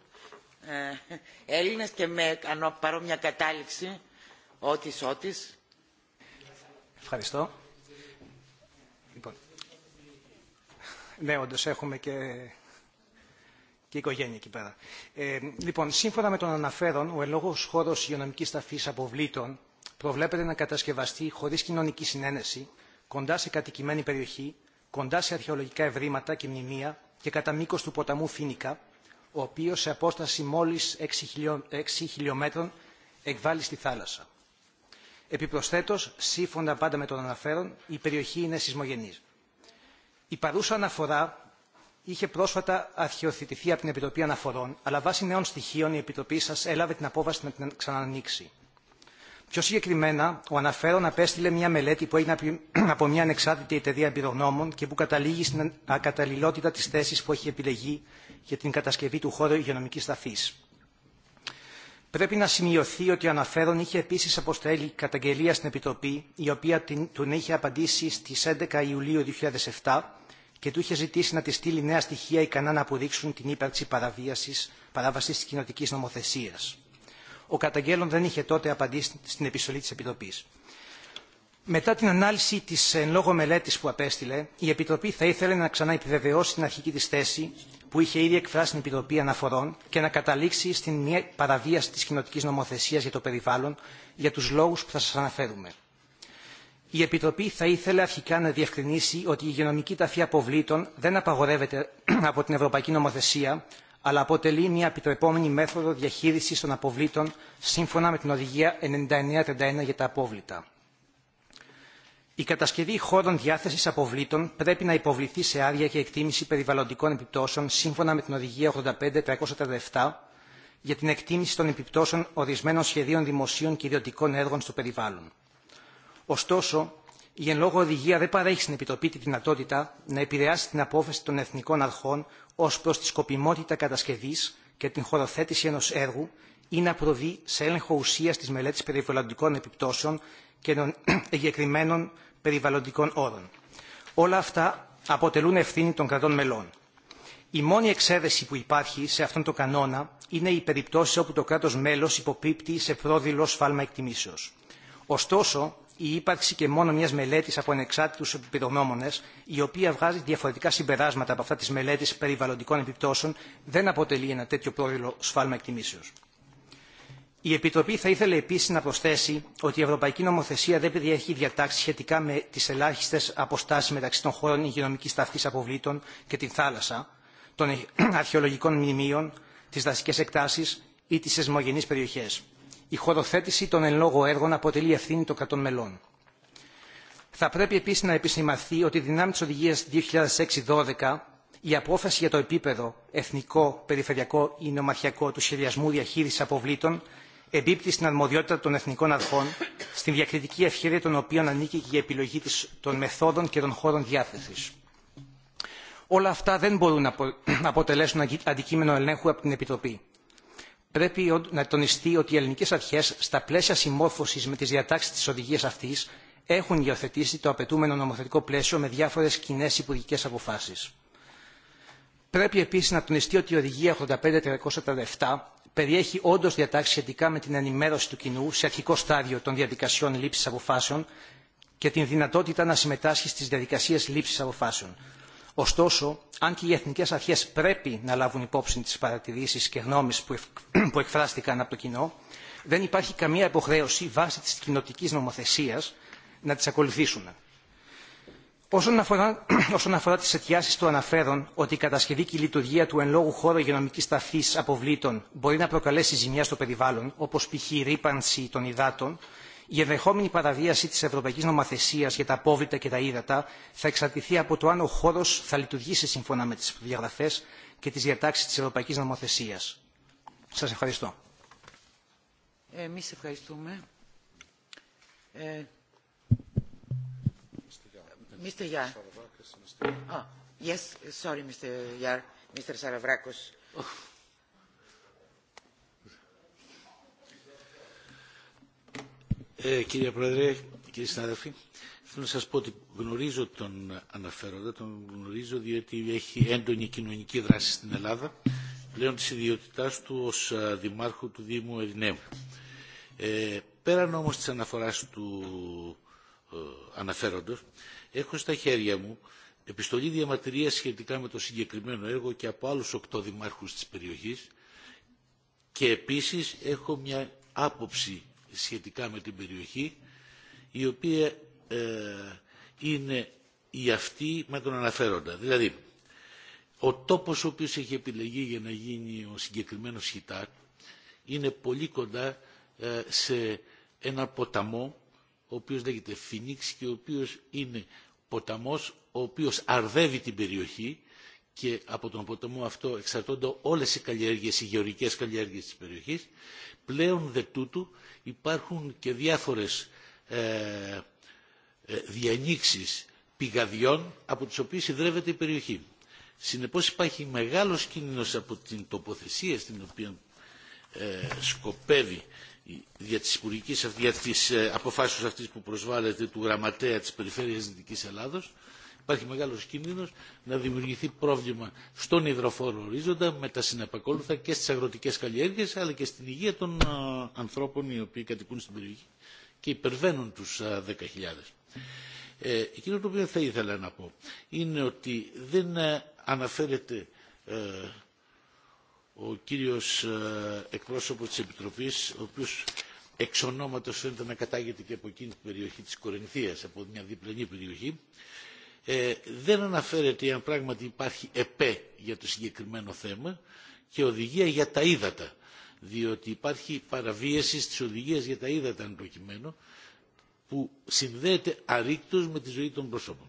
Ε, και με αν μια κατάληξη, ότις ότις. Ευχαριστώ. Λοιπόν. Ναι, όντως έχουμε και και οικογένεια εκεί πέρα. Ε, λοιπόν, σύμφωνα με τον αναφέρον, ο ελόγο χώρο υγειονομική ταφή αποβλήτων προβλέπεται να κατασκευαστεί χωρί κοινωνική συνένεση κοντά σε κατοικημένη περιοχή, κοντά σε αρχαιολογικά ευρήματα και μνημεία και κατά μήκο του ποταμού Φίνικα, ο οποίο σε απόσταση μόλι 6 χιλιόμετρων εκβάλλει στη θάλασσα. Επιπροσθέτω, σύμφωνα πάντα με τον αναφέρον, η περιοχή είναι σεισμογενή. Η παρούσα αναφορά είχε πρόσφατα αρχαιοθετηθεί από την Επιτροπή Αναφορών, αλλά βάσει νέων στοιχείων η Επιτροπή σα έλαβε την απόφαση να την ξανανοίξει. Πιο συγκεκριμένα, ο αναφέρον απέστειλε μια μελέτη που έγινε από μια ανεξάρτητη εταιρεία εμπειρογνώμων και που καταλήγει στην ακαταλληλότητα τη θέση που έχει επιλεγεί για την κατασκευή του χώρου υγειονομική ταφή. Πρέπει να σημειωθεί ότι ο αναφέρον είχε επίση αποστέλει καταγγελία στην Επιτροπή, η οποία του είχε απαντήσει στι 11 Ιουλίου 2007 και του είχε ζητήσει να τη στείλει νέα στοιχεία ικανά να αποδείξουν την ύπαρξη παράβαση τη κοινοτική νομοθεσία ο καταγγέλων δεν είχε τότε απαντήσει στην επιστολή της Επιτροπής. Μετά την ανάλυση της ε, εν λόγω μελέτης που απέστειλε, η Επιτροπή θα ήθελε να ξανά επιβεβαιώσει την αρχική της θέση που είχε ήδη εκφράσει την Επιτροπή Αναφορών και να καταλήξει στην μια παραβίαση της κοινοτικής νομοθεσίας για το περιβάλλον για τους λόγους που θα σας αναφέρουμε. Η Επιτροπή θα ήθελε αρχικά να διευκρινίσει ότι η υγειονομική ταφή αποβλήτων δεν απαγορεύεται από την Ευρωπαϊκή Νομοθεσία, αλλά αποτελεί μια επιτρεπόμενη μέθοδο διαχείρισης των αποβλήτων σύμφωνα με την Οδηγία 9931 για τα απόβλητα. Η κατασκευή χώρων διάθεση αποβλήτων πρέπει να υποβληθεί σε άδεια και εκτίμηση περιβαλλοντικών επιπτώσεων σύμφωνα με την Οδηγία 85 85-347, για την εκτίμηση των επιπτώσεων ορισμένων σχεδίων δημοσίων και ιδιωτικών έργων στο περιβάλλον. Ωστόσο, η εν λόγω οδηγία δεν παρέχει στην Επιτροπή τη δυνατότητα να επηρεάσει την απόφαση των εθνικών αρχών Ω προ τη σκοπιμότητα κατασκευή και την χωροθέτηση ενός έργου ή να προβεί σε έλεγχο ουσία της μελέτη περιβαλλοντικών επιπτώσεων και των εγκεκριμένων περιβαλλοντικών όρων. Όλα αυτά αποτελούν ευθύνη των κρατών μελών. Η μόνη εξαίρεση που υπάρχει σε αυτόν τον κανόνα είναι οι περιπτώσει όπου το κράτο μέλο υποπίπτει σε πρόδειλο σφάλμα εκτιμήσεω. Ωστόσο, η ύπαρξη και μόνο μια μελέτη από ανεξάρτητου επιδογνώμονε, η οποία βγάζει διαφορετικά συμπεράσματα από αυτά τη μελέτη περιβαλλοντικών επιπτώσεων, δεν αποτελεί ένα τέτοιο πρόβλημα σφάλμα εκτιμήσεω. Η Επιτροπή θα ήθελε επίση να προσθέσει ότι η Ευρωπαϊκή Νομοθεσία δεν περιέχει διατάξει σχετικά με τι ελάχιστε αποστάσει μεταξύ των χώρων υγειονομική ταυτή αποβλήτων και την θάλασσα, των αρχαιολογικών μνημείων, τι δασικέ εκτάσει ή τι σεσμογενεί περιοχέ. Η χωροθέτηση των εν λόγω έργων αποτελεί ευθύνη των κρατών μελών. Θα πρέπει επίση να επισημαθεί ότι δυνάμει τη Οδηγία 2006-12 η απόφαση για το επίπεδο εθνικό, περιφερειακό ή νομαχιακό του σχεδιασμού διαχείριση αποβλήτων εμπίπτει στην αρμοδιότητα των εθνικών αρχών, στην διακριτική ευχαιρεια των οποίων ανήκει και η επιλογή των μεθόδων και των χώρων διάθεση. Όλα αυτά δεν μπορούν να αποτελέσουν αντικείμενο ελέγχου από την Επιτροπή. Πρέπει να τονιστεί ότι οι ελληνικέ αρχέ, στα πλαίσια συμμόρφωση με τι διατάξει τη οδηγία αυτή, έχουν υιοθετήσει το απαιτούμενο νομοθετικό πλαίσιο με διάφορε κοινέ υπουργικέ αποφάσει. Πρέπει επίση να τονιστεί ότι η Οδηγία 85347 περιέχει όντω διατάξει σχετικά με την ενημέρωση του κοινού σε αρχικό στάδιο των διαδικασιών λήψη αποφάσεων και την δυνατότητα να συμμετάσχει στι διαδικασίε λήψη αποφάσεων. Ωστόσο, αν και οι εθνικέ αρχέ πρέπει να λάβουν υπόψη τι παρατηρήσει και γνώμε που εκφράστηκαν από το κοινό, δεν υπάρχει καμία υποχρέωση βάσει τη κοινοτική νομοθεσία να τι ακολουθήσουν. Όσον αφορά, τι αφορά τις αιτιάσεις του αναφέρον ότι η κατασκευή και η λειτουργία του εν λόγω χώρου υγειονομική ταφή αποβλήτων μπορεί να προκαλέσει ζημιά στο περιβάλλον, όπως π.χ. η ρήπανση των υδάτων, η ενδεχόμενη παραβίαση τη ευρωπαϊκή νομοθεσία για τα απόβλητα και τα ύδατα θα εξαρτηθεί από το αν ο χώρο θα λειτουργήσει σύμφωνα με τι διαγραφέ και τι διατάξει τη ευρωπαϊκή νομοθεσία. Σα ευχαριστώ. ευχαριστούμε. Ε, κύριε Πρόεδρε, κύριοι συνάδελφοι, θέλω να σας πω ότι γνωρίζω τον αναφέροντα, τον γνωρίζω διότι έχει έντονη κοινωνική δράση στην Ελλάδα, πλέον της ιδιότητάς του ως δημάρχου του Δήμου Ερηναίου. Ε, πέραν όμως της αναφοράς του ε, αναφέροντος, έχω στα χέρια μου επιστολή διαμαρτυρίας σχετικά με το συγκεκριμένο έργο και από άλλους οκτώ δημάρχους της περιοχής και επίσης έχω μια άποψη σχετικά με την περιοχή η οποία ε, είναι η αυτή με τον αναφέροντα. Δηλαδή, ο τόπος ο οποίος έχει επιλεγεί για να γίνει ο συγκεκριμένος χιτάρ είναι πολύ κοντά ε, σε ένα ποταμό ο οποίος λέγεται Φινίξ και ο οποίος είναι ποταμός ο οποίος αρδεύει την περιοχή και από τον ποταμό αυτό εξαρτώνται όλες οι καλλιέργειες, οι γεωρικές καλλιέργειες της περιοχής Πλέον δε τούτου υπάρχουν και διάφορες ε, ε διανοίξεις πηγαδιών από τις οποίες ιδρεύεται η περιοχή. Συνεπώς υπάρχει μεγάλος κίνδυνος από την τοποθεσία στην οποία ε, σκοπεύει δια της υπουργικής, ε, αποφάσεως αυτής που προσβάλλεται του γραμματέα της Περιφέρειας Δυτικής Ελλάδος Υπάρχει μεγάλος κίνδυνος να δημιουργηθεί πρόβλημα στον υδροφόρο ορίζοντα με τα συνεπακόλουθα και στις αγροτικές καλλιέργειες αλλά και στην υγεία των ανθρώπων οι οποίοι κατοικούν στην περιοχή και υπερβαίνουν τους 10.000. Ε, εκείνο το οποίο θα ήθελα να πω είναι ότι δεν ε, αναφέρεται ε, ο κύριος ε, εκπρόσωπος της Επιτροπής, ο οποίος εξ ονόματος φαίνεται να κατάγεται και από εκείνη την περιοχή της Κορινθίας, από μια διπλανή περιοχή, ε, δεν αναφέρεται αν πράγματι υπάρχει ΕΠΕ για το συγκεκριμένο θέμα και οδηγία για τα ύδατα, διότι υπάρχει παραβίαση της οδηγίες για τα ύδατα εν προκειμένου, που συνδέεται αρρήκτως με τη ζωή των προσώπων.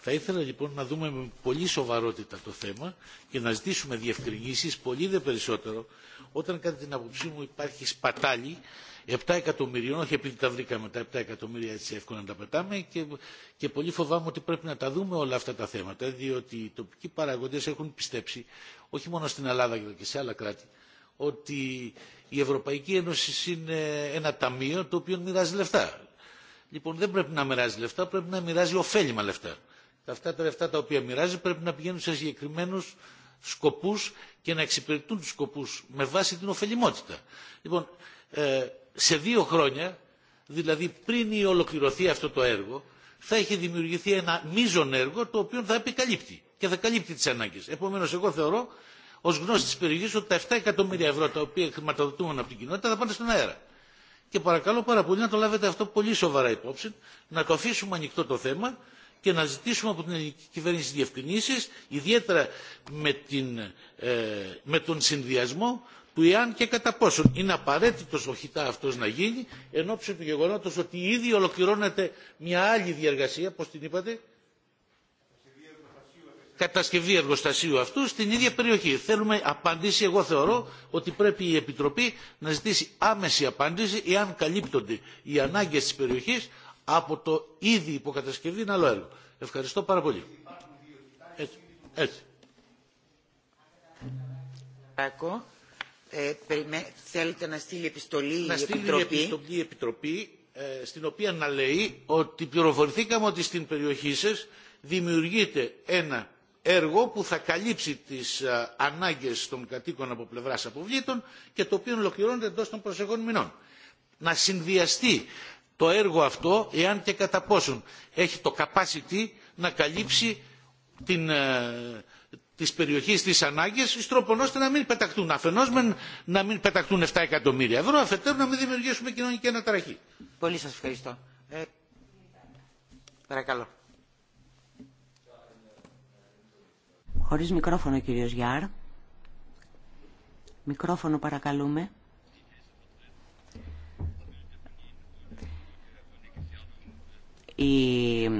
Θα ήθελα λοιπόν να δούμε με πολύ σοβαρότητα το θέμα και να ζητήσουμε διευκρινήσεις πολύ δε περισσότερο όταν κατά την άποψή μου υπάρχει σπατάλη 7 εκατομμυρίων, όχι επειδή τα βρήκαμε τα 7 εκατομμύρια έτσι εύκολα να τα πετάμε και, πολύ φοβάμαι ότι πρέπει να τα δούμε όλα αυτά τα θέματα διότι οι τοπικοί παραγόντες έχουν πιστέψει, όχι μόνο στην Ελλάδα αλλά και σε άλλα κράτη, ότι η Ευρωπαϊκή Ένωση είναι ένα ταμείο το οποίο μοιράζει λεφτά. Λοιπόν, δεν πρέπει να μοιράζει λεφτά, πρέπει να μοιράζει ωφέλιμα λεφτά. Αυτά τα λεφτά τα οποία μοιράζει πρέπει να πηγαίνουν σε συγκεκριμένου σκοπούς και να εξυπηρετούν τους σκοπούς με βάση την ωφελημότητα. Λοιπόν, ε, σε δύο χρόνια, δηλαδή πριν ολοκληρωθεί αυτό το έργο, θα έχει δημιουργηθεί ένα μείζον έργο το οποίο θα επικαλύπτει και θα καλύπτει τις ανάγκες. Επομένως εγώ θεωρώ ω γνώση τη περιοχή ότι τα 7 εκατομμύρια ευρώ τα οποία χρηματοδοτούμε από την κοινότητα θα πάνε στον αέρα. Και παρακαλώ πάρα πολύ να το λάβετε αυτό πολύ σοβαρά υπόψη, να το αφήσουμε ανοιχτό το θέμα και να ζητήσουμε από την ελληνική κυβέρνηση διευκρινήσει, ιδιαίτερα με, την, ε, με τον συνδυασμό του εάν και κατά πόσον είναι απαραίτητο ο χιτά αυτός να γίνει εν ώψη του γεγονότος ότι ήδη ολοκληρώνεται μια άλλη διαργασία, πώς την είπατε, κατασκευή εργοστασίου αυτού στην ίδια περιοχή. Θέλουμε απάντηση. Εγώ θεωρώ ότι πρέπει η Επιτροπή να ζητήσει άμεση απάντηση εάν καλύπτονται οι ανάγκε τη περιοχή από το ήδη υποκατασκευή άλλο έργο. Ευχαριστώ πάρα πολύ. Έτσι. Έτσι. Ε, θέλετε να στείλει επιστολή η Επιτροπή. Να Επιτροπή ε, στην οποία να λέει ότι πληροφορηθήκαμε ότι στην περιοχή σας δημιουργείται ένα έργο που θα καλύψει τις ανάγκε ανάγκες των κατοίκων από πλευράς αποβλήτων και το οποίο ολοκληρώνεται εντός των προσεχών μηνών. Να συνδυαστεί το έργο αυτό, εάν και κατά πόσον έχει το capacity να καλύψει την, ε, της περιοχής της ανάγκης τρόπον ώστε να μην πεταχτούν αφενός να μην πεταχτούν 7 εκατομμύρια ευρώ αφετέρου να μην δημιουργήσουμε κοινωνική αναταραχή. Πολύ σας ευχαριστώ. Ε, παρακαλώ. Χωρίς μικρόφωνο κύριος Γιάρ. Μικρόφωνο παρακαλούμε. Η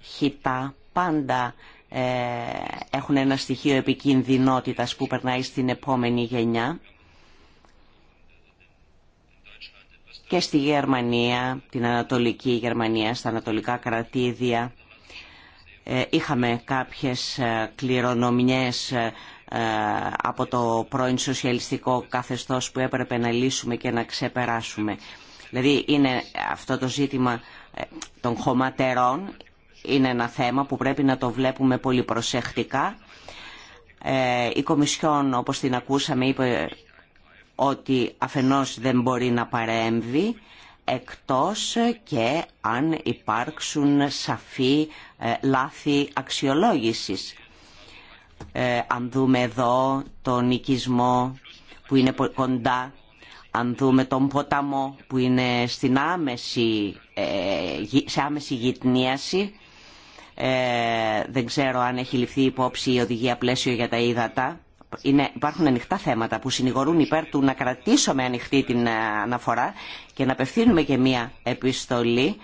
χιτά πάντα ε, έχουν ένα στοιχείο επικίνδυνοτητας που περνάει στην επόμενη γενιά. Και στη Γερμανία, την Ανατολική Γερμανία, στα Ανατολικά κρατήδια, ε, είχαμε κάποιες ε, κληρονομιές από το πρώην σοσιαλιστικό καθεστώς που έπρεπε να λύσουμε και να ξεπεράσουμε. Δηλαδή είναι αυτό το ζήτημα των χωματερών είναι ένα θέμα που πρέπει να το βλέπουμε πολύ προσεκτικά. Ε, η Κομισιόν, όπως την ακούσαμε, είπε ότι αφενός δεν μπορεί να παρέμβει εκτός και αν υπάρξουν σαφή ε, λάθη αξιολόγησης. Ε, αν δούμε εδώ τον οικισμό που είναι κοντά, αν δούμε τον ποταμό που είναι στην άμεση, σε άμεση γυτνίαση, ε, δεν ξέρω αν έχει ληφθεί υπόψη η οδηγία πλαίσιο για τα ύδατα. Είναι, υπάρχουν ανοιχτά θέματα που συνηγορούν υπέρ του να κρατήσουμε ανοιχτή την ε, αναφορά και να απευθύνουμε και μία επιστολή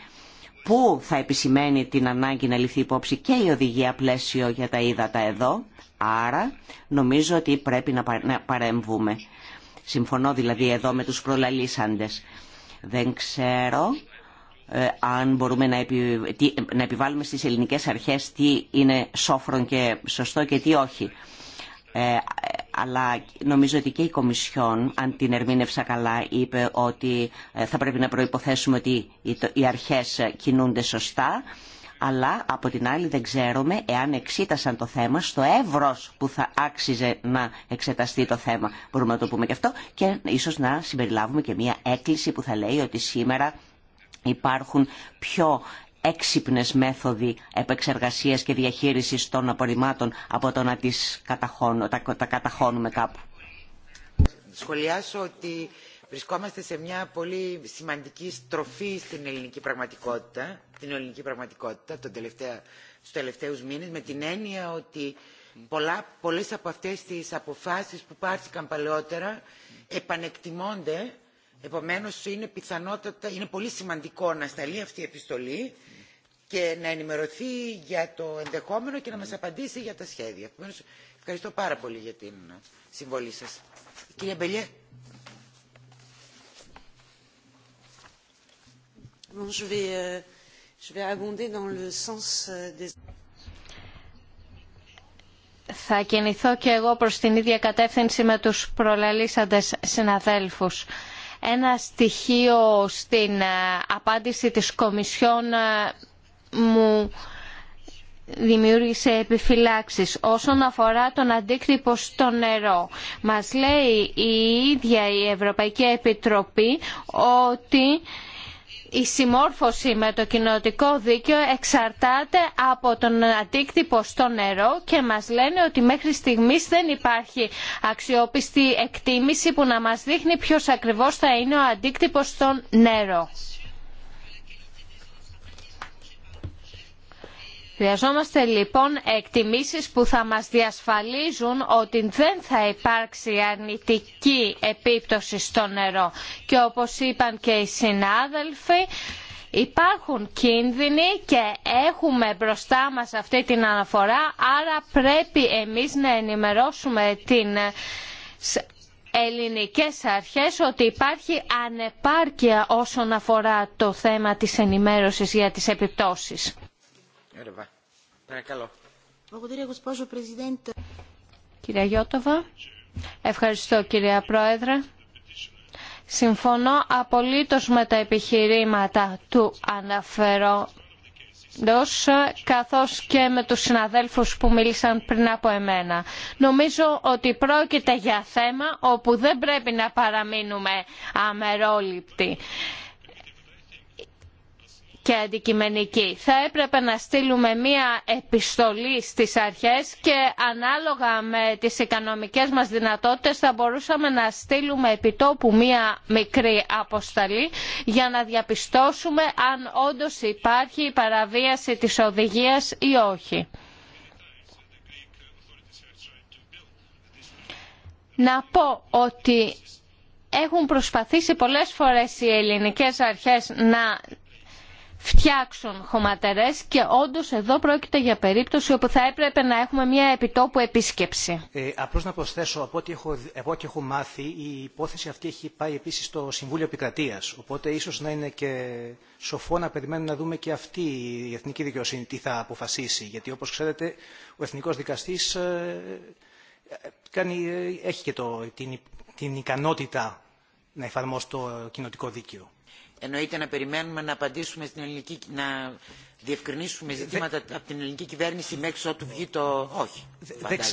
που θα επισημαίνει την ανάγκη να ληφθεί υπόψη και η οδηγία πλαίσιο για τα ύδατα εδώ. Άρα νομίζω ότι πρέπει να παρεμβούμε. Συμφωνώ δηλαδή εδώ με τους προλαλήσαντες. Δεν ξέρω ε, αν μπορούμε να, επι... επιβάλλουμε στις ελληνικές αρχές τι είναι σόφρον και σωστό και τι όχι. Ε, αλλά νομίζω ότι και η Κομισιόν, αν την ερμήνευσα καλά, είπε ότι ε, θα πρέπει να προϋποθέσουμε ότι οι αρχές κινούνται σωστά, αλλά από την άλλη δεν ξέρουμε εάν εξήτασαν το θέμα στο εύρος που θα άξιζε να εξεταστεί το θέμα. Μπορούμε να το πούμε και αυτό και ίσως να συμπεριλάβουμε και μια έκκληση που θα λέει ότι σήμερα υπάρχουν πιο έξυπνες μέθοδοι επεξεργασίας και διαχείρισης των απορριμμάτων από το να τις καταχώνουμε, τα, καταχώνουμε κάπου. Σχολιάσω ότι βρισκόμαστε σε μια πολύ σημαντική στροφή στην ελληνική πραγματικότητα, την ελληνική πραγματικότητα τον τελευταία, τελευταίους μήνες με την έννοια ότι πολλά, πολλές από αυτές τις αποφάσεις που πάρθηκαν παλαιότερα επανεκτιμώνται Επομένως είναι πιθανότατα, είναι πολύ σημαντικό να σταλεί αυτή η επιστολή και να ενημερωθεί για το ενδεχόμενο και να μας απαντήσει για τα σχέδια. ευχαριστώ πάρα πολύ για την συμβολή σας. Κυρία Μπελιέ. Θα κινηθώ και εγώ προς την ίδια κατεύθυνση με τους προλαλήσαντες συναδέλφους ένα στοιχείο στην ε, απάντηση της Κομισιόν ε, μου δημιούργησε επιφυλάξεις όσον αφορά τον αντίκτυπο στο νερό. Μας λέει η ίδια η Ευρωπαϊκή Επιτροπή ότι η συμμόρφωση με το κοινοτικό δίκαιο εξαρτάται από τον αντίκτυπο στο νερό και μας λένε ότι μέχρι στιγμής δεν υπάρχει αξιόπιστη εκτίμηση που να μας δείχνει ποιος ακριβώς θα είναι ο αντίκτυπος στο νερό. Χρειαζόμαστε λοιπόν εκτιμήσεις που θα μας διασφαλίζουν ότι δεν θα υπάρξει αρνητική επίπτωση στο νερό. Και όπως είπαν και οι συνάδελφοι, υπάρχουν κίνδυνοι και έχουμε μπροστά μας αυτή την αναφορά, άρα πρέπει εμείς να ενημερώσουμε την ελληνικές αρχές ότι υπάρχει ανεπάρκεια όσον αφορά το θέμα της ενημέρωσης για τις επιπτώσεις. Κυρία Γιώτοβα, ευχαριστώ κυρία Πρόεδρε. Συμφωνώ απολύτως με τα επιχειρήματα του αναφερόντος καθώς και με τους συναδέλφους που μίλησαν πριν από εμένα. Νομίζω ότι πρόκειται για θέμα όπου δεν πρέπει να παραμείνουμε αμερόληπτοι και αντικειμενική. Θα έπρεπε να στείλουμε μία επιστολή στις αρχές και ανάλογα με τις οικονομικές μας δυνατότητες θα μπορούσαμε να στείλουμε επιτόπου μία μικρή αποσταλή για να διαπιστώσουμε αν όντως υπάρχει η παραβίαση της οδηγίας ή όχι. Να πω ότι έχουν προσπαθήσει πολλές φορές οι ελληνικές αρχές να φτιάξουν χωματερές και όντως εδώ πρόκειται για περίπτωση όπου θα έπρεπε να έχουμε μια επιτόπου επίσκεψη. Ε, απλώς να προσθέσω, από ό,τι έχω, από ό,τι μάθει, η υπόθεση αυτή έχει πάει επίσης στο Συμβούλιο Επικρατείας, οπότε ίσως να είναι και σοφό να περιμένουμε να δούμε και αυτή η Εθνική Δικαιοσύνη τι θα αποφασίσει, γιατί όπως ξέρετε ο Εθνικός Δικαστής ε, ε, έχει και το, την, την ικανότητα να εφαρμόσει το κοινοτικό δίκαιο εννοείται να περιμένουμε να απαντήσουμε στην ελληνική, να διευκρινίσουμε ζητήματα από την ελληνική κυβέρνηση μέχρι ότου βγει το όχι.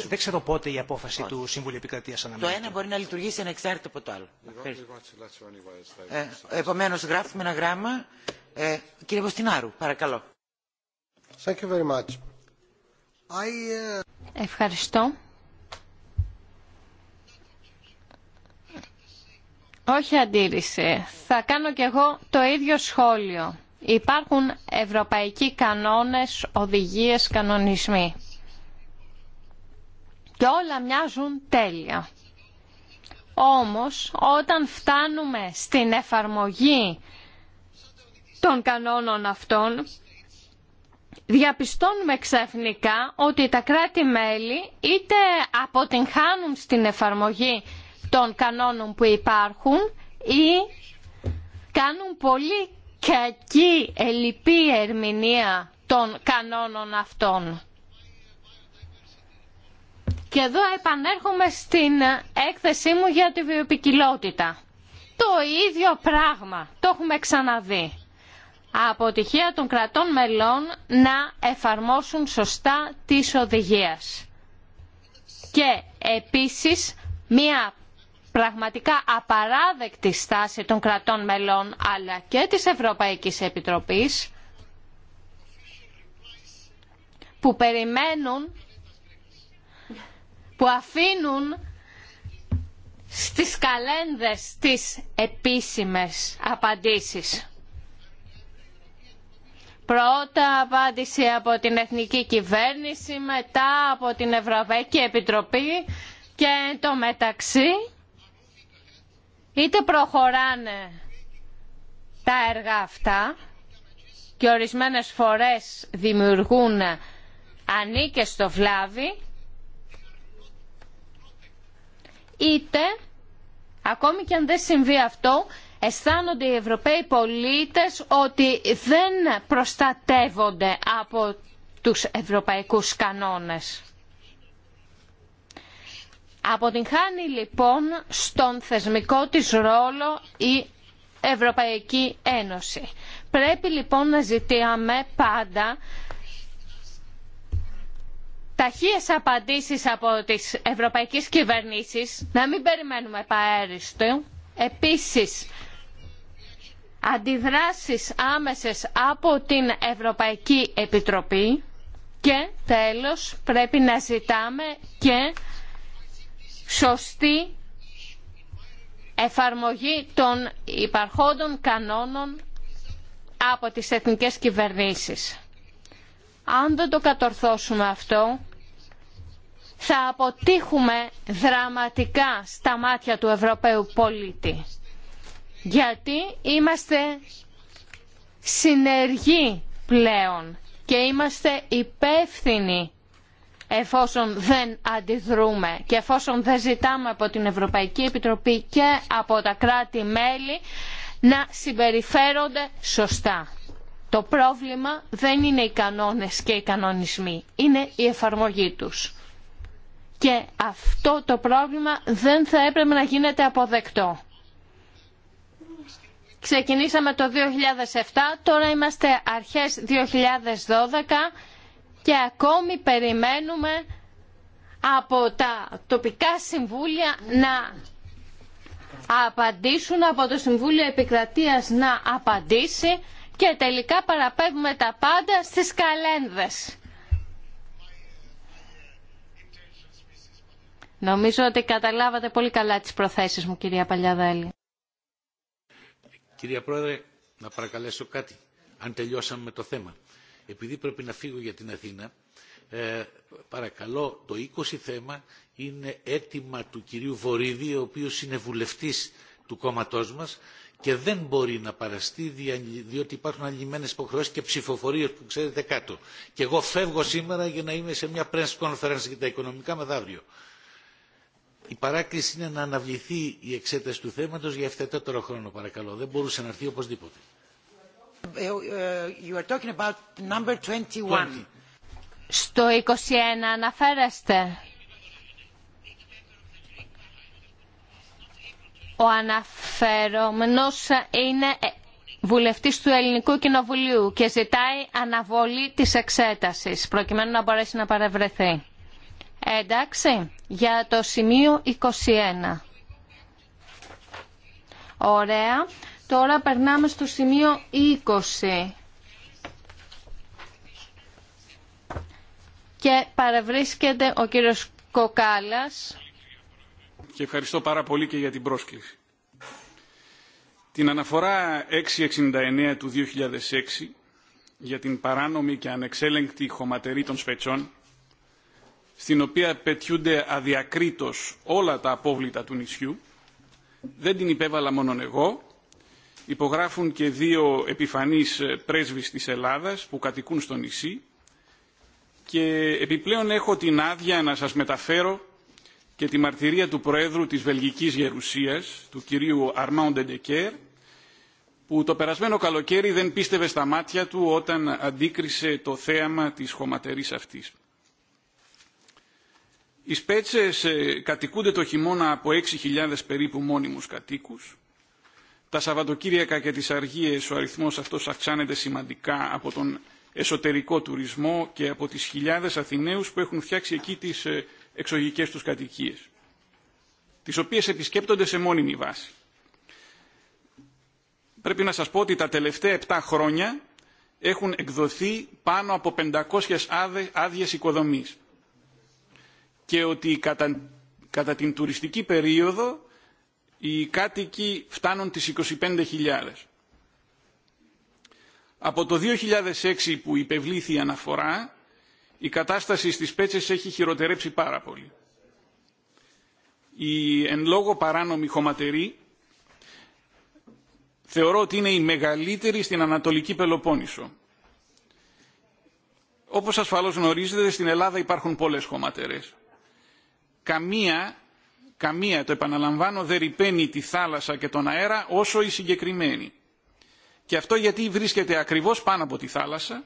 Δεν ξέρω πότε η απόφαση του Συμβουλίου Επικρατεία αναμένεται. Το ένα μπορεί να λειτουργήσει ανεξάρτητα από το άλλο. Ε, Επομένω, γράφουμε ένα γράμμα. Ε, κύριε Βοστινάρου, παρακαλώ. Uh, Ευχαριστώ. Όχι αντίρρηση. Θα κάνω κι εγώ το ίδιο σχόλιο. Υπάρχουν ευρωπαϊκοί κανόνες, οδηγίες, κανονισμοί. Και όλα μοιάζουν τέλεια. Όμως, όταν φτάνουμε στην εφαρμογή των κανόνων αυτών, διαπιστώνουμε ξαφνικά ότι τα κράτη-μέλη είτε αποτυγχάνουν στην εφαρμογή των κανόνων που υπάρχουν ή κάνουν πολύ κακή ελλειπή ερμηνεία των κανόνων αυτών. Και εδώ επανέρχομαι στην έκθεσή μου για τη βιοπικιλότητα. Το ίδιο πράγμα, το έχουμε ξαναδεί. Αποτυχία των κρατών μελών να εφαρμόσουν σωστά τις οδηγίες. Και επίσης μία πραγματικά απαράδεκτη στάση των κρατών μελών αλλά και της Ευρωπαϊκής Επιτροπής που περιμένουν, που αφήνουν στις καλένδες τις επίσημες απαντήσεις. Πρώτα απάντηση από την Εθνική Κυβέρνηση, μετά από την Ευρωπαϊκή Επιτροπή και το μεταξύ είτε προχωράνε τα έργα αυτά και ορισμένες φορές δημιουργούν ανήκες στο βλάβη είτε ακόμη και αν δεν συμβεί αυτό αισθάνονται οι Ευρωπαίοι πολίτες ότι δεν προστατεύονται από τους ευρωπαϊκούς κανόνες. Αποτυγχάνει λοιπόν στον θεσμικό της ρόλο η Ευρωπαϊκή Ένωση. Πρέπει λοιπόν να ζητάμε πάντα ταχείες απαντήσεις από τις ευρωπαϊκές κυβερνήσεις, να μην περιμένουμε παέριστο. Επίσης, αντιδράσεις άμεσες από την Ευρωπαϊκή Επιτροπή και τέλος πρέπει να ζητάμε και σωστή εφαρμογή των υπαρχόντων κανόνων από τις εθνικές κυβερνήσεις. Αν δεν το κατορθώσουμε αυτό, θα αποτύχουμε δραματικά στα μάτια του Ευρωπαίου πολίτη. Γιατί είμαστε συνεργοί πλέον και είμαστε υπεύθυνοι εφόσον δεν αντιδρούμε και εφόσον δεν ζητάμε από την Ευρωπαϊκή Επιτροπή και από τα κράτη-μέλη να συμπεριφέρονται σωστά. Το πρόβλημα δεν είναι οι κανόνες και οι κανονισμοί, είναι η εφαρμογή τους. Και αυτό το πρόβλημα δεν θα έπρεπε να γίνεται αποδεκτό. Ξεκινήσαμε το 2007, τώρα είμαστε αρχές 2012 και ακόμη περιμένουμε από τα τοπικά συμβούλια να απαντήσουν, από το Συμβούλιο Επικρατείας να απαντήσει και τελικά παραπέμπουμε τα πάντα στις καλένδες. Νομίζω ότι καταλάβατε πολύ καλά τις προθέσεις μου, κυρία Παλιαδέλη. Κυρία Πρόεδρε, να παρακαλέσω κάτι, αν τελειώσαμε με το θέμα επειδή πρέπει να φύγω για την Αθήνα, ε, παρακαλώ, το 20 θέμα είναι αίτημα του κυρίου Βορύδη, ο οποίος είναι βουλευτής του κόμματός μας και δεν μπορεί να παραστεί διότι υπάρχουν αλληλημένες υποχρεώσεις και ψηφοφορίες που ξέρετε κάτω. Και εγώ φεύγω σήμερα για να είμαι σε μια press conference για τα οικονομικά μεθαύριο. Η παράκληση είναι να αναβληθεί η εξέταση του θέματος για ευθετότερο χρόνο, παρακαλώ. Δεν μπορούσε να έρθει οπωσδήποτε. Uh, uh, Στο 21 αναφέρεστε. Ο αναφερόμενος είναι βουλευτής του Ελληνικού Κοινοβουλίου και ζητάει αναβολή της εξέτασης προκειμένου να μπορέσει να παρευρεθεί. Εντάξει, για το σημείο 21. Ωραία. Τώρα περνάμε στο σημείο 20. Και παραβρίσκεται ο κύριος Κοκάλας. Και ευχαριστώ πάρα πολύ και για την πρόσκληση. Την αναφορά 669 του 2006 για την παράνομη και ανεξέλεγκτη χωματερή των σπετσών, στην οποία πετιούνται αδιακρίτως όλα τα απόβλητα του νησιού, δεν την υπέβαλα μόνον εγώ, υπογράφουν και δύο επιφανείς ε, πρέσβεις της Ελλάδας που κατοικούν στο νησί και επιπλέον έχω την άδεια να σας μεταφέρω και τη μαρτυρία του Προέδρου της Βελγικής Γερουσίας, του κυρίου Αρμάν Ντεντεκέρ, που το περασμένο καλοκαίρι δεν πίστευε στα μάτια του όταν αντίκρισε το θέαμα της χωματερής αυτής. Οι Σπέτσες ε, κατοικούνται το χειμώνα από 6.000 περίπου μόνιμους κατοίκους τα Σαββατοκύριακα και τις Αργίες ο αριθμός αυτός αυξάνεται σημαντικά από τον εσωτερικό τουρισμό και από τις χιλιάδες Αθηναίους που έχουν φτιάξει εκεί τις ε, εξωγικές τους κατοικίες, τις οποίες επισκέπτονται σε μόνιμη βάση. Πρέπει να σας πω ότι τα τελευταία 7 χρόνια έχουν εκδοθεί πάνω από 500 άδειες οικοδομής και ότι κατά, κατά την τουριστική περίοδο οι κάτοικοι φτάνουν τις 25.000. Από το 2006 που υπευλήθη η αναφορά, η κατάσταση στις Πέτσες έχει χειροτερέψει πάρα πολύ. Η εν λόγω παράνομη χωματερή θεωρώ ότι είναι η μεγαλύτερη στην Ανατολική Πελοπόννησο. Όπως ασφαλώς γνωρίζετε, στην Ελλάδα υπάρχουν πολλές χωματερές. Καμία καμία, το επαναλαμβάνω, δεν ρηπαίνει τη θάλασσα και τον αέρα όσο η συγκεκριμένη. Και αυτό γιατί βρίσκεται ακριβώς πάνω από τη θάλασσα,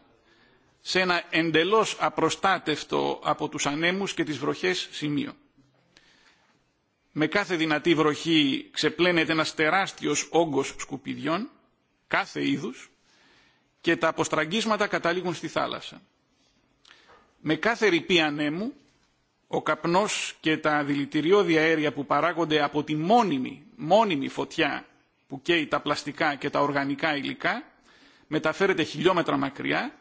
σε ένα εντελώς απροστάτευτο από τους ανέμους και τις βροχές σημείο. Με κάθε δυνατή βροχή ξεπλένεται ένας τεράστιος όγκος σκουπιδιών, κάθε είδους, και τα αποστραγγίσματα καταλήγουν στη θάλασσα. Με κάθε ρηπή ανέμου ο καπνός και τα δηλητηριώδη αέρια που παράγονται από τη μόνιμη, μόνιμη φωτιά που καίει τα πλαστικά και τα οργανικά υλικά μεταφέρεται χιλιόμετρα μακριά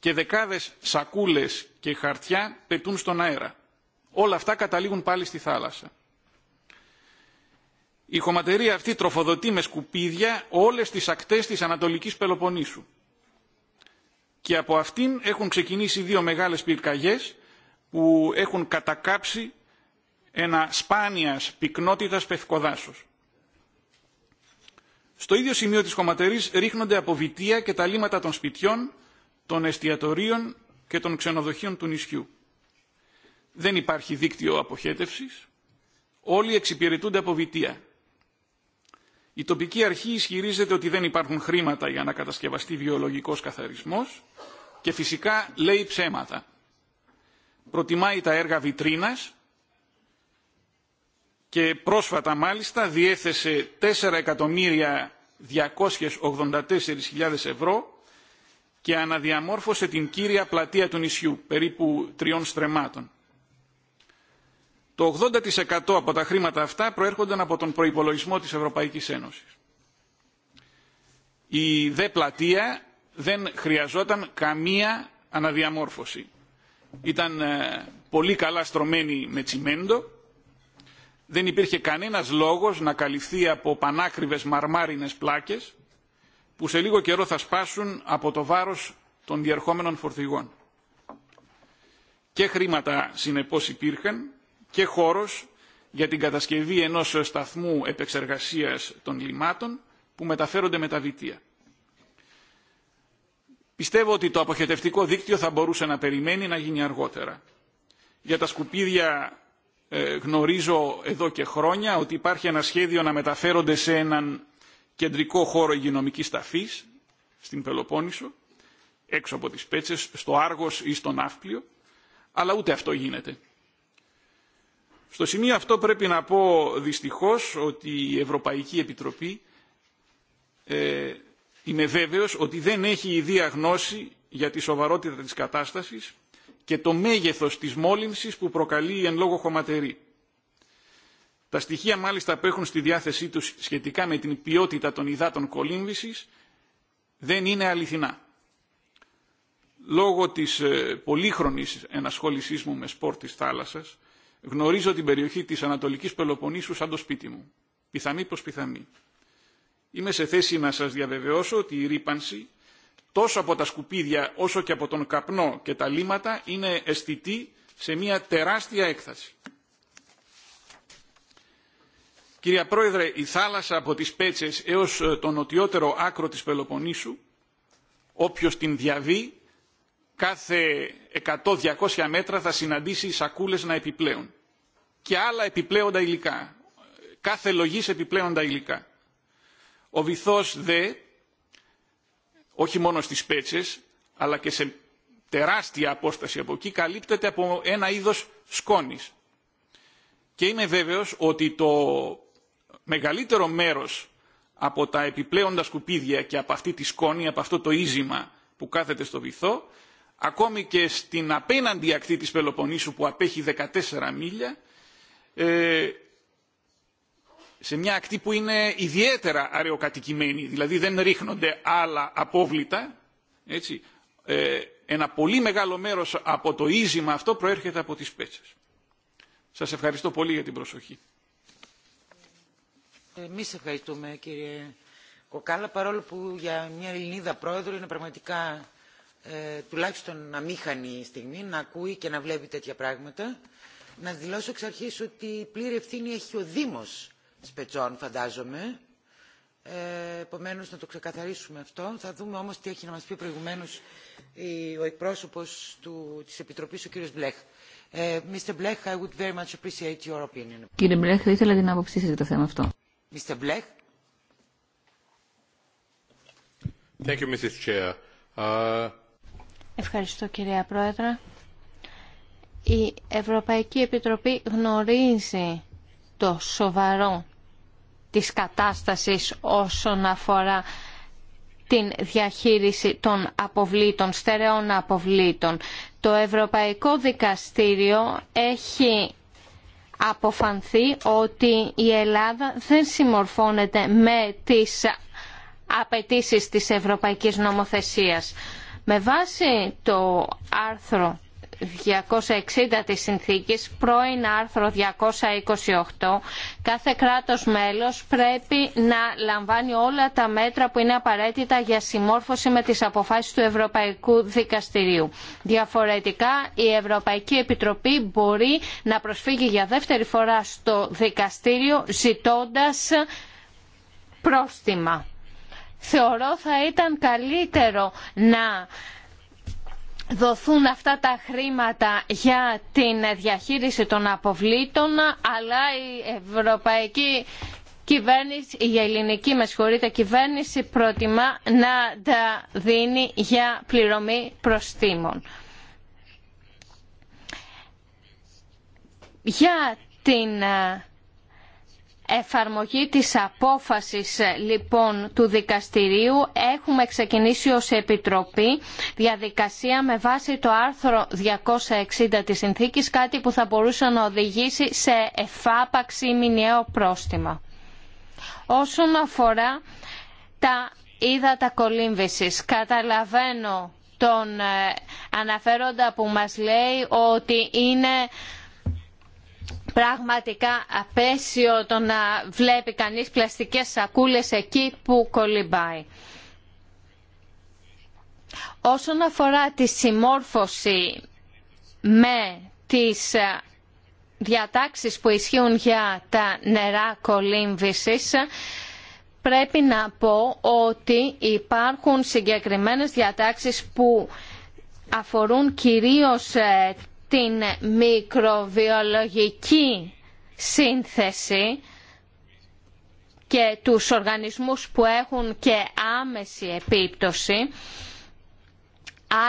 και δεκάδες σακούλες και χαρτιά πετούν στον αέρα. Όλα αυτά καταλήγουν πάλι στη θάλασσα. Η χωματερία αυτή τροφοδοτεί με σκουπίδια όλες τις ακτές της Ανατολικής Πελοποννήσου. Και από αυτήν έχουν ξεκινήσει δύο μεγάλες πυρκαγιές που έχουν κατακάψει ένα σπάνιας πυκνότητας πευκοδάσος. Στο ίδιο σημείο της κομματερής ρίχνονται από και τα λίματα των σπιτιών, των εστιατορίων και των ξενοδοχείων του νησιού. Δεν υπάρχει δίκτυο αποχέτευσης, όλοι εξυπηρετούνται από βιτία. Η τοπική αρχή ισχυρίζεται ότι δεν υπάρχουν χρήματα για να κατασκευαστεί βιολογικός καθαρισμός και φυσικά λέει ψέματα προτιμάει τα έργα βιτρίνας και πρόσφατα μάλιστα διέθεσε 4.284.000 ευρώ και αναδιαμόρφωσε την κύρια πλατεία του νησιού, περίπου τριών στρεμάτων. Το 80% από τα χρήματα αυτά προέρχονταν από τον προϋπολογισμό της Ευρωπαϊκής Ένωσης. Η δε πλατεία δεν χρειαζόταν καμία αναδιαμόρφωση ήταν ε, πολύ καλά στρωμένη με τσιμέντο. Δεν υπήρχε κανένας λόγος να καλυφθεί από πανάκριβες μαρμάρινες πλάκες που σε λίγο καιρό θα σπάσουν από το βάρος των διερχόμενων φορτηγών. Και χρήματα συνεπώς υπήρχαν και χώρος για την κατασκευή ενός σταθμού επεξεργασίας των λιμάτων που μεταφέρονται με τα βιτία. Πιστεύω ότι το αποχετευτικό δίκτυο θα μπορούσε να περιμένει να γίνει αργότερα. Για τα σκουπίδια ε, γνωρίζω εδώ και χρόνια ότι υπάρχει ένα σχέδιο να μεταφέρονται σε έναν κεντρικό χώρο υγειονομικής ταφής, στην Πελοπόννησο, έξω από τις Πέτσες, στο Άργος ή στο Ναύπλιο, αλλά ούτε αυτό γίνεται. Στο σημείο αυτό πρέπει να πω δυστυχώς ότι η Ευρωπαϊκή Επιτροπή ε, Είμαι βέβαιος ότι δεν έχει ιδία γνώση για τη σοβαρότητα της κατάστασης και το μέγεθος της μόλυνσης που προκαλεί η εν λόγω χωματερή. Τα στοιχεία μάλιστα που έχουν στη διάθεσή τους σχετικά με την ποιότητα των υδάτων κολύμβησης δεν είναι αληθινά. Λόγω της ε, πολύχρονης ενασχόλησής μου με σπορ της θάλασσας, γνωρίζω την περιοχή της Ανατολικής Πελοποννήσου σαν το σπίτι μου. Πιθανή προς πιθανή. Είμαι σε θέση να σας διαβεβαιώσω ότι η ρήπανση τόσο από τα σκουπίδια όσο και από τον καπνό και τα λίματα είναι αισθητή σε μια τεράστια έκταση. Κυρία Πρόεδρε, η θάλασσα από τις Πέτσες έως ε, το νοτιότερο άκρο της Πελοποννήσου, όποιος την διαβεί, κάθε 100-200 μέτρα θα συναντήσει σακούλες να επιπλέουν. Και άλλα επιπλέοντα υλικά. Κάθε λογής επιπλέοντα υλικά. Ο βυθός δε, όχι μόνο στις πέτσες, αλλά και σε τεράστια απόσταση από εκεί, καλύπτεται από ένα είδος σκόνης. Και είμαι βέβαιος ότι το μεγαλύτερο μέρος από τα επιπλέοντα σκουπίδια και από αυτή τη σκόνη, από αυτό το ίζημα που κάθεται στο βυθό, ακόμη και στην απέναντι ακτή της Πελοποννήσου που απέχει 14 μίλια, ε, σε μια ακτή που είναι ιδιαίτερα αραιοκατοικημένη, δηλαδή δεν ρίχνονται άλλα απόβλητα, έτσι, ε, ένα πολύ μεγάλο μέρος από το ίζημα αυτό προέρχεται από τις πέτσες. Σας ευχαριστώ πολύ για την προσοχή. Εμείς ευχαριστούμε κύριε Κοκάλα, παρόλο που για μια Ελληνίδα πρόεδρο είναι πραγματικά ε, τουλάχιστον αμήχανη στιγμή να ακούει και να βλέπει τέτοια πράγματα. Να δηλώσω εξ αρχής ότι πλήρη ευθύνη έχει ο Δήμος Σπετζών φαντάζομαι. Ε, επομένως να το ξεκαθαρίσουμε αυτό. Θα δούμε όμως τι έχει να μας πει προηγουμένως η, ο εκπρόσωπος του, της Επιτροπής, ο κύριος Μπλέχ. Ε, Mr. I would very much appreciate your opinion. Κύριε Μπλέχ, θα ήθελα την άποψή σας για το θέμα αυτό. Mr. Μπλεχ Thank you, Mrs. Chair. Uh, Ευχαριστώ κυρία Πρόεδρε. Η Ευρωπαϊκή Επιτροπή γνωρίζει το σοβαρό της κατάστασης όσον αφορά την διαχείριση των αποβλήτων, στερεών αποβλήτων. Το Ευρωπαϊκό Δικαστήριο έχει αποφανθεί ότι η Ελλάδα δεν συμμορφώνεται με τις απαιτήσεις της Ευρωπαϊκής Νομοθεσίας. Με βάση το άρθρο 260 της συνθήκης, πρώην άρθρο 228, κάθε κράτος μέλος πρέπει να λαμβάνει όλα τα μέτρα που είναι απαραίτητα για συμμόρφωση με τις αποφάσεις του Ευρωπαϊκού Δικαστηρίου. Διαφορετικά, η Ευρωπαϊκή Επιτροπή μπορεί να προσφύγει για δεύτερη φορά στο δικαστήριο ζητώντας πρόστιμα. Θεωρώ θα ήταν καλύτερο να δοθούν αυτά τα χρήματα για την διαχείριση των αποβλήτων αλλά η ευρωπαϊκή κυβέρνηση, η ελληνική με συγχωρείτε κυβέρνηση προτιμά να τα δίνει για πληρωμή προστήμων. Για την ε, εφαρμογή της απόφασης λοιπόν του δικαστηρίου έχουμε ξεκινήσει ως επιτροπή διαδικασία με βάση το άρθρο 260 της συνθήκης κάτι που θα μπορούσε να οδηγήσει σε εφάπαξη μηνιαίο πρόστιμα. Όσον αφορά τα ύδατα κολύμβησης καταλαβαίνω τον ε, αναφέροντα που μας λέει ότι είναι πραγματικά απέσιο το να βλέπει κανείς πλαστικές σακούλες εκεί που κολυμπάει. Όσον αφορά τη συμμόρφωση με τις ε, διατάξεις που ισχύουν για τα νερά κολύμβησης, πρέπει να πω ότι υπάρχουν συγκεκριμένες διατάξεις που αφορούν κυρίως ε, την μικροβιολογική σύνθεση και τους οργανισμούς που έχουν και άμεση επίπτωση.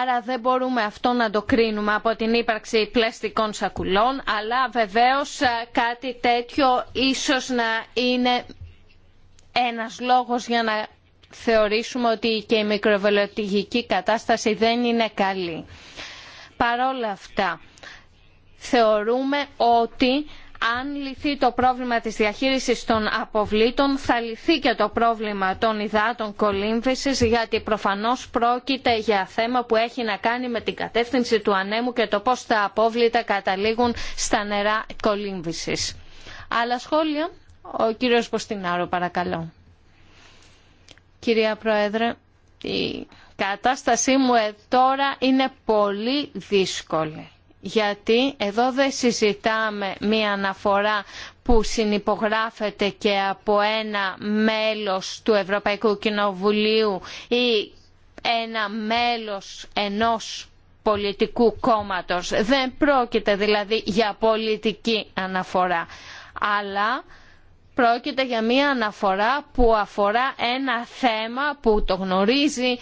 Άρα δεν μπορούμε αυτό να το κρίνουμε από την ύπαρξη πλαστικών σακουλών, αλλά βεβαίως ε, κάτι τέτοιο ίσως να είναι ένας λόγος για να θεωρήσουμε ότι και η μικροβιολογική κατάσταση δεν είναι καλή. Παρόλα αυτά, θεωρούμε ότι αν λυθεί το πρόβλημα της διαχείρισης των αποβλήτων θα λυθεί και το πρόβλημα των υδάτων κολύμβησης γιατί προφανώς πρόκειται για θέμα που έχει να κάνει με την κατεύθυνση του ανέμου και το πώς τα απόβλητα καταλήγουν στα νερά κολύμβησης. Άλλα σχόλια. Ο κύριος Ποστινάρο παρακαλώ. Κυρία Πρόεδρε, η κατάστασή μου ε, τώρα είναι πολύ δύσκολη γιατί εδώ δεν συζητάμε μία αναφορά που συνυπογράφεται και από ένα μέλος του Ευρωπαϊκού Κοινοβουλίου ή ένα μέλος ενός πολιτικού κόμματος. Δεν πρόκειται δηλαδή για πολιτική αναφορά, αλλά πρόκειται για μία αναφορά που αφορά ένα θέμα που το γνωρίζει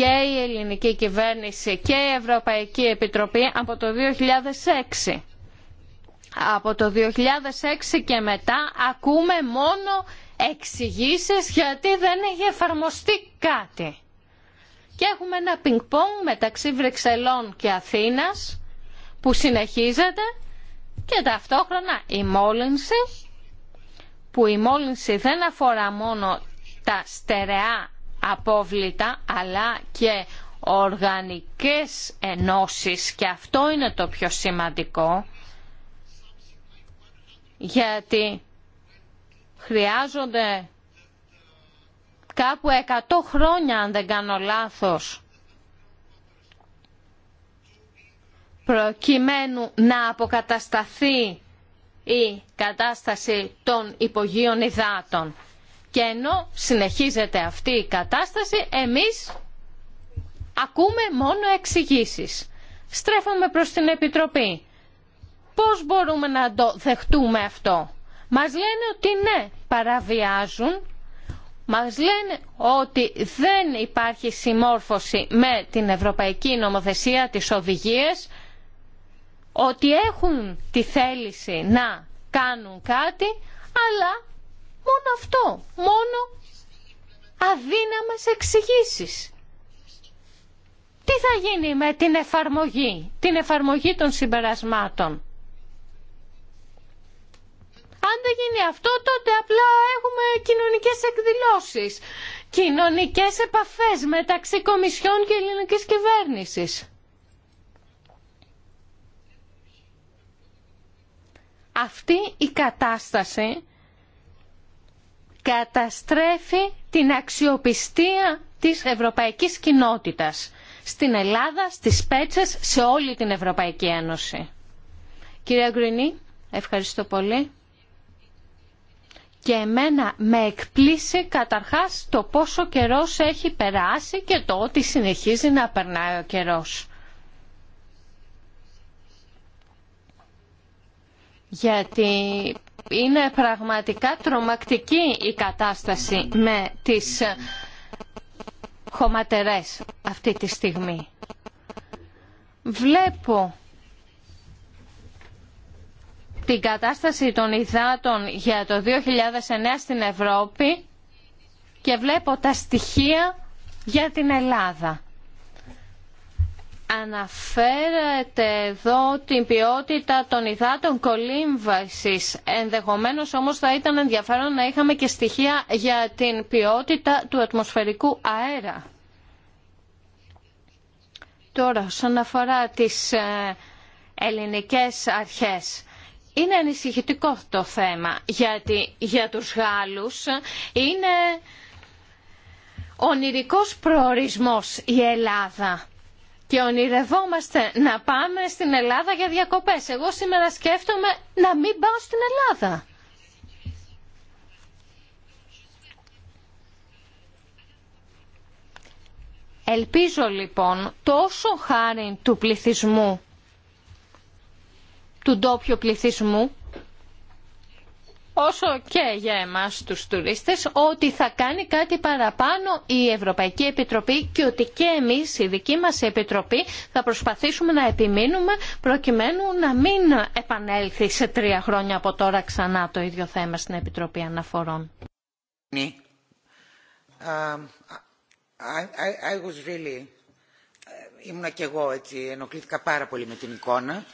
και η ελληνική κυβέρνηση και η Ευρωπαϊκή Επιτροπή από το 2006. Από το 2006 και μετά ακούμε μόνο εξηγήσεις γιατί δεν έχει εφαρμοστεί κάτι. Και έχουμε ένα πινκ-πονγκ μεταξύ Βρυξελών και Αθήνας που συνεχίζεται και ταυτόχρονα η μόλυνση που η μόλυνση δεν αφορά μόνο τα στερεά απόβλητα αλλά και οργανικές ενώσεις και αυτό είναι το πιο σημαντικό γιατί χρειάζονται κάπου 100 χρόνια αν δεν κάνω λάθος προκειμένου να αποκατασταθεί η κατάσταση των υπογείων υδάτων. Και ενώ συνεχίζεται αυτή η κατάσταση, εμείς ακούμε μόνο εξηγήσει. Στρέφομαι προς την Επιτροπή. Πώς μπορούμε να το δεχτούμε αυτό. Μας λένε ότι ναι, παραβιάζουν. Μας λένε ότι δεν υπάρχει συμμόρφωση με την Ευρωπαϊκή Νομοθεσία, τις οδηγίες, ότι έχουν τη θέληση να κάνουν κάτι, αλλά Μόνο αυτό. Μόνο αδύναμες εξηγήσει. Τι θα γίνει με την εφαρμογή, την εφαρμογή των συμπερασμάτων. Αν δεν γίνει αυτό, τότε απλά έχουμε κοινωνικές εκδηλώσεις, κοινωνικές επαφές μεταξύ Κομισιών και Ελληνικής Κυβέρνησης. Αυτή η κατάσταση καταστρέφει την αξιοπιστία της ευρωπαϊκής κοινότητας στην Ελλάδα, στις Πέτσες, σε όλη την Ευρωπαϊκή Ένωση. Κυρία Γκρινή, ευχαριστώ πολύ. Και εμένα με εκπλήσει καταρχάς το πόσο καιρός έχει περάσει και το ότι συνεχίζει να περνάει ο καιρός. Γιατί είναι πραγματικά τρομακτική η κατάσταση με τις ε, χωματερές αυτή τη στιγμή. Βλέπω την κατάσταση των υδάτων για το 2009 στην Ευρώπη και βλέπω τα στοιχεία για την Ελλάδα. Αναφέρεται εδώ την ποιότητα των υδάτων κολύμβασης. Ενδεχομένως όμως θα ήταν ενδιαφέρον να είχαμε και στοιχεία για την ποιότητα του ατμοσφαιρικού αέρα. Τώρα, όσον αφορά τις ε, ελληνικές αρχές, είναι ανησυχητικό το θέμα, γιατί για τους Γάλλους είναι ονειρικός προορισμός η Ελλάδα και ονειρευόμαστε να πάμε στην Ελλάδα για διακοπές. Εγώ σήμερα σκέφτομαι να μην πάω στην Ελλάδα. Ελπίζω λοιπόν τόσο χάρη του πληθυσμού, του ντόπιου πληθυσμού, όσο και για εμάς τους τουρίστες ότι θα κάνει κάτι παραπάνω η Ευρωπαϊκή Επιτροπή και ότι και εμείς η δική μας Επιτροπή θα προσπαθήσουμε να επιμείνουμε προκειμένου να μην επανέλθει σε τρία χρόνια από τώρα ξανά το ίδιο θέμα στην Επιτροπή Αναφορών. I, ναι. I, was really... Ε, ήμουνα και εγώ έτσι, ενοχλήθηκα πάρα πολύ με την εικόνα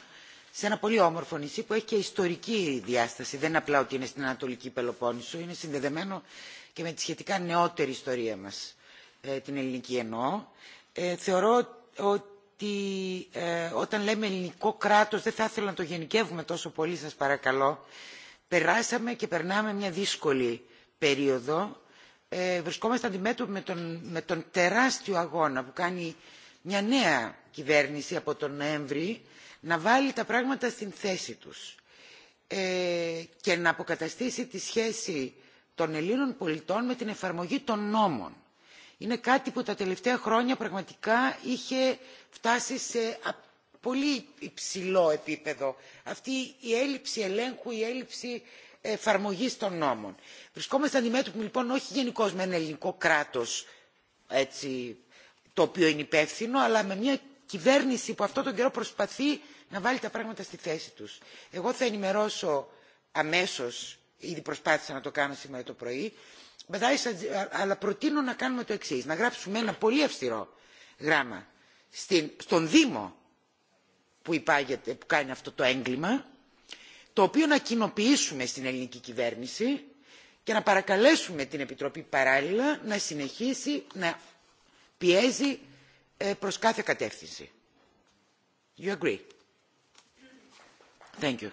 σε ένα πολύ όμορφο νησί που έχει και ιστορική διάσταση. Δεν είναι απλά ότι είναι στην Ανατολική Πελοπόννησο, είναι συνδεδεμένο και με τη σχετικά νεότερη ιστορία μας, ε, την ελληνική εννοώ. Ε, θεωρώ ότι ε, όταν λέμε ελληνικό κράτος, δεν θα ήθελα να το γενικεύουμε τόσο πολύ, σας παρακαλώ. Περάσαμε και περνάμε μια δύσκολη περίοδο. βρισκόμαστε αντιμέτωποι με τον, με τον τεράστιο αγώνα που κάνει μια νέα κυβέρνηση από τον Νοέμβρη να βάλει τα πράγματα στην θέση τους ε, και να αποκαταστήσει τη σχέση των Ελλήνων πολιτών με την εφαρμογή των νόμων. Είναι κάτι που τα τελευταία χρόνια πραγματικά είχε φτάσει σε πολύ υψηλό επίπεδο. Αυτή η έλλειψη ελέγχου, η έλλειψη εφαρμογής των νόμων. Βρισκόμαστε αντιμέτωποι λοιπόν όχι γενικώ με ένα ελληνικό κράτος έτσι, το οποίο είναι υπεύθυνο, αλλά με μια κυβέρνηση που αυτόν τον καιρό προσπαθεί να βάλει τα πράγματα στη θέση τους. Εγώ θα ενημερώσω αμέσως, ήδη προσπάθησα να το κάνω σήμερα το πρωί, αλλά προτείνω να κάνουμε το εξής, να γράψουμε ένα πολύ αυστηρό γράμμα στον Δήμο που, υπάγεται, που κάνει αυτό το έγκλημα, το οποίο να κοινοποιήσουμε στην ελληνική κυβέρνηση και να παρακαλέσουμε την Επιτροπή παράλληλα να συνεχίσει να πιέζει προς κάθε κατεύθυνση. You agree. Thank you.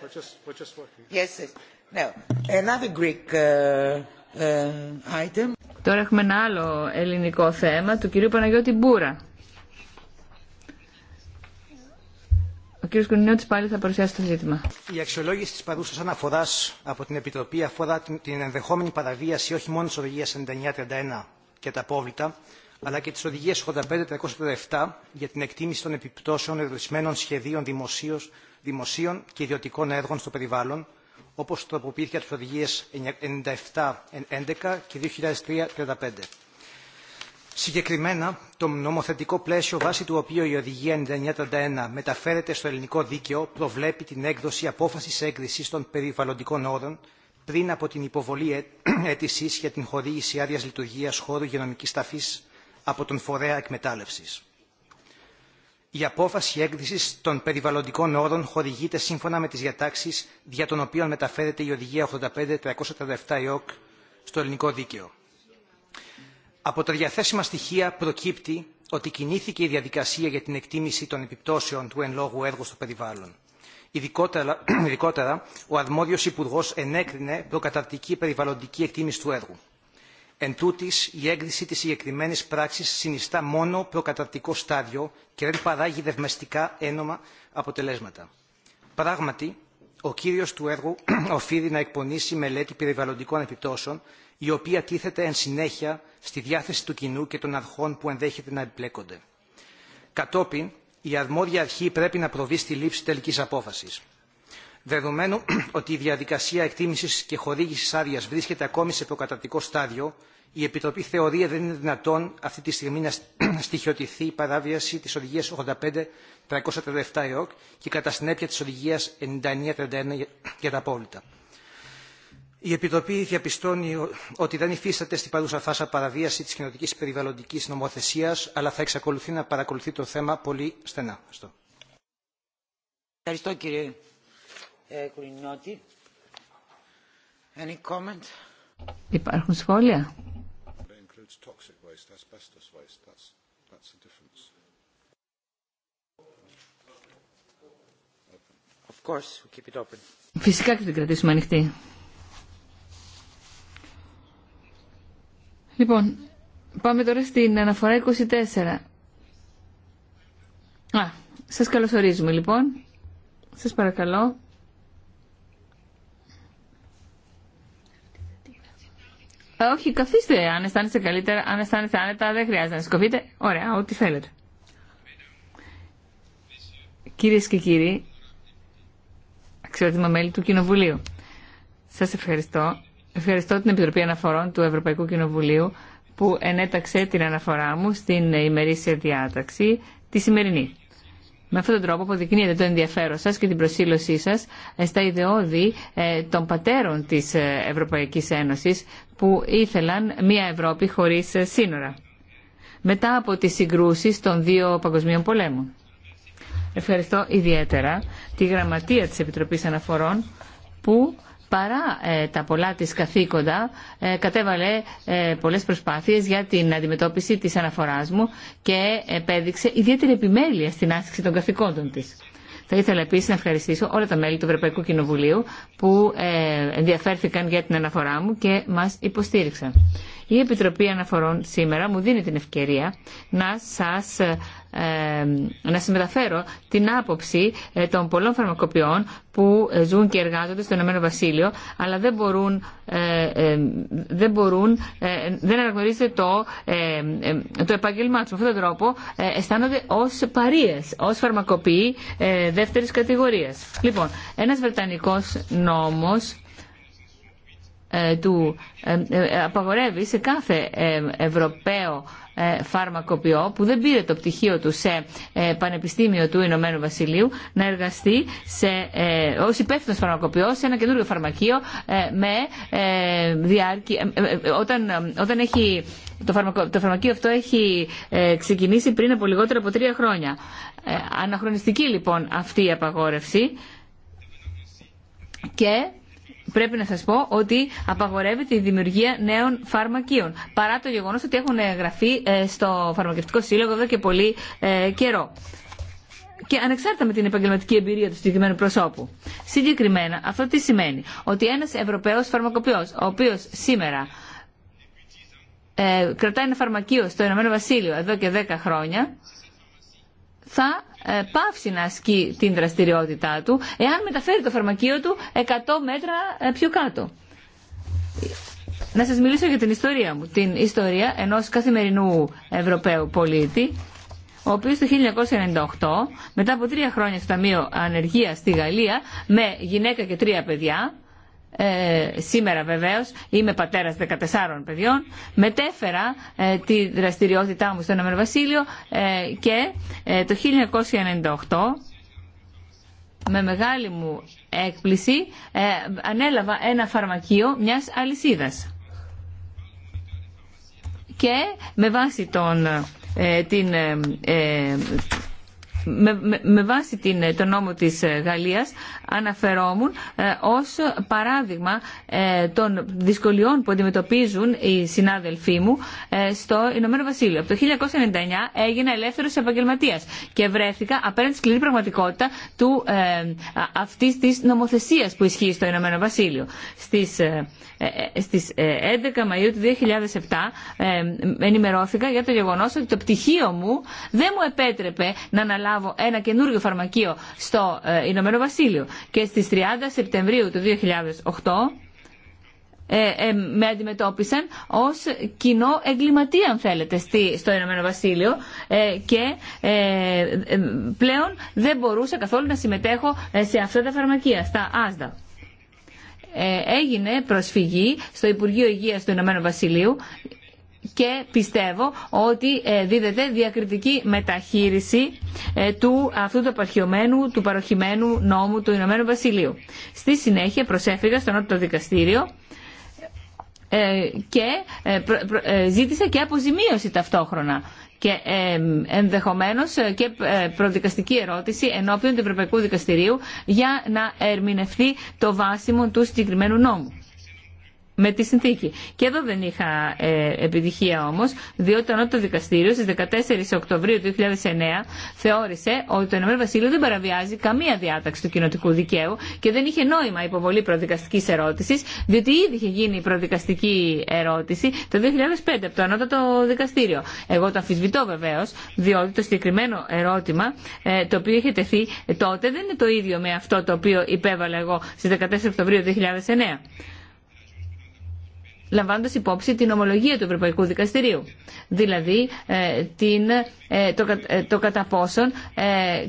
We're just, we're just working. Yes, yes. Now, another Greek uh, uh, item. Τώρα έχουμε ένα άλλο ελληνικό θέμα του κυρίου Παναγιώτη Μπούρα. Ο κύριος Κουνινιώτη πάλι θα παρουσιάσει το ζήτημα. Η αξιολόγηση της παρούσα αναφοράς από την Επιτροπή αφορά την ενδεχόμενη παραβίαση όχι μόνο της οδηγίας 9931 και τα απόβλητα, αλλά και τις οδηγία 85347 για την εκτίμηση των επιπτώσεων ερωτησμένων σχεδίων δημοσίων και ιδιωτικών έργων στο περιβάλλον, όπως τροποποιήθηκε από τις οδηγίες 97-11 και 2003-35. Συγκεκριμένα, το νομοθετικό πλαίσιο βάσει του οποίου η Οδηγία 9931 μεταφέρεται στο ελληνικό δίκαιο προβλέπει την έκδοση απόφαση έγκριση των περιβαλλοντικών όρων πριν από την υποβολή ε, αίτηση για την χορήγηση άδεια λειτουργία χώρου υγειονομική ταφή από τον φορέα εκμετάλλευση η απόφαση έκδηση των περιβαλλοντικών όρων χορηγείται σύμφωνα με τι διατάξει δια των οποίων μεταφέρεται η Οδηγία 85-337 ΕΟΚ στο ελληνικό δίκαιο. Από τα διαθέσιμα στοιχεία προκύπτει ότι κινήθηκε η διαδικασία για την εκτίμηση των επιπτώσεων του εν λόγω έργου στο περιβάλλον. Ειδικότερα, ειδικότερα ο αρμόδιο Υπουργό ενέκρινε προκαταρτική περιβαλλοντική εκτίμηση του έργου. Εν τούτης, η έγκριση της συγκεκριμένη πράξης συνιστά μόνο προκαταρτικό στάδιο και δεν παράγει δευμεστικά ένομα αποτελέσματα. Πράγματι, ο κύριος του έργου οφείλει να εκπονήσει μελέτη περιβαλλοντικών επιπτώσεων, η οποία τίθεται εν συνέχεια στη διάθεση του κοινού και των αρχών που ενδέχεται να εμπλέκονται. Κατόπιν, η αρμόδια αρχή πρέπει να προβεί στη λήψη τελικής απόφασης. Δεδομένου ότι η διαδικασία εκτίμηση και χορήγηση άδεια βρίσκεται ακόμη σε προκαταρτικό στάδιο, η Επιτροπή θεωρεί δεν είναι δυνατόν αυτή τη στιγμή να στοιχειωτηθεί η παράβιαση τη Οδηγία 85-337 ΕΟΚ και κατά συνέπεια τη Οδηγία 99-31 για τα απόλυτα. Η Επιτροπή διαπιστώνει ότι δεν υφίσταται στην παρούσα φάσα παραβίαση τη κοινοτική περιβαλλοντική νομοθεσία, αλλά θα εξακολουθεί να παρακολουθεί το θέμα πολύ στενά. Ευχαριστώ ε, Υπάρχουν σχόλια. Φυσικά και την κρατήσουμε ανοιχτή. Λοιπόν, πάμε τώρα στην αναφορά 24. Α, σας καλωσορίζουμε λοιπόν. Σας παρακαλώ. Ε, όχι, καθίστε. Αν αισθάνεστε καλύτερα, αν αισθάνεστε άνετα, δεν χρειάζεται να σηκωθείτε. Ωραία, ό,τι θέλετε. Κυρίε και κύριοι, αξιότιμα μέλη του Κοινοβουλίου, σα ευχαριστώ. Ευχαριστώ την Επιτροπή Αναφορών του Ευρωπαϊκού Κοινοβουλίου που ενέταξε την αναφορά μου στην ημερήσια διάταξη τη σημερινή. Με αυτόν τον τρόπο αποδεικνύεται το ενδιαφέρον σας και την προσήλωσή σας στα ιδεώδη ε, των πατέρων της ε, Ευρωπαϊκής Ένωσης που ήθελαν μια Ευρώπη χωρίς ε, σύνορα μετά από τις συγκρούσεις των δύο παγκοσμίων πολέμων. Ευχαριστώ ιδιαίτερα τη Γραμματεία της Επιτροπής Αναφορών που παρά ε, τα πολλά της καθήκοντα ε, κατέβαλε ε, πολλές προσπάθειες για την αντιμετώπιση της αναφοράς μου και επέδειξε ιδιαίτερη επιμέλεια στην άσκηση των καθηκόντων της. Θα ήθελα επίση να ευχαριστήσω όλα τα μέλη του Ευρωπαϊκού Κοινοβουλίου που ενδιαφέρθηκαν για την αναφορά μου και μα υποστήριξαν. Η Επιτροπή Αναφορών σήμερα μου δίνει την ευκαιρία να σα να συμμεταφέρω την άποψη ε, των πολλών φαρμακοποιών που ε, ζουν και εργάζονται στο Ηνωμένο Βασίλειο, αλλά δεν μπορούν, ε, δεν μπορούν, δεν αναγνωρίζεται το, το επαγγελμά του Με αυτόν τον τρόπο αισθάνονται ως παρείε, ως φαρμακοποιοί δεύτερη κατηγορία. Λοιπόν, ένας βρετανικό νόμος του απαγορεύει σε κάθε Ευρωπαίο ε, φαρμακοποιό που δεν πήρε το πτυχίο του σε ε, πανεπιστήμιο του Ηνωμένου Βασιλείου να εργαστεί ε, ω υπεύθυνο φαρμακοποιό σε ένα καινούριο φαρμακείο με διάρκεια. Όταν, όταν έχει, το, φαρμακο, το φαρμακείο αυτό έχει ξεκινήσει πριν από λιγότερο από τρία χρόνια. Αναχρονιστική λοιπόν αυτή η απαγόρευση και πρέπει να σας πω ότι απαγορεύεται η δημιουργία νέων φαρμακείων. Παρά το γεγονός ότι έχουν γραφεί ε, στο Φαρμακευτικό Σύλλογο εδώ και πολύ ε, καιρό. Και ανεξάρτητα με την επαγγελματική εμπειρία του συγκεκριμένου προσώπου. Συγκεκριμένα, αυτό τι σημαίνει. Ότι ένας Ευρωπαίος φαρμακοποιός, ο οποίος σήμερα ε, κρατάει ένα φαρμακείο στο Ηνωμένο Βασίλειο εδώ και 10 χρόνια, θα ε, πάυσει να ασκεί την δραστηριότητά του εάν μεταφέρει το φαρμακείο του 100 μέτρα ε, πιο κάτω. Να σας μιλήσω για την ιστορία μου. Την ιστορία ενός καθημερινού Ευρωπαίου πολίτη ο οποίο το 1998, μετά από τρία χρόνια στο Ταμείο Ανεργία στη Γαλλία, με γυναίκα και τρία παιδιά, ε, σήμερα βεβαίως, είμαι πατέρας 14 παιδιών, μετέφερα ε, τη δραστηριότητά μου στο Ηνωμένο ε, και ε, το 1998 με μεγάλη μου έκπληση ανέλαβα ένα φαρμακείο μιας αλυσίδας. Και με βάση τον, την, με, με, βάση την, τον νόμο της ε, Γαλλίας αναφερόμουν ε, ως παράδειγμα ε, των δυσκολιών που αντιμετωπίζουν οι συνάδελφοί μου ε, στο Ηνωμένο Βασίλειο. Από το 1999 έγινα ελεύθερος επαγγελματίας και βρέθηκα απέναντι στη σκληρή πραγματικότητα του, ε, αυτής της νομοθεσίας που ισχύει στο Ηνωμένο Βασίλειο. Στις, στις 11 Μαΐου του 2007 ενημερώθηκα για το γεγονός ότι το πτυχίο μου δεν μου επέτρεπε να αναλάβω ένα καινούριο φαρμακείο στο ε, Ηνωμένο Βασίλειο. Και στις 30 Σεπτεμβρίου του 2008 ε, ε, με αντιμετώπισαν ως κοινό εγκληματία αν θέλετε στο Ηνωμένο Βασίλειο ε, και ε, ε, πλέον δεν μπορούσα καθόλου να συμμετέχω σε αυτά τα φαρμακεία, στα Άσδα. Έγινε προσφυγή στο Υπουργείο Υγείας του Ηνωμένου Βασιλείου και πιστεύω ότι ε, δίδεται διακριτική μεταχείριση ε, του αυτού του απαρχιωμένου, του παροχημένου νόμου του Ηνωμένου Βασιλείου. Στη συνέχεια προσέφυγα στον Νότιο Δικαστήριο ε, και ζήτησα και αποζημίωση ταυτόχρονα και ενδεχομένως και προδικαστική ερώτηση ενώπιον του Ευρωπαϊκού Δικαστηρίου για να ερμηνευτεί το βάσιμο του συγκεκριμένου νόμου με τη συνθήκη. Και εδώ δεν είχα ε, επιτυχία όμω, διότι το Ανώτατο Δικαστήριο στι 14 Οκτωβρίου 2009 θεώρησε ότι το ΕΒ δεν παραβιάζει καμία διάταξη του κοινοτικού δικαίου και δεν είχε νόημα υποβολή προδικαστική ερώτηση, διότι ήδη είχε γίνει η προδικαστική ερώτηση το 2005 από το Ανώτατο Δικαστήριο. Εγώ το αμφισβητώ βεβαίω, διότι το συγκεκριμένο ερώτημα ε, το οποίο είχε τεθεί τότε δεν είναι το ίδιο με αυτό το οποίο υπέβαλα εγώ στι 14 Οκτωβρίου 2009 λαμβάνοντας υπόψη την ομολογία του Ευρωπαϊκού Δικαστηρίου. Δηλαδή ε, την, ε, το, ε, το κατά πόσον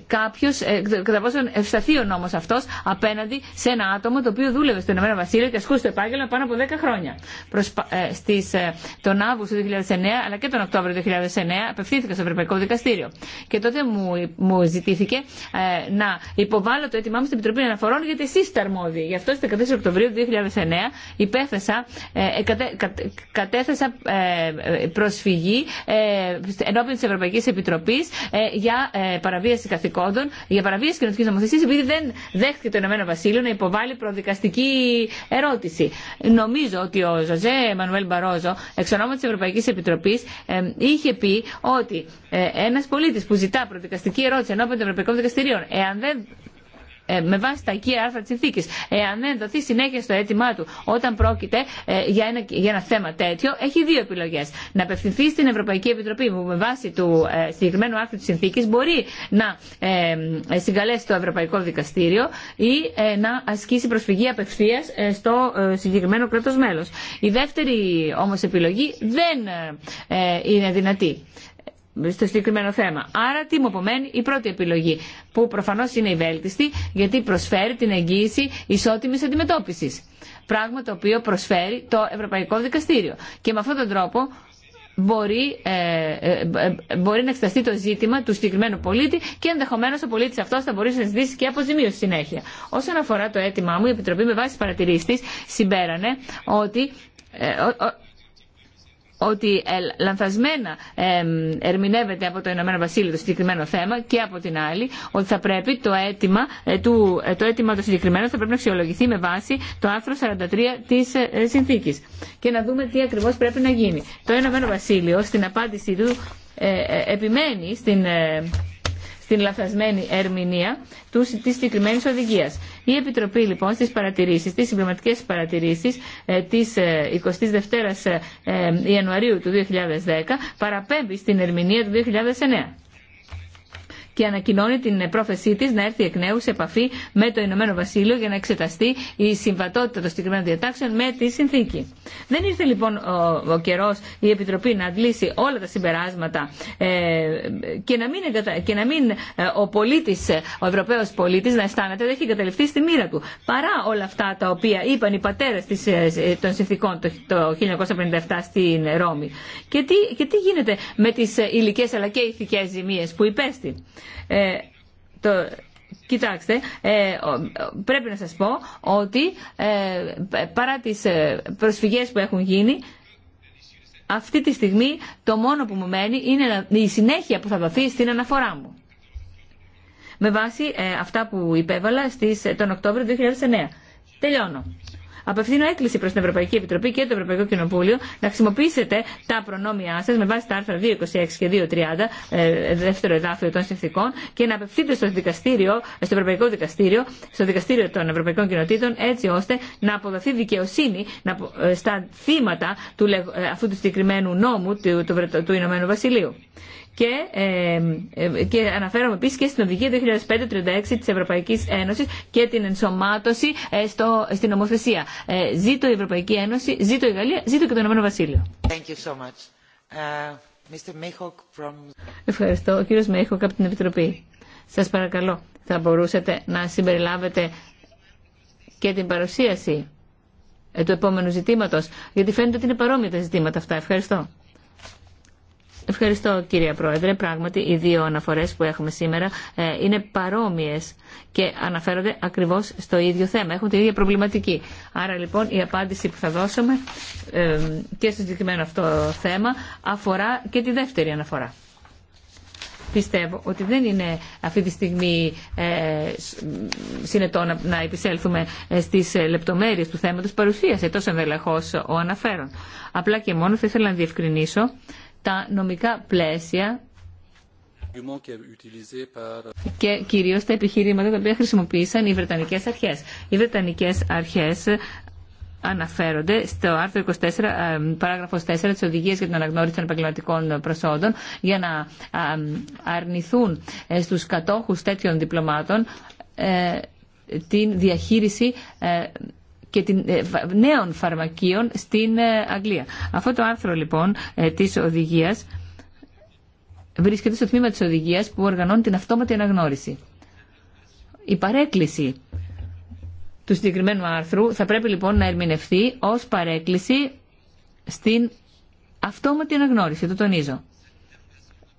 κάποιος, κατά πόσον ευσταθεί ο νόμος αυτός απέναντι σε ένα άτομο το οποίο δούλευε στο Ηνωμένο Βασίλειο και ασκούσε το επάγγελμα πάνω από 10 χρόνια. Στις, τον Αύγουστο 2009 αλλά και τον Οκτώβριο του 2009 απευθύνθηκα στο Ευρωπαϊκό Δικαστήριο. Και τότε μου, μου ζητήθηκε να υποβάλω το έτοιμά μου στην Επιτροπή Αναφορών γιατί εσείς τα αρμόδιοι. Γι' αυτό στις 14 Οκτωβρίου 2009 υπέθεσα κατέθεσα ε, προσφυγή ε, ενώπιον τη Ευρωπαϊκή Επιτροπή ε, για παραβίαση καθηκόντων, για παραβίαση κοινωνική νομοθεσία, επειδή δεν δέχτηκε το Ηνωμένο Βασίλειο να υποβάλει προδικαστική ερώτηση. Νομίζω ότι ο Ζωζέ Μανουέλ Μπαρόζο, εξ ονόματο τη Ευρωπαϊκή Επιτροπή, είχε πει ότι ένα πολίτη που ζητά προδικαστική ερώτηση ενώπιον των Ευρωπαϊκών Δικαστηρίων, εάν δεν ε, με βάση τα εκεί άρθρα τη συνθήκη, εάν δεν δοθεί συνέχεια στο αίτημά του όταν πρόκειται ε, για ένα, για ένα θέμα τέτοιο, έχει δύο επιλογέ. Να απευθυνθεί στην Ευρωπαϊκή Επιτροπή που με βάση του ε, συγκεκριμένου άρθρου τη συνθήκη μπορεί να συγκαλέσει το Ευρωπαϊκό Δικαστήριο ή να ασκήσει προσφυγή απευθεία στο συγκεκριμένο κράτο μέλο. Η δεύτερη όμω επιλογή δεν είναι δυνατή στο συγκεκριμένο θέμα. Άρα τι μου απομένει η πρώτη επιλογή, που προφανώς είναι η βέλτιστη, γιατί προσφέρει την εγγύηση ισότιμης αντιμετώπισης. Πράγμα το οποίο προσφέρει το Ευρωπαϊκό Δικαστήριο. Και με αυτόν τον τρόπο μπορεί, ε, ε, ε μπορεί να εξεταστεί το ζήτημα του συγκεκριμένου πολίτη και ενδεχομένω ο πολίτη αυτό θα μπορεί να ζητήσει και αποζημίωση συνέχεια. Όσον αφορά το αίτημά μου, η Επιτροπή με βάση παρατηρήσει συμπέρανε ότι. Ε, ότι λανθασμένα ερμηνεύεται από το Ηνωμένο Βασίλειο το συγκεκριμένο θέμα και από την άλλη ότι θα πρέπει το αίτημα, ε, του, ε, το, αίτημα το συγκεκριμένο θα πρέπει να αξιολογηθεί με βάση το άρθρο 43 της ε, συνθήκης και να δούμε τι ακριβώς πρέπει να γίνει. Το Ηνωμένο Βασίλειο στην απάντησή του επιμένει στην στην λαθασμένη ερμηνεία τη συγκεκριμένη οδηγίας. Η Επιτροπή λοιπόν στις παρατηρήσεις, στις συμπληρωματικές παρατηρήσεις ε, της ε, 22ης ε, ε, Ιανουαρίου του 2010 παραπέμπει στην ερμηνεία του 2009 και ανακοινώνει την πρόθεσή τη να έρθει εκ νέου σε επαφή με το Ηνωμένο Βασίλειο για να εξεταστεί η συμβατότητα των συγκεκριμένων διατάξεων με τη συνθήκη. Δεν ήρθε λοιπόν ο, ο καιρό η Επιτροπή να αντλήσει όλα τα συμπεράσματα ε, και να μην, να μην ε, ο πολίτη, ε, ο Ευρωπαίο πολίτη, να αισθάνεται ότι έχει εγκαταλειφθεί στη μοίρα του. Παρά όλα αυτά τα οποία είπαν οι πατέρε ε, των συνθήκων το, 1957 στην Ρώμη. Και τι, και τι γίνεται με τι υλικέ αλλά και ηθικέ ζημίε που υπέστη. Ε, το, Κοιτάξτε, ε, πρέπει να σας πω ότι ε, παρά τις ε, προσφυγές που έχουν γίνει, αυτή τη στιγμή το μόνο που μου μένει είναι η συνέχεια που θα δοθεί στην αναφορά μου. Με βάση αυτά που υπέβαλα στις, τον Οκτώβριο 2009. Τελειώνω. Απευθύνω έκκληση προ την Ευρωπαϊκή Επιτροπή και το Ευρωπαϊκό Κοινοβούλιο να χρησιμοποιήσετε τα προνόμια σα με βάση τα άρθρα 226 και 230, ε, δεύτερο εδάφιο των συνθηκών, και να απευθύνετε στο, δικαστήριο, στο Ευρωπαϊκό Δικαστήριο, στο Δικαστήριο των Ευρωπαϊκών Κοινοτήτων, έτσι ώστε να αποδοθεί δικαιοσύνη ε, στα θύματα του, ε, αυτού του συγκεκριμένου νόμου του, του, του Ηνωμένου Βασιλείου και, ε, ε, και αναφέρομαι επίση και στην Οδηγία 2005-36 τη Ευρωπαϊκή Ένωση και την ενσωμάτωση ε, στο, στην νομοθεσία. Ε, ζήτω η Ευρωπαϊκή Ένωση, ζήτω η Γαλλία, ζήτω και το Ηνωμένο Βασίλειο. Uh, Ευχαριστώ. Ο κύριος Μέιχοκ από την Επιτροπή. Σας παρακαλώ, θα μπορούσατε να συμπεριλάβετε και την παρουσίαση ε, του επόμενου ζητήματος, γιατί φαίνεται ότι είναι παρόμοια τα ζητήματα αυτά. Ευχαριστώ. Ευχαριστώ κύριε Πρόεδρε. Πράγματι οι δύο αναφορές που έχουμε σήμερα ε, είναι παρόμοιες και αναφέρονται ακριβώς στο ίδιο θέμα. Έχουν την ίδια προβληματική. Άρα λοιπόν η απάντηση που θα δώσουμε ε, και στο συγκεκριμένο αυτό θέμα αφορά και τη δεύτερη αναφορά. Πιστεύω ότι δεν είναι αυτή τη στιγμή ε, συνετό να επισέλθουμε στις λεπτομέρειες του θέματος. Παρουσίασε τόσο ενδελεχώς ο αναφέρον. Απλά και μόνο θα ήθελα να διευκρινίσω τα νομικά πλαίσια και κυρίως τα επιχειρήματα τα οποία χρησιμοποίησαν οι Βρετανικές αρχές. Οι Βρετανικές αρχές αναφέρονται στο άρθρο 24, ε, παράγραφος 4 της Οδηγίας για την Αναγνώριση των Επαγγελματικών Προσόντων για να αρνηθούν ε, στους κατόχους τέτοιων διπλωμάτων ε, την διαχείριση και την, ε, νέων φαρμακείων στην ε, Αγγλία. Αυτό το άρθρο λοιπόν ε, της οδηγίας βρίσκεται στο τμήμα της οδηγίας που οργανώνει την αυτόματη αναγνώριση. Η παρέκκληση του συγκεκριμένου άρθρου θα πρέπει λοιπόν να ερμηνευθεί ως παρέκκληση στην αυτόματη αναγνώριση, το τονίζω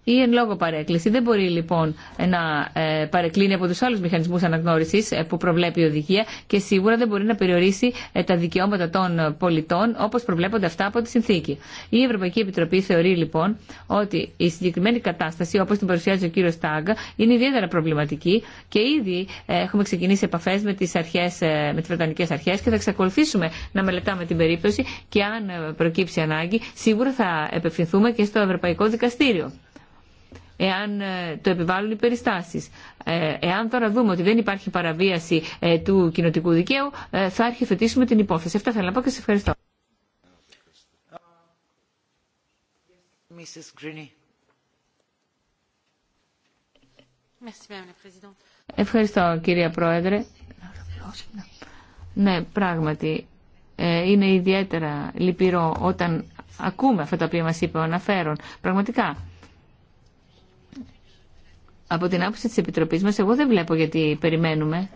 ή εν λόγω παρέκκληση. Δεν μπορεί λοιπόν να ε, παρεκκλίνει από του άλλου μηχανισμού αναγνώριση ε, που προβλέπει η οδηγία και σίγουρα δεν μπορεί να περιορίσει ε, τα δικαιώματα των πολιτών όπω προβλέπονται αυτά από τη συνθήκη. Η Ευρωπαϊκή Επιτροπή θεωρεί λοιπόν ότι η συγκεκριμένη κατάσταση όπω την παρουσιάζει ο κύριο Τάγκα είναι ιδιαίτερα προβληματική και ήδη έχουμε ξεκινήσει επαφέ με τι αρχές, Βρετανικέ Αρχέ και θα εξακολουθήσουμε να μελετάμε την περίπτωση και αν προκύψει ανάγκη σίγουρα θα επευθυνθούμε και στο Ευρωπαϊκό Δικαστήριο εάν ε, το επιβάλλουν οι περιστάσεις. Ε, εάν τώρα δούμε ότι δεν υπάρχει παραβίαση ε, του κοινοτικού δικαίου, θα αρχιθετήσουμε την υπόθεση. Αυτά θέλω να πω και σε ευχαριστώ. Ευχαριστώ κυρία Πρόεδρε. Ναι, πράγματι, είναι ιδιαίτερα λυπηρό όταν ακούμε αυτά τα οποία μας είπε ο αναφέρον. Πραγματικά, από την άποψη της Επιτροπής μας, εγώ δεν βλέπω γιατί περιμένουμε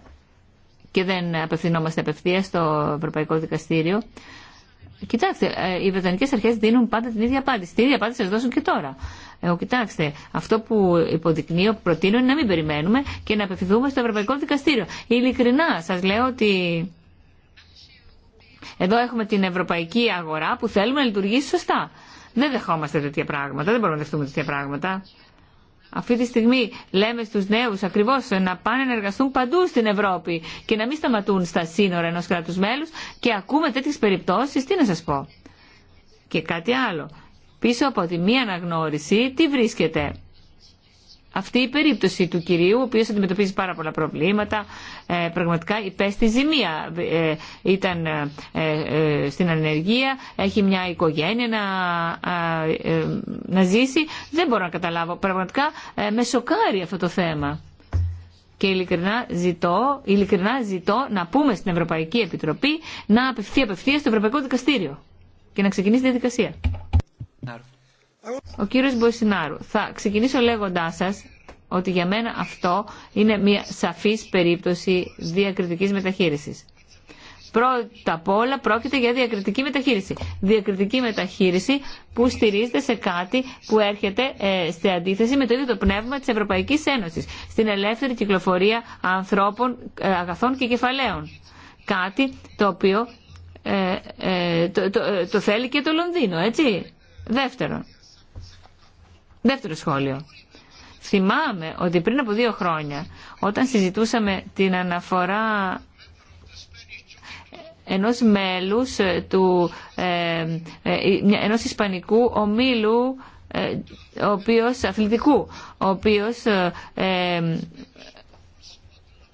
και δεν απευθυνόμαστε απευθεία στο Ευρωπαϊκό Δικαστήριο. Κοιτάξτε, ε, οι Βρετανικέ αρχέ δίνουν πάντα την ίδια απάντηση. Την ίδια απάντηση σα δώσουν και τώρα. Εγώ, κοιτάξτε, αυτό που υποδεικνύω, προτείνω είναι να μην περιμένουμε και να απευθυνθούμε στο Ευρωπαϊκό Δικαστήριο. Ειλικρινά, σα λέω ότι εδώ έχουμε την ευρωπαϊκή αγορά που θέλουμε να λειτουργήσει σωστά. Δεν δεχόμαστε τέτοια πράγματα, δεν μπορούμε να δεχτούμε τέτοια πράγματα. Αυτή τη στιγμή λέμε στους νέους ακριβώς να πάνε να εργαστούν παντού στην Ευρώπη και να μην σταματούν στα σύνορα ενό κράτου μέλους και ακούμε τέτοιες περιπτώσεις, τι να σας πω. Και κάτι άλλο. Πίσω από τη μία αναγνώριση, τι βρίσκεται αυτή η περίπτωση του κυρίου, ο οποίος αντιμετωπίζει πάρα πολλά προβλήματα, ε, πραγματικά υπέστη ζημία. Ε, ήταν ε, στην ανεργία, έχει μια οικογένεια να, να ζήσει. Δεν μπορώ να καταλάβω. Πραγματικά με σοκάρει αυτό το θέμα. Και ειλικρινά ζητώ, ειλικρινά ζητώ να πούμε στην Ευρωπαϊκή Επιτροπή να απευθεί απευθεία στο Ευρωπαϊκό Δικαστήριο και να ξεκινήσει τη διαδικασία. Ο κύριος Μποσινάρου, θα ξεκινήσω λέγοντά σας ότι για μένα αυτό είναι μια σαφής περίπτωση διακριτικής μεταχείρισης. Πρώτα απ' όλα πρόκειται για διακριτική μεταχείριση. Διακριτική μεταχείριση που στηρίζεται σε κάτι που έρχεται ε, σε αντίθεση με το ίδιο το πνεύμα της Ευρωπαϊκής Ένωσης. Στην ελεύθερη κυκλοφορία ανθρώπων, ε, αγαθών και κεφαλαίων. Κάτι το οποίο ε, ε, το, το θέλει και το Λονδίνο, έτσι. Δεύτερον, Δεύτερο σχόλιο. Θυμάμαι ότι πριν από δύο χρόνια, όταν συζητούσαμε την αναφορά ενός μέλους του, ε, ε, ε ενός ισπανικού ομίλου ε, ο οποίος αθλητικού, ο οποίος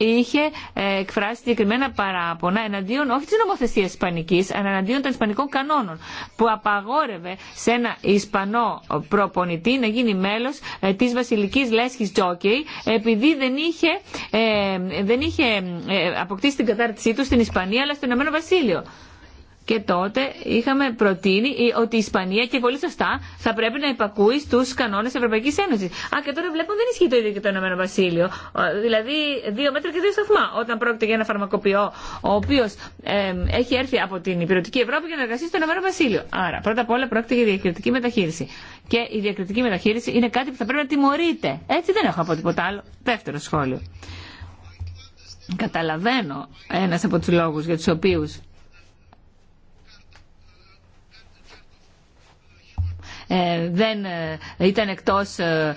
είχε ε, εκφράσει συγκεκριμένα παράπονα εναντίον όχι τη νομοθεσία Ισπανική, αλλά εναντίον των Ισπανικών κανόνων, που απαγόρευε σε ένα Ισπανό προπονητή να γίνει μέλο ε, τη βασιλική λέσχη τζόκεϊ, επειδή δεν είχε, ε, δεν είχε αποκτήσει την κατάρτισή του στην Ισπανία, αλλά στο Ηνωμένο Βασίλειο. Και τότε είχαμε προτείνει ότι η Ισπανία και πολύ σωστά θα πρέπει να υπακούει στου κανόνε Ευρωπαϊκή Ένωση. Α, και τώρα βλέπω δεν ισχύει το ίδιο και το Ηνωμένο Βασίλειο. Δηλαδή, δύο μέτρα και δύο σταθμά. Όταν πρόκειται για ένα φαρμακοποιό, ο οποίο ε, έχει έρθει από την υπηρετική Ευρώπη για να εργαστεί στο Ηνωμένο Βασίλειο. Άρα, πρώτα απ' όλα πρόκειται για διακριτική μεταχείριση. Και η διακριτική μεταχείριση είναι κάτι που θα πρέπει να τιμωρείται. Έτσι δεν έχω από τίποτα άλλο. Δεύτερο σχόλιο. Καταλαβαίνω ένα από του λόγου για του οποίου Ε, δεν ε, ήταν εκτός ε,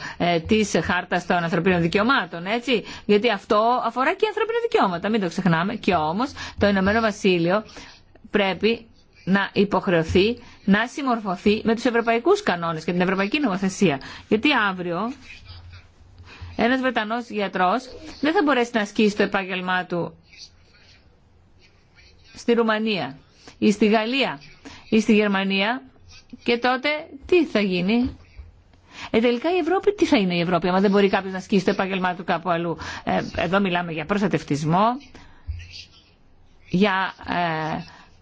της χάρτας των ανθρωπίνων δικαιωμάτων, έτσι. Γιατί αυτό αφορά και ανθρώπινα δικαιώματα, μην το ξεχνάμε. Και όμως το Ηνωμένο Βασίλειο πρέπει να υποχρεωθεί να συμμορφωθεί με τους ευρωπαϊκούς κανόνες και την ευρωπαϊκή νομοθεσία. Γιατί αύριο ένας Βρετανός γιατρός δεν θα μπορέσει να ασκήσει το επάγγελμά του στη Ρουμανία ή στη Γαλλία ή στη Γερμανία και τότε τι θα γίνει. Ε, τελικά η Ευρώπη, τι θα είναι η Ευρώπη, άμα δεν μπορεί κάποιο να ασκήσει το επάγγελμά του κάπου αλλού. Ε, εδώ μιλάμε για προστατευτισμό, για ε,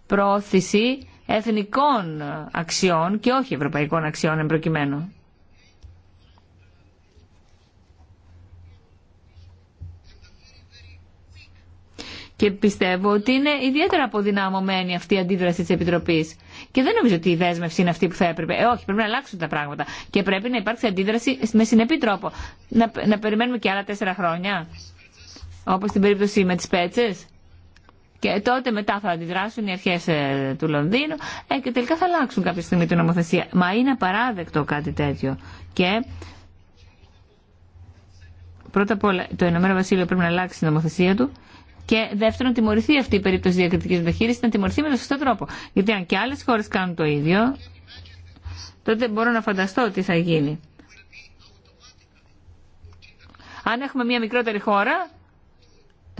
προώθηση εθνικών αξιών και όχι ευρωπαϊκών αξιών εμπροκειμένου. Και πιστεύω ότι είναι ιδιαίτερα αποδυναμωμένη αυτή η αντίδραση τη Επιτροπή. Και δεν νομίζω ότι η δέσμευση είναι αυτή που θα έπρεπε. Ε, όχι, πρέπει να αλλάξουν τα πράγματα. Και πρέπει να υπάρξει αντίδραση με συνεπή τρόπο. Να, να περιμένουμε και άλλα τέσσερα χρόνια. Όπω στην περίπτωση με τι πέτσε. Και τότε μετά θα αντιδράσουν οι αρχέ ε, του Λονδίνου ε, και τελικά θα αλλάξουν κάποια στιγμή την νομοθεσία. Μα είναι απαράδεκτο κάτι τέτοιο. Και πρώτα απ' όλα το Ηνωμένο Βασίλειο πρέπει να αλλάξει την νομοθεσία του και δεύτερον, τιμωρηθεί αυτή η περίπτωση διακριτική μεταχείριση να τιμωρηθεί με τον σωστό τρόπο. Γιατί αν και άλλε χώρε κάνουν το ίδιο, τότε μπορώ να φανταστώ τι θα γίνει. Αν έχουμε μια μικρότερη χώρα,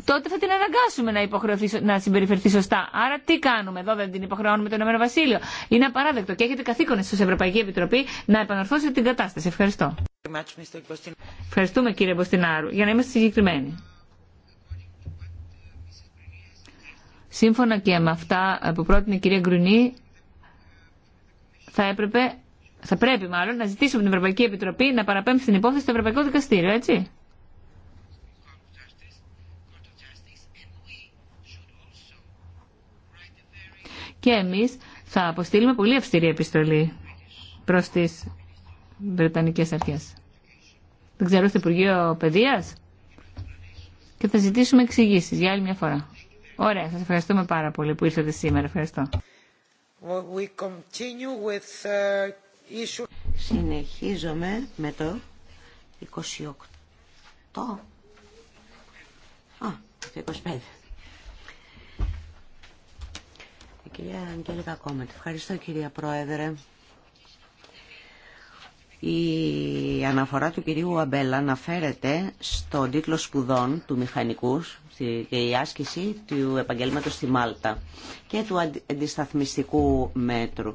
τότε θα την αναγκάσουμε να, να συμπεριφερθεί σωστά. Άρα τι κάνουμε, εδώ δεν την υποχρεώνουμε το Ηνωμένο Βασίλειο. Είναι απαράδεκτο και έχετε καθήκον στην Ευρωπαϊκή Επιτροπή να επαναρθώσετε την κατάσταση. Ευχαριστώ. Ευχαριστούμε κύριε Μποστινάρου για να είμαστε συγκεκριμένοι. σύμφωνα και με αυτά που πρότεινε η κυρία Γκρουνή, θα έπρεπε, θα πρέπει μάλλον, να ζητήσουμε την Ευρωπαϊκή Επιτροπή να παραπέμψει την υπόθεση στο Ευρωπαϊκό Δικαστήριο, έτσι. Και εμείς θα αποστείλουμε πολύ αυστηρή επιστολή προς τις Βρετανικές Αρχές. Δεν ξέρω, στο Υπουργείο Παιδείας. Και θα ζητήσουμε εξηγήσει για άλλη μια φορά. Ωραία, σας ευχαριστούμε πάρα πολύ που ήρθατε σήμερα. Ευχαριστώ. We uh, Συνεχίζουμε με το 28. Α, το 25. Η κυρία Αγγέλικα Κόμετ. Ευχαριστώ κυρία Πρόεδρε. Η αναφορά του κυρίου Αμπέλα αναφέρεται στον τίτλο σπουδών του μηχανικού και η άσκηση του επαγγέλματος στη Μάλτα και του αντισταθμιστικού μέτρου.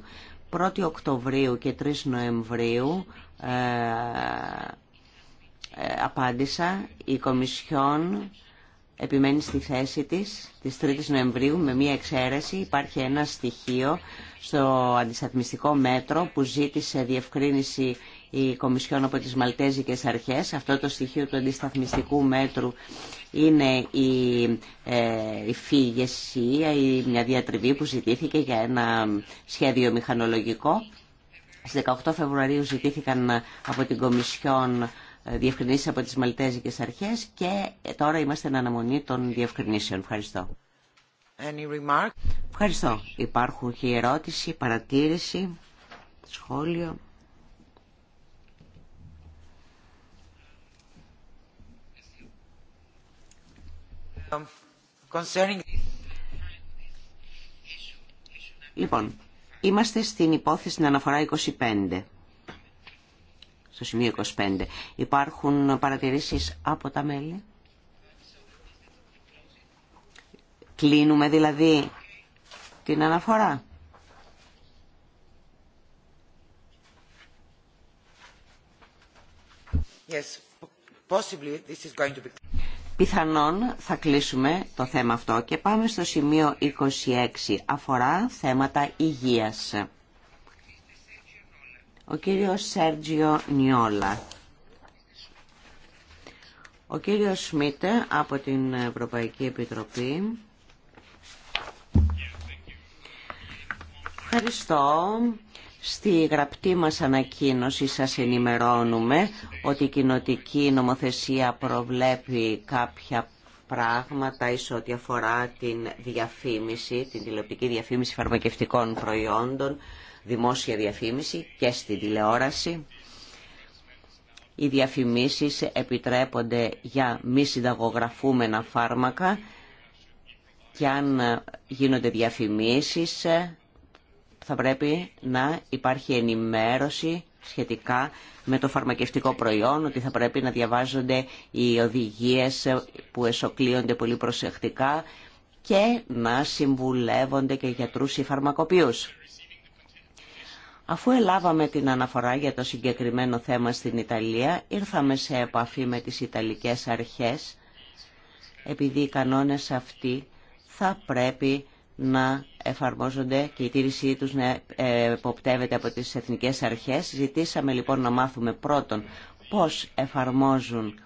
1η Οκτωβρίου και 3 Νοεμβρίου ε, ε, απάντησα η Κομισιόν επιμένει στη θέση της της 3 η Νοεμβρίου με μία εξαίρεση υπάρχει ένα στοιχείο στο αντισταθμιστικό μέτρο που ζήτησε διευκρίνηση η Κομισιόν από τις Μαλτέζικες Αρχές. Αυτό το στοιχείο του αντισταθμιστικού μέτρου είναι η, ε, η μια διατριβή που ζητήθηκε για ένα σχέδιο μηχανολογικό. Στις 18 Φεβρουαρίου ζητήθηκαν από την Κομισιόν ε, διευκρινήσεις από τις Μαλτέζικες Αρχές και τώρα είμαστε εν αναμονή των διευκρινήσεων. Ευχαριστώ. Ευχαριστώ. Υπάρχουν και ερώτηση, παρατήρηση, σχόλιο. Λοιπόν, είμαστε στην υπόθεση στην αναφορά 25. Στο σημείο 25. Υπάρχουν παρατηρήσεις από τα μέλη. Κλείνουμε δηλαδή την αναφορά. Yes, possibly this is going to be... Πιθανόν θα κλείσουμε το θέμα αυτό και πάμε στο σημείο 26. Αφορά θέματα υγείας. Ο κύριος Σέργιο Νιόλα. Ο κύριος Σμίτε από την Ευρωπαϊκή Επιτροπή. Ευχαριστώ. Στη γραπτή μας ανακοίνωση σας ενημερώνουμε ότι η κοινοτική νομοθεσία προβλέπει κάποια πράγματα εις ό,τι αφορά την διαφήμιση, την τηλεοπτική διαφήμιση φαρμακευτικών προϊόντων, δημόσια διαφήμιση και στην τηλεόραση. Οι διαφημίσεις επιτρέπονται για μη συνταγογραφούμενα φάρμακα και αν γίνονται διαφημίσεις θα πρέπει να υπάρχει ενημέρωση σχετικά με το φαρμακευτικό προϊόν, ότι θα πρέπει να διαβάζονται οι οδηγίες που εσωκλείονται πολύ προσεκτικά και να συμβουλεύονται και γιατρούς ή φαρμακοποιούς. Αφού ελάβαμε την αναφορά για το συγκεκριμένο θέμα στην Ιταλία, ήρθαμε σε επαφή με τις Ιταλικές αρχές, επειδή οι κανόνες αυτοί θα πρέπει να εφαρμόζονται και η τήρησή τους να εποπτεύεται από τις εθνικές αρχές. Ζητήσαμε λοιπόν να μάθουμε πρώτον πώς εφαρμόζουν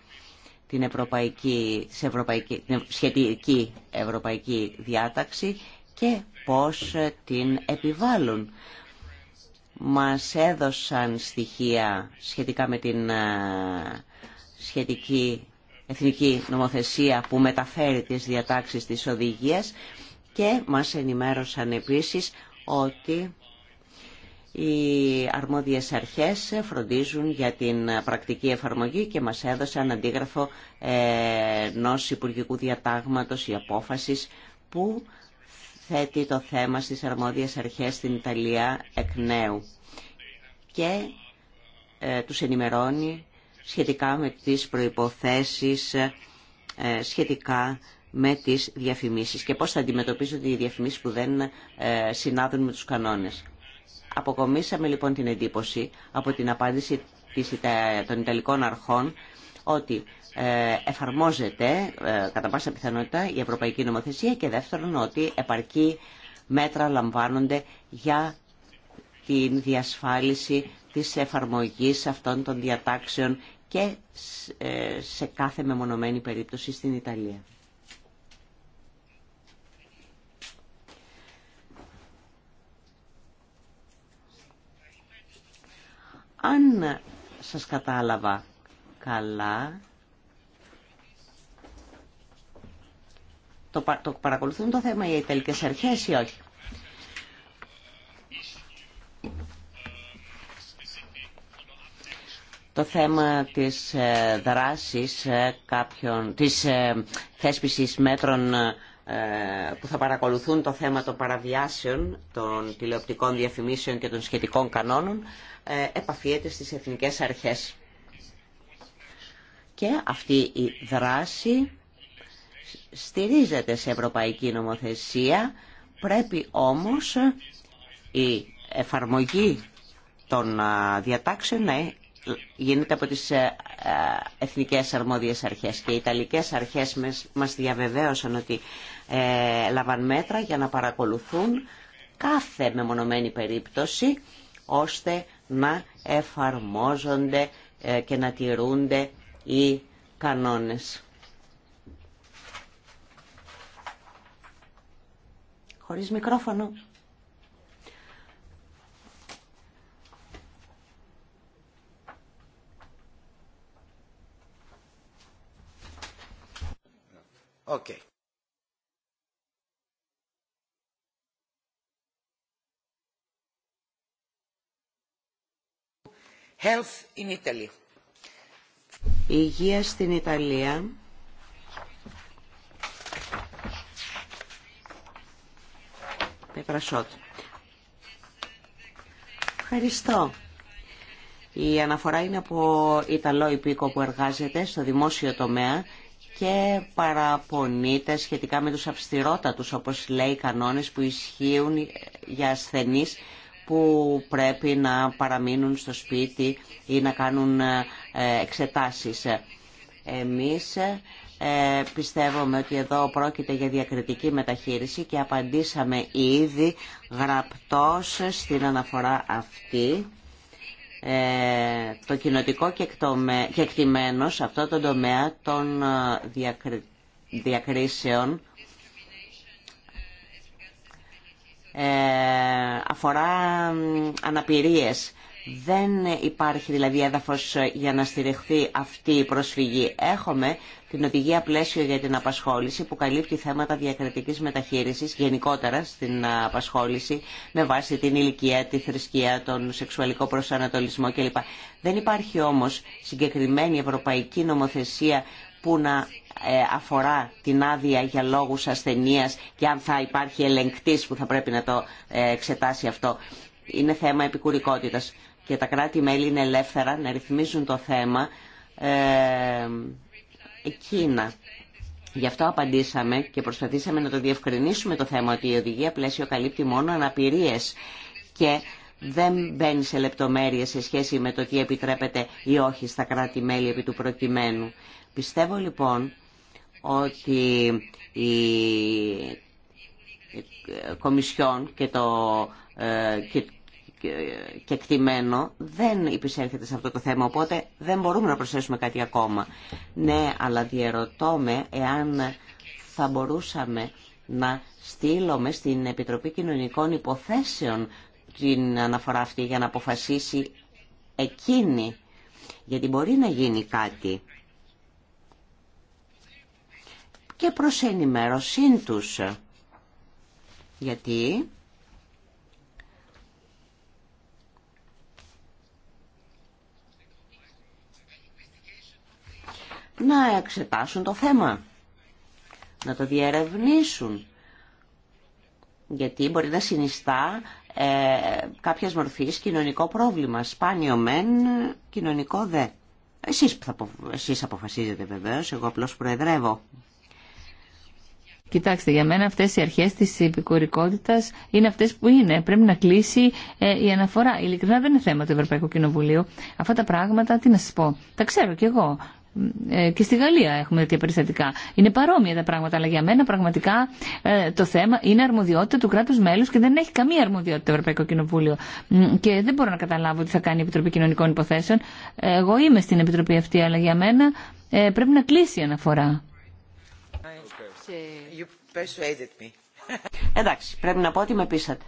την, ευρωπαϊκή, σχετική ευρωπαϊκή διάταξη και πώς την επιβάλλουν. Μας έδωσαν στοιχεία σχετικά με την σχετική εθνική νομοθεσία που μεταφέρει τις διατάξεις της οδηγίας και μας ενημέρωσαν επίσης ότι οι αρμόδιες αρχές φροντίζουν για την πρακτική εφαρμογή και μας έδωσαν αντίγραφο ε, ενό Υπουργικού Διατάγματος ή Απόφασης που θέτει το θέμα στις αρμόδιες αρχές στην Ιταλία εκ νέου και ε, τους ενημερώνει σχετικά με τις προϋποθέσεις ε, σχετικά με τις διαφημίσεις και πώς θα αντιμετωπίζονται οι διαφημίσεις που δεν ε, συνάδουν με τους κανόνες. Αποκομίσαμε λοιπόν την εντύπωση από την απάντηση των Ιταλικών αρχών ότι ε, εφαρμόζεται ε, κατά πάσα πιθανότητα η Ευρωπαϊκή Νομοθεσία και δεύτερον ότι επαρκή μέτρα λαμβάνονται για την διασφάλιση της εφαρμογής αυτών των διατάξεων και σε κάθε μεμονωμένη περίπτωση στην Ιταλία. Αν σας κατάλαβα καλά, το, παρακολουθούν το θέμα οι τελικές αρχές ή όχι. Το θέμα της ε, δράσης ε, κάποιων, της ε, θέσπισης μέτρων ε, που θα παρακολουθούν το θέμα των παραβιάσεων των τηλεοπτικών διαφημίσεων και των σχετικών κανόνων ε, επαφιέται στις εθνικές αρχές. Και αυτή η δράση στηρίζεται σε ευρωπαϊκή νομοθεσία, πρέπει όμως η εφαρμογή των διατάξεων να γίνεται από τις ε, ε, εθνικές αρμόδιες αρχές και οι Ιταλικές αρχές μας διαβεβαίωσαν ότι ε, λαμβάνουν μέτρα για να παρακολουθούν κάθε μεμονωμένη περίπτωση ώστε να εφαρμόζονται και να τηρούνται οι κανόνες. Χωρίς μικρόφωνο. Okay. Health in Italy. Η υγεία στην Ιταλία. Ευχαριστώ. Η αναφορά είναι από Ιταλό υπήκο που εργάζεται στο δημόσιο τομέα και παραπονείται σχετικά με τους αυστηρότατους, όπως λέει, κανόνες που ισχύουν για ασθενείς που πρέπει να παραμείνουν στο σπίτι ή να κάνουν ε, εξετάσεις. Εμείς ε, πιστεύουμε ότι εδώ πρόκειται για διακριτική μεταχείριση και απαντήσαμε ήδη γραπτός στην αναφορά αυτή ε, το κοινοτικό κεκτημένο σε αυτό το τομέα των ε, διακρίσεων ε, αφορά αναπηρίες. Δεν υπάρχει δηλαδή έδαφος για να στηριχθεί αυτή η προσφυγή. Έχουμε την οδηγία πλαίσιο για την απασχόληση που καλύπτει θέματα διακριτικής μεταχείρισης γενικότερα στην απασχόληση με βάση την ηλικία, τη θρησκεία, τον σεξουαλικό προσανατολισμό κλπ. Δεν υπάρχει όμως συγκεκριμένη ευρωπαϊκή νομοθεσία που να ε, αφορά την άδεια για λόγους ασθενείας και αν θα υπάρχει ελεγκτής που θα πρέπει να το ε, εξετάσει αυτό. Είναι θέμα επικουρικότητας και τα κράτη-μέλη είναι ελεύθερα να ρυθμίζουν το θέμα ε, Εκείνα. Γι' αυτό απαντήσαμε και προσπαθήσαμε να το διευκρινίσουμε το θέμα ότι η οδηγία πλαίσιο καλύπτει μόνο αναπηρίες και δεν μπαίνει σε λεπτομέρειες σε σχέση με το τι επιτρέπεται ή όχι στα κράτη-μέλη επί του προκειμένου. Πιστεύω λοιπόν ότι η Κομισιόν και το, ε, και κτημένο δεν υπησέρχεται σε αυτό το θέμα, οπότε δεν μπορούμε να προσθέσουμε κάτι ακόμα. Ναι, αλλά διαρωτώ με εάν θα μπορούσαμε να στείλουμε στην Επιτροπή Κοινωνικών Υποθέσεων την αναφορά αυτή για να αποφασίσει εκείνη, γιατί μπορεί να γίνει κάτι. Και προς ενημέρωσή τους. Γιατί να εξετάσουν το θέμα, να το διερευνήσουν, γιατί μπορεί να συνιστά ε, κάποιας μορφής κοινωνικό πρόβλημα, σπάνιο μεν, κοινωνικό δε. Εσείς, που εσείς αποφασίζετε βεβαίως, εγώ απλώς προεδρεύω. Κοιτάξτε, για μένα αυτές οι αρχές της επικουρικότητας είναι αυτές που είναι. Πρέπει να κλείσει ε, η αναφορά. Ειλικρινά δεν είναι θέμα του Ευρωπαϊκού Κοινοβουλίου. Αυτά τα πράγματα, τι να σας πω, τα ξέρω κι εγώ. Ε, και στη Γαλλία έχουμε τέτοια περιστατικά. Είναι παρόμοια τα πράγματα, αλλά για μένα πραγματικά ε, το θέμα είναι αρμοδιότητα του κράτου μέλου και δεν έχει καμία αρμοδιότητα το Ευρωπαϊκό Κοινοβούλιο. Και δεν μπορώ να καταλάβω τι θα κάνει η Επιτροπή Κοινωνικών Υποθέσεων. Εγώ είμαι στην Επιτροπή αυτή, αλλά για μένα ε, πρέπει να κλείσει η αναφορά. Εντάξει, πρέπει να πω ότι με πείσατε.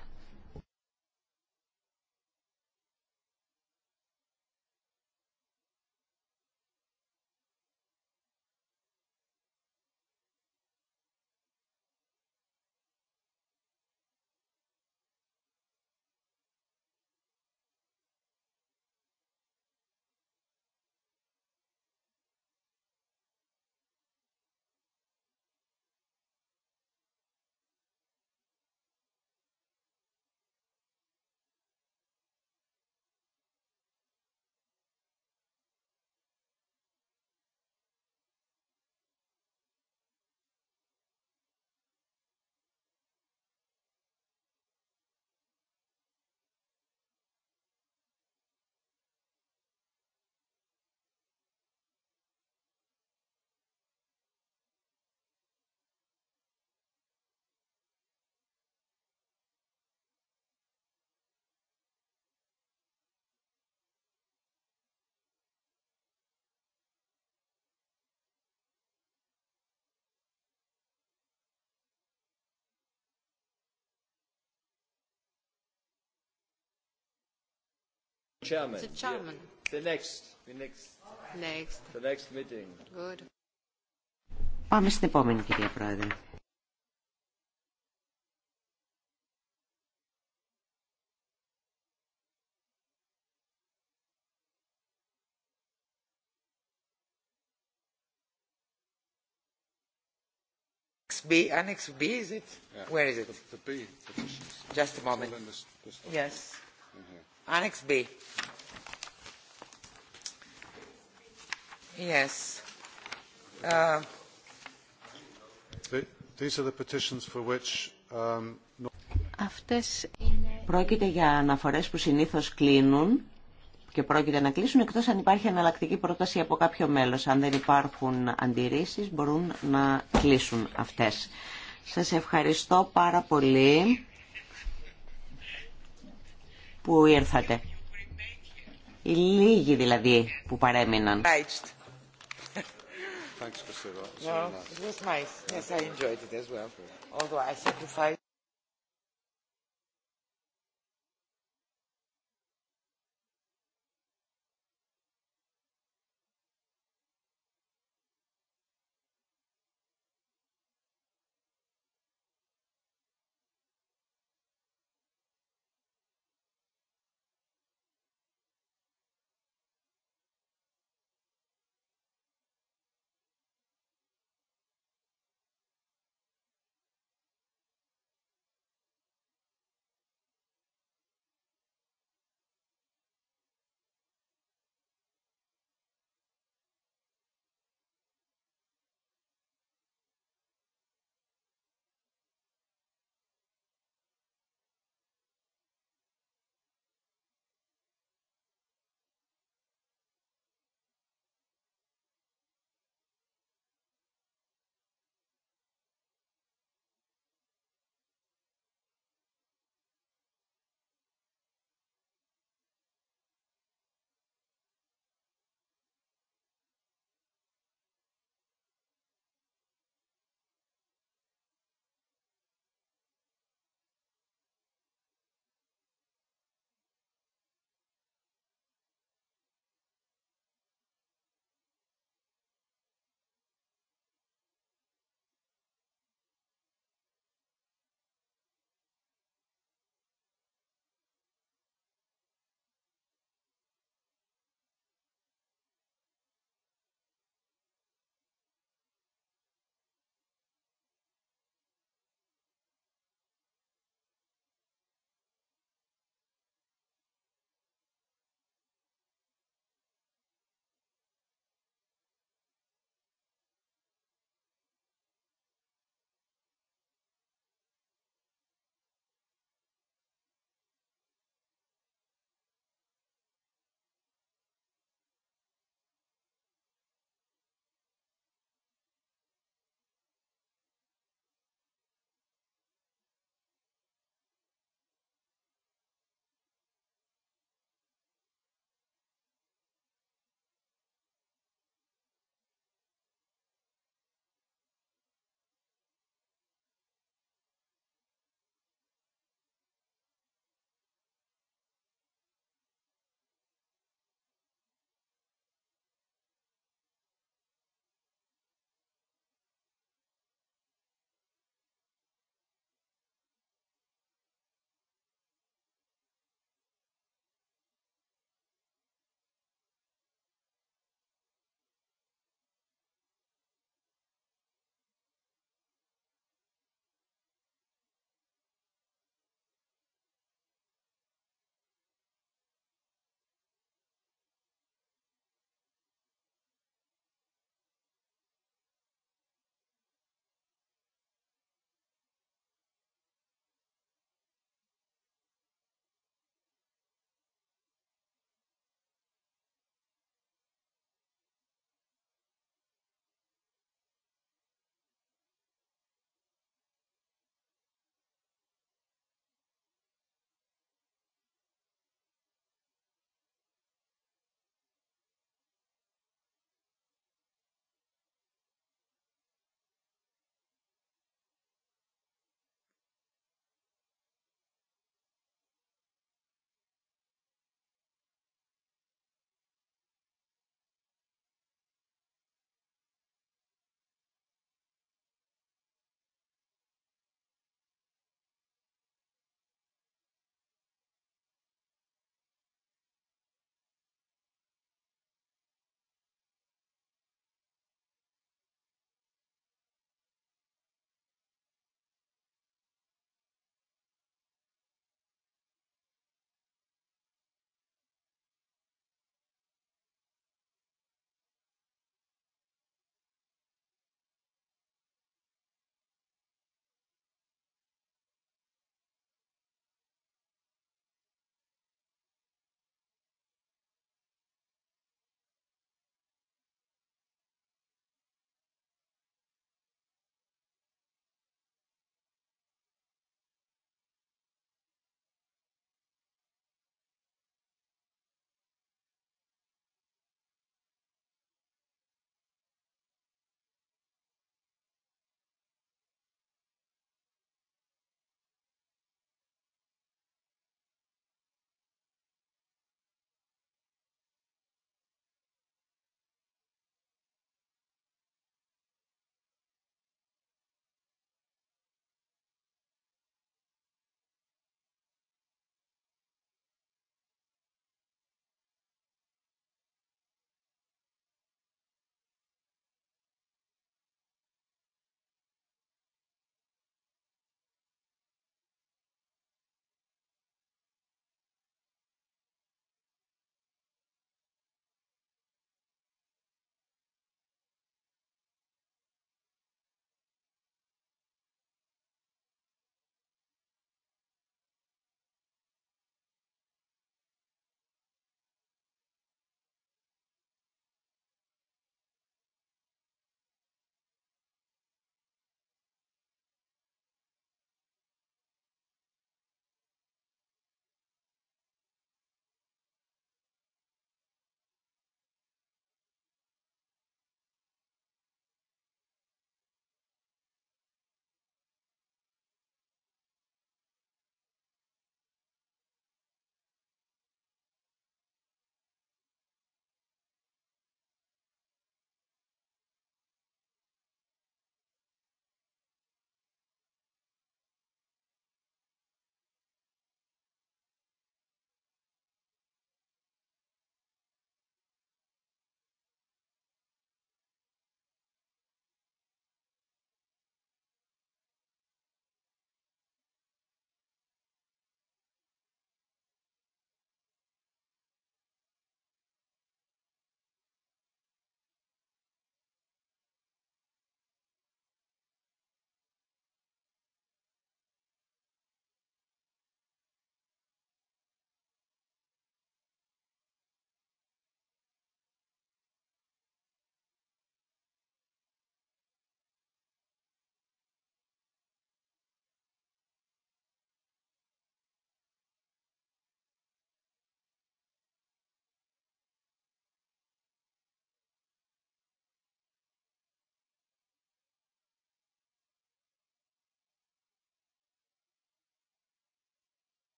Chairman. The chairman. The next. The next. Next. The next meeting. Good. Πάμε στην επόμενη κυρία Πρόεδρε. B, Annex B, is it? Where is it? The, B. Just a moment. yes. Uh, Annex um, Αυτές είναι... Πρόκειται για αναφορές που συνήθως κλείνουν και πρόκειται να κλείσουν εκτός αν υπάρχει εναλλακτική πρόταση από κάποιο μέλος. Αν δεν υπάρχουν αντιρρήσεις μπορούν να κλείσουν αυτές. Σας ευχαριστώ πάρα πολύ που ήρθατε. Οι λίγοι δηλαδή που παρέμειναν. Thanks,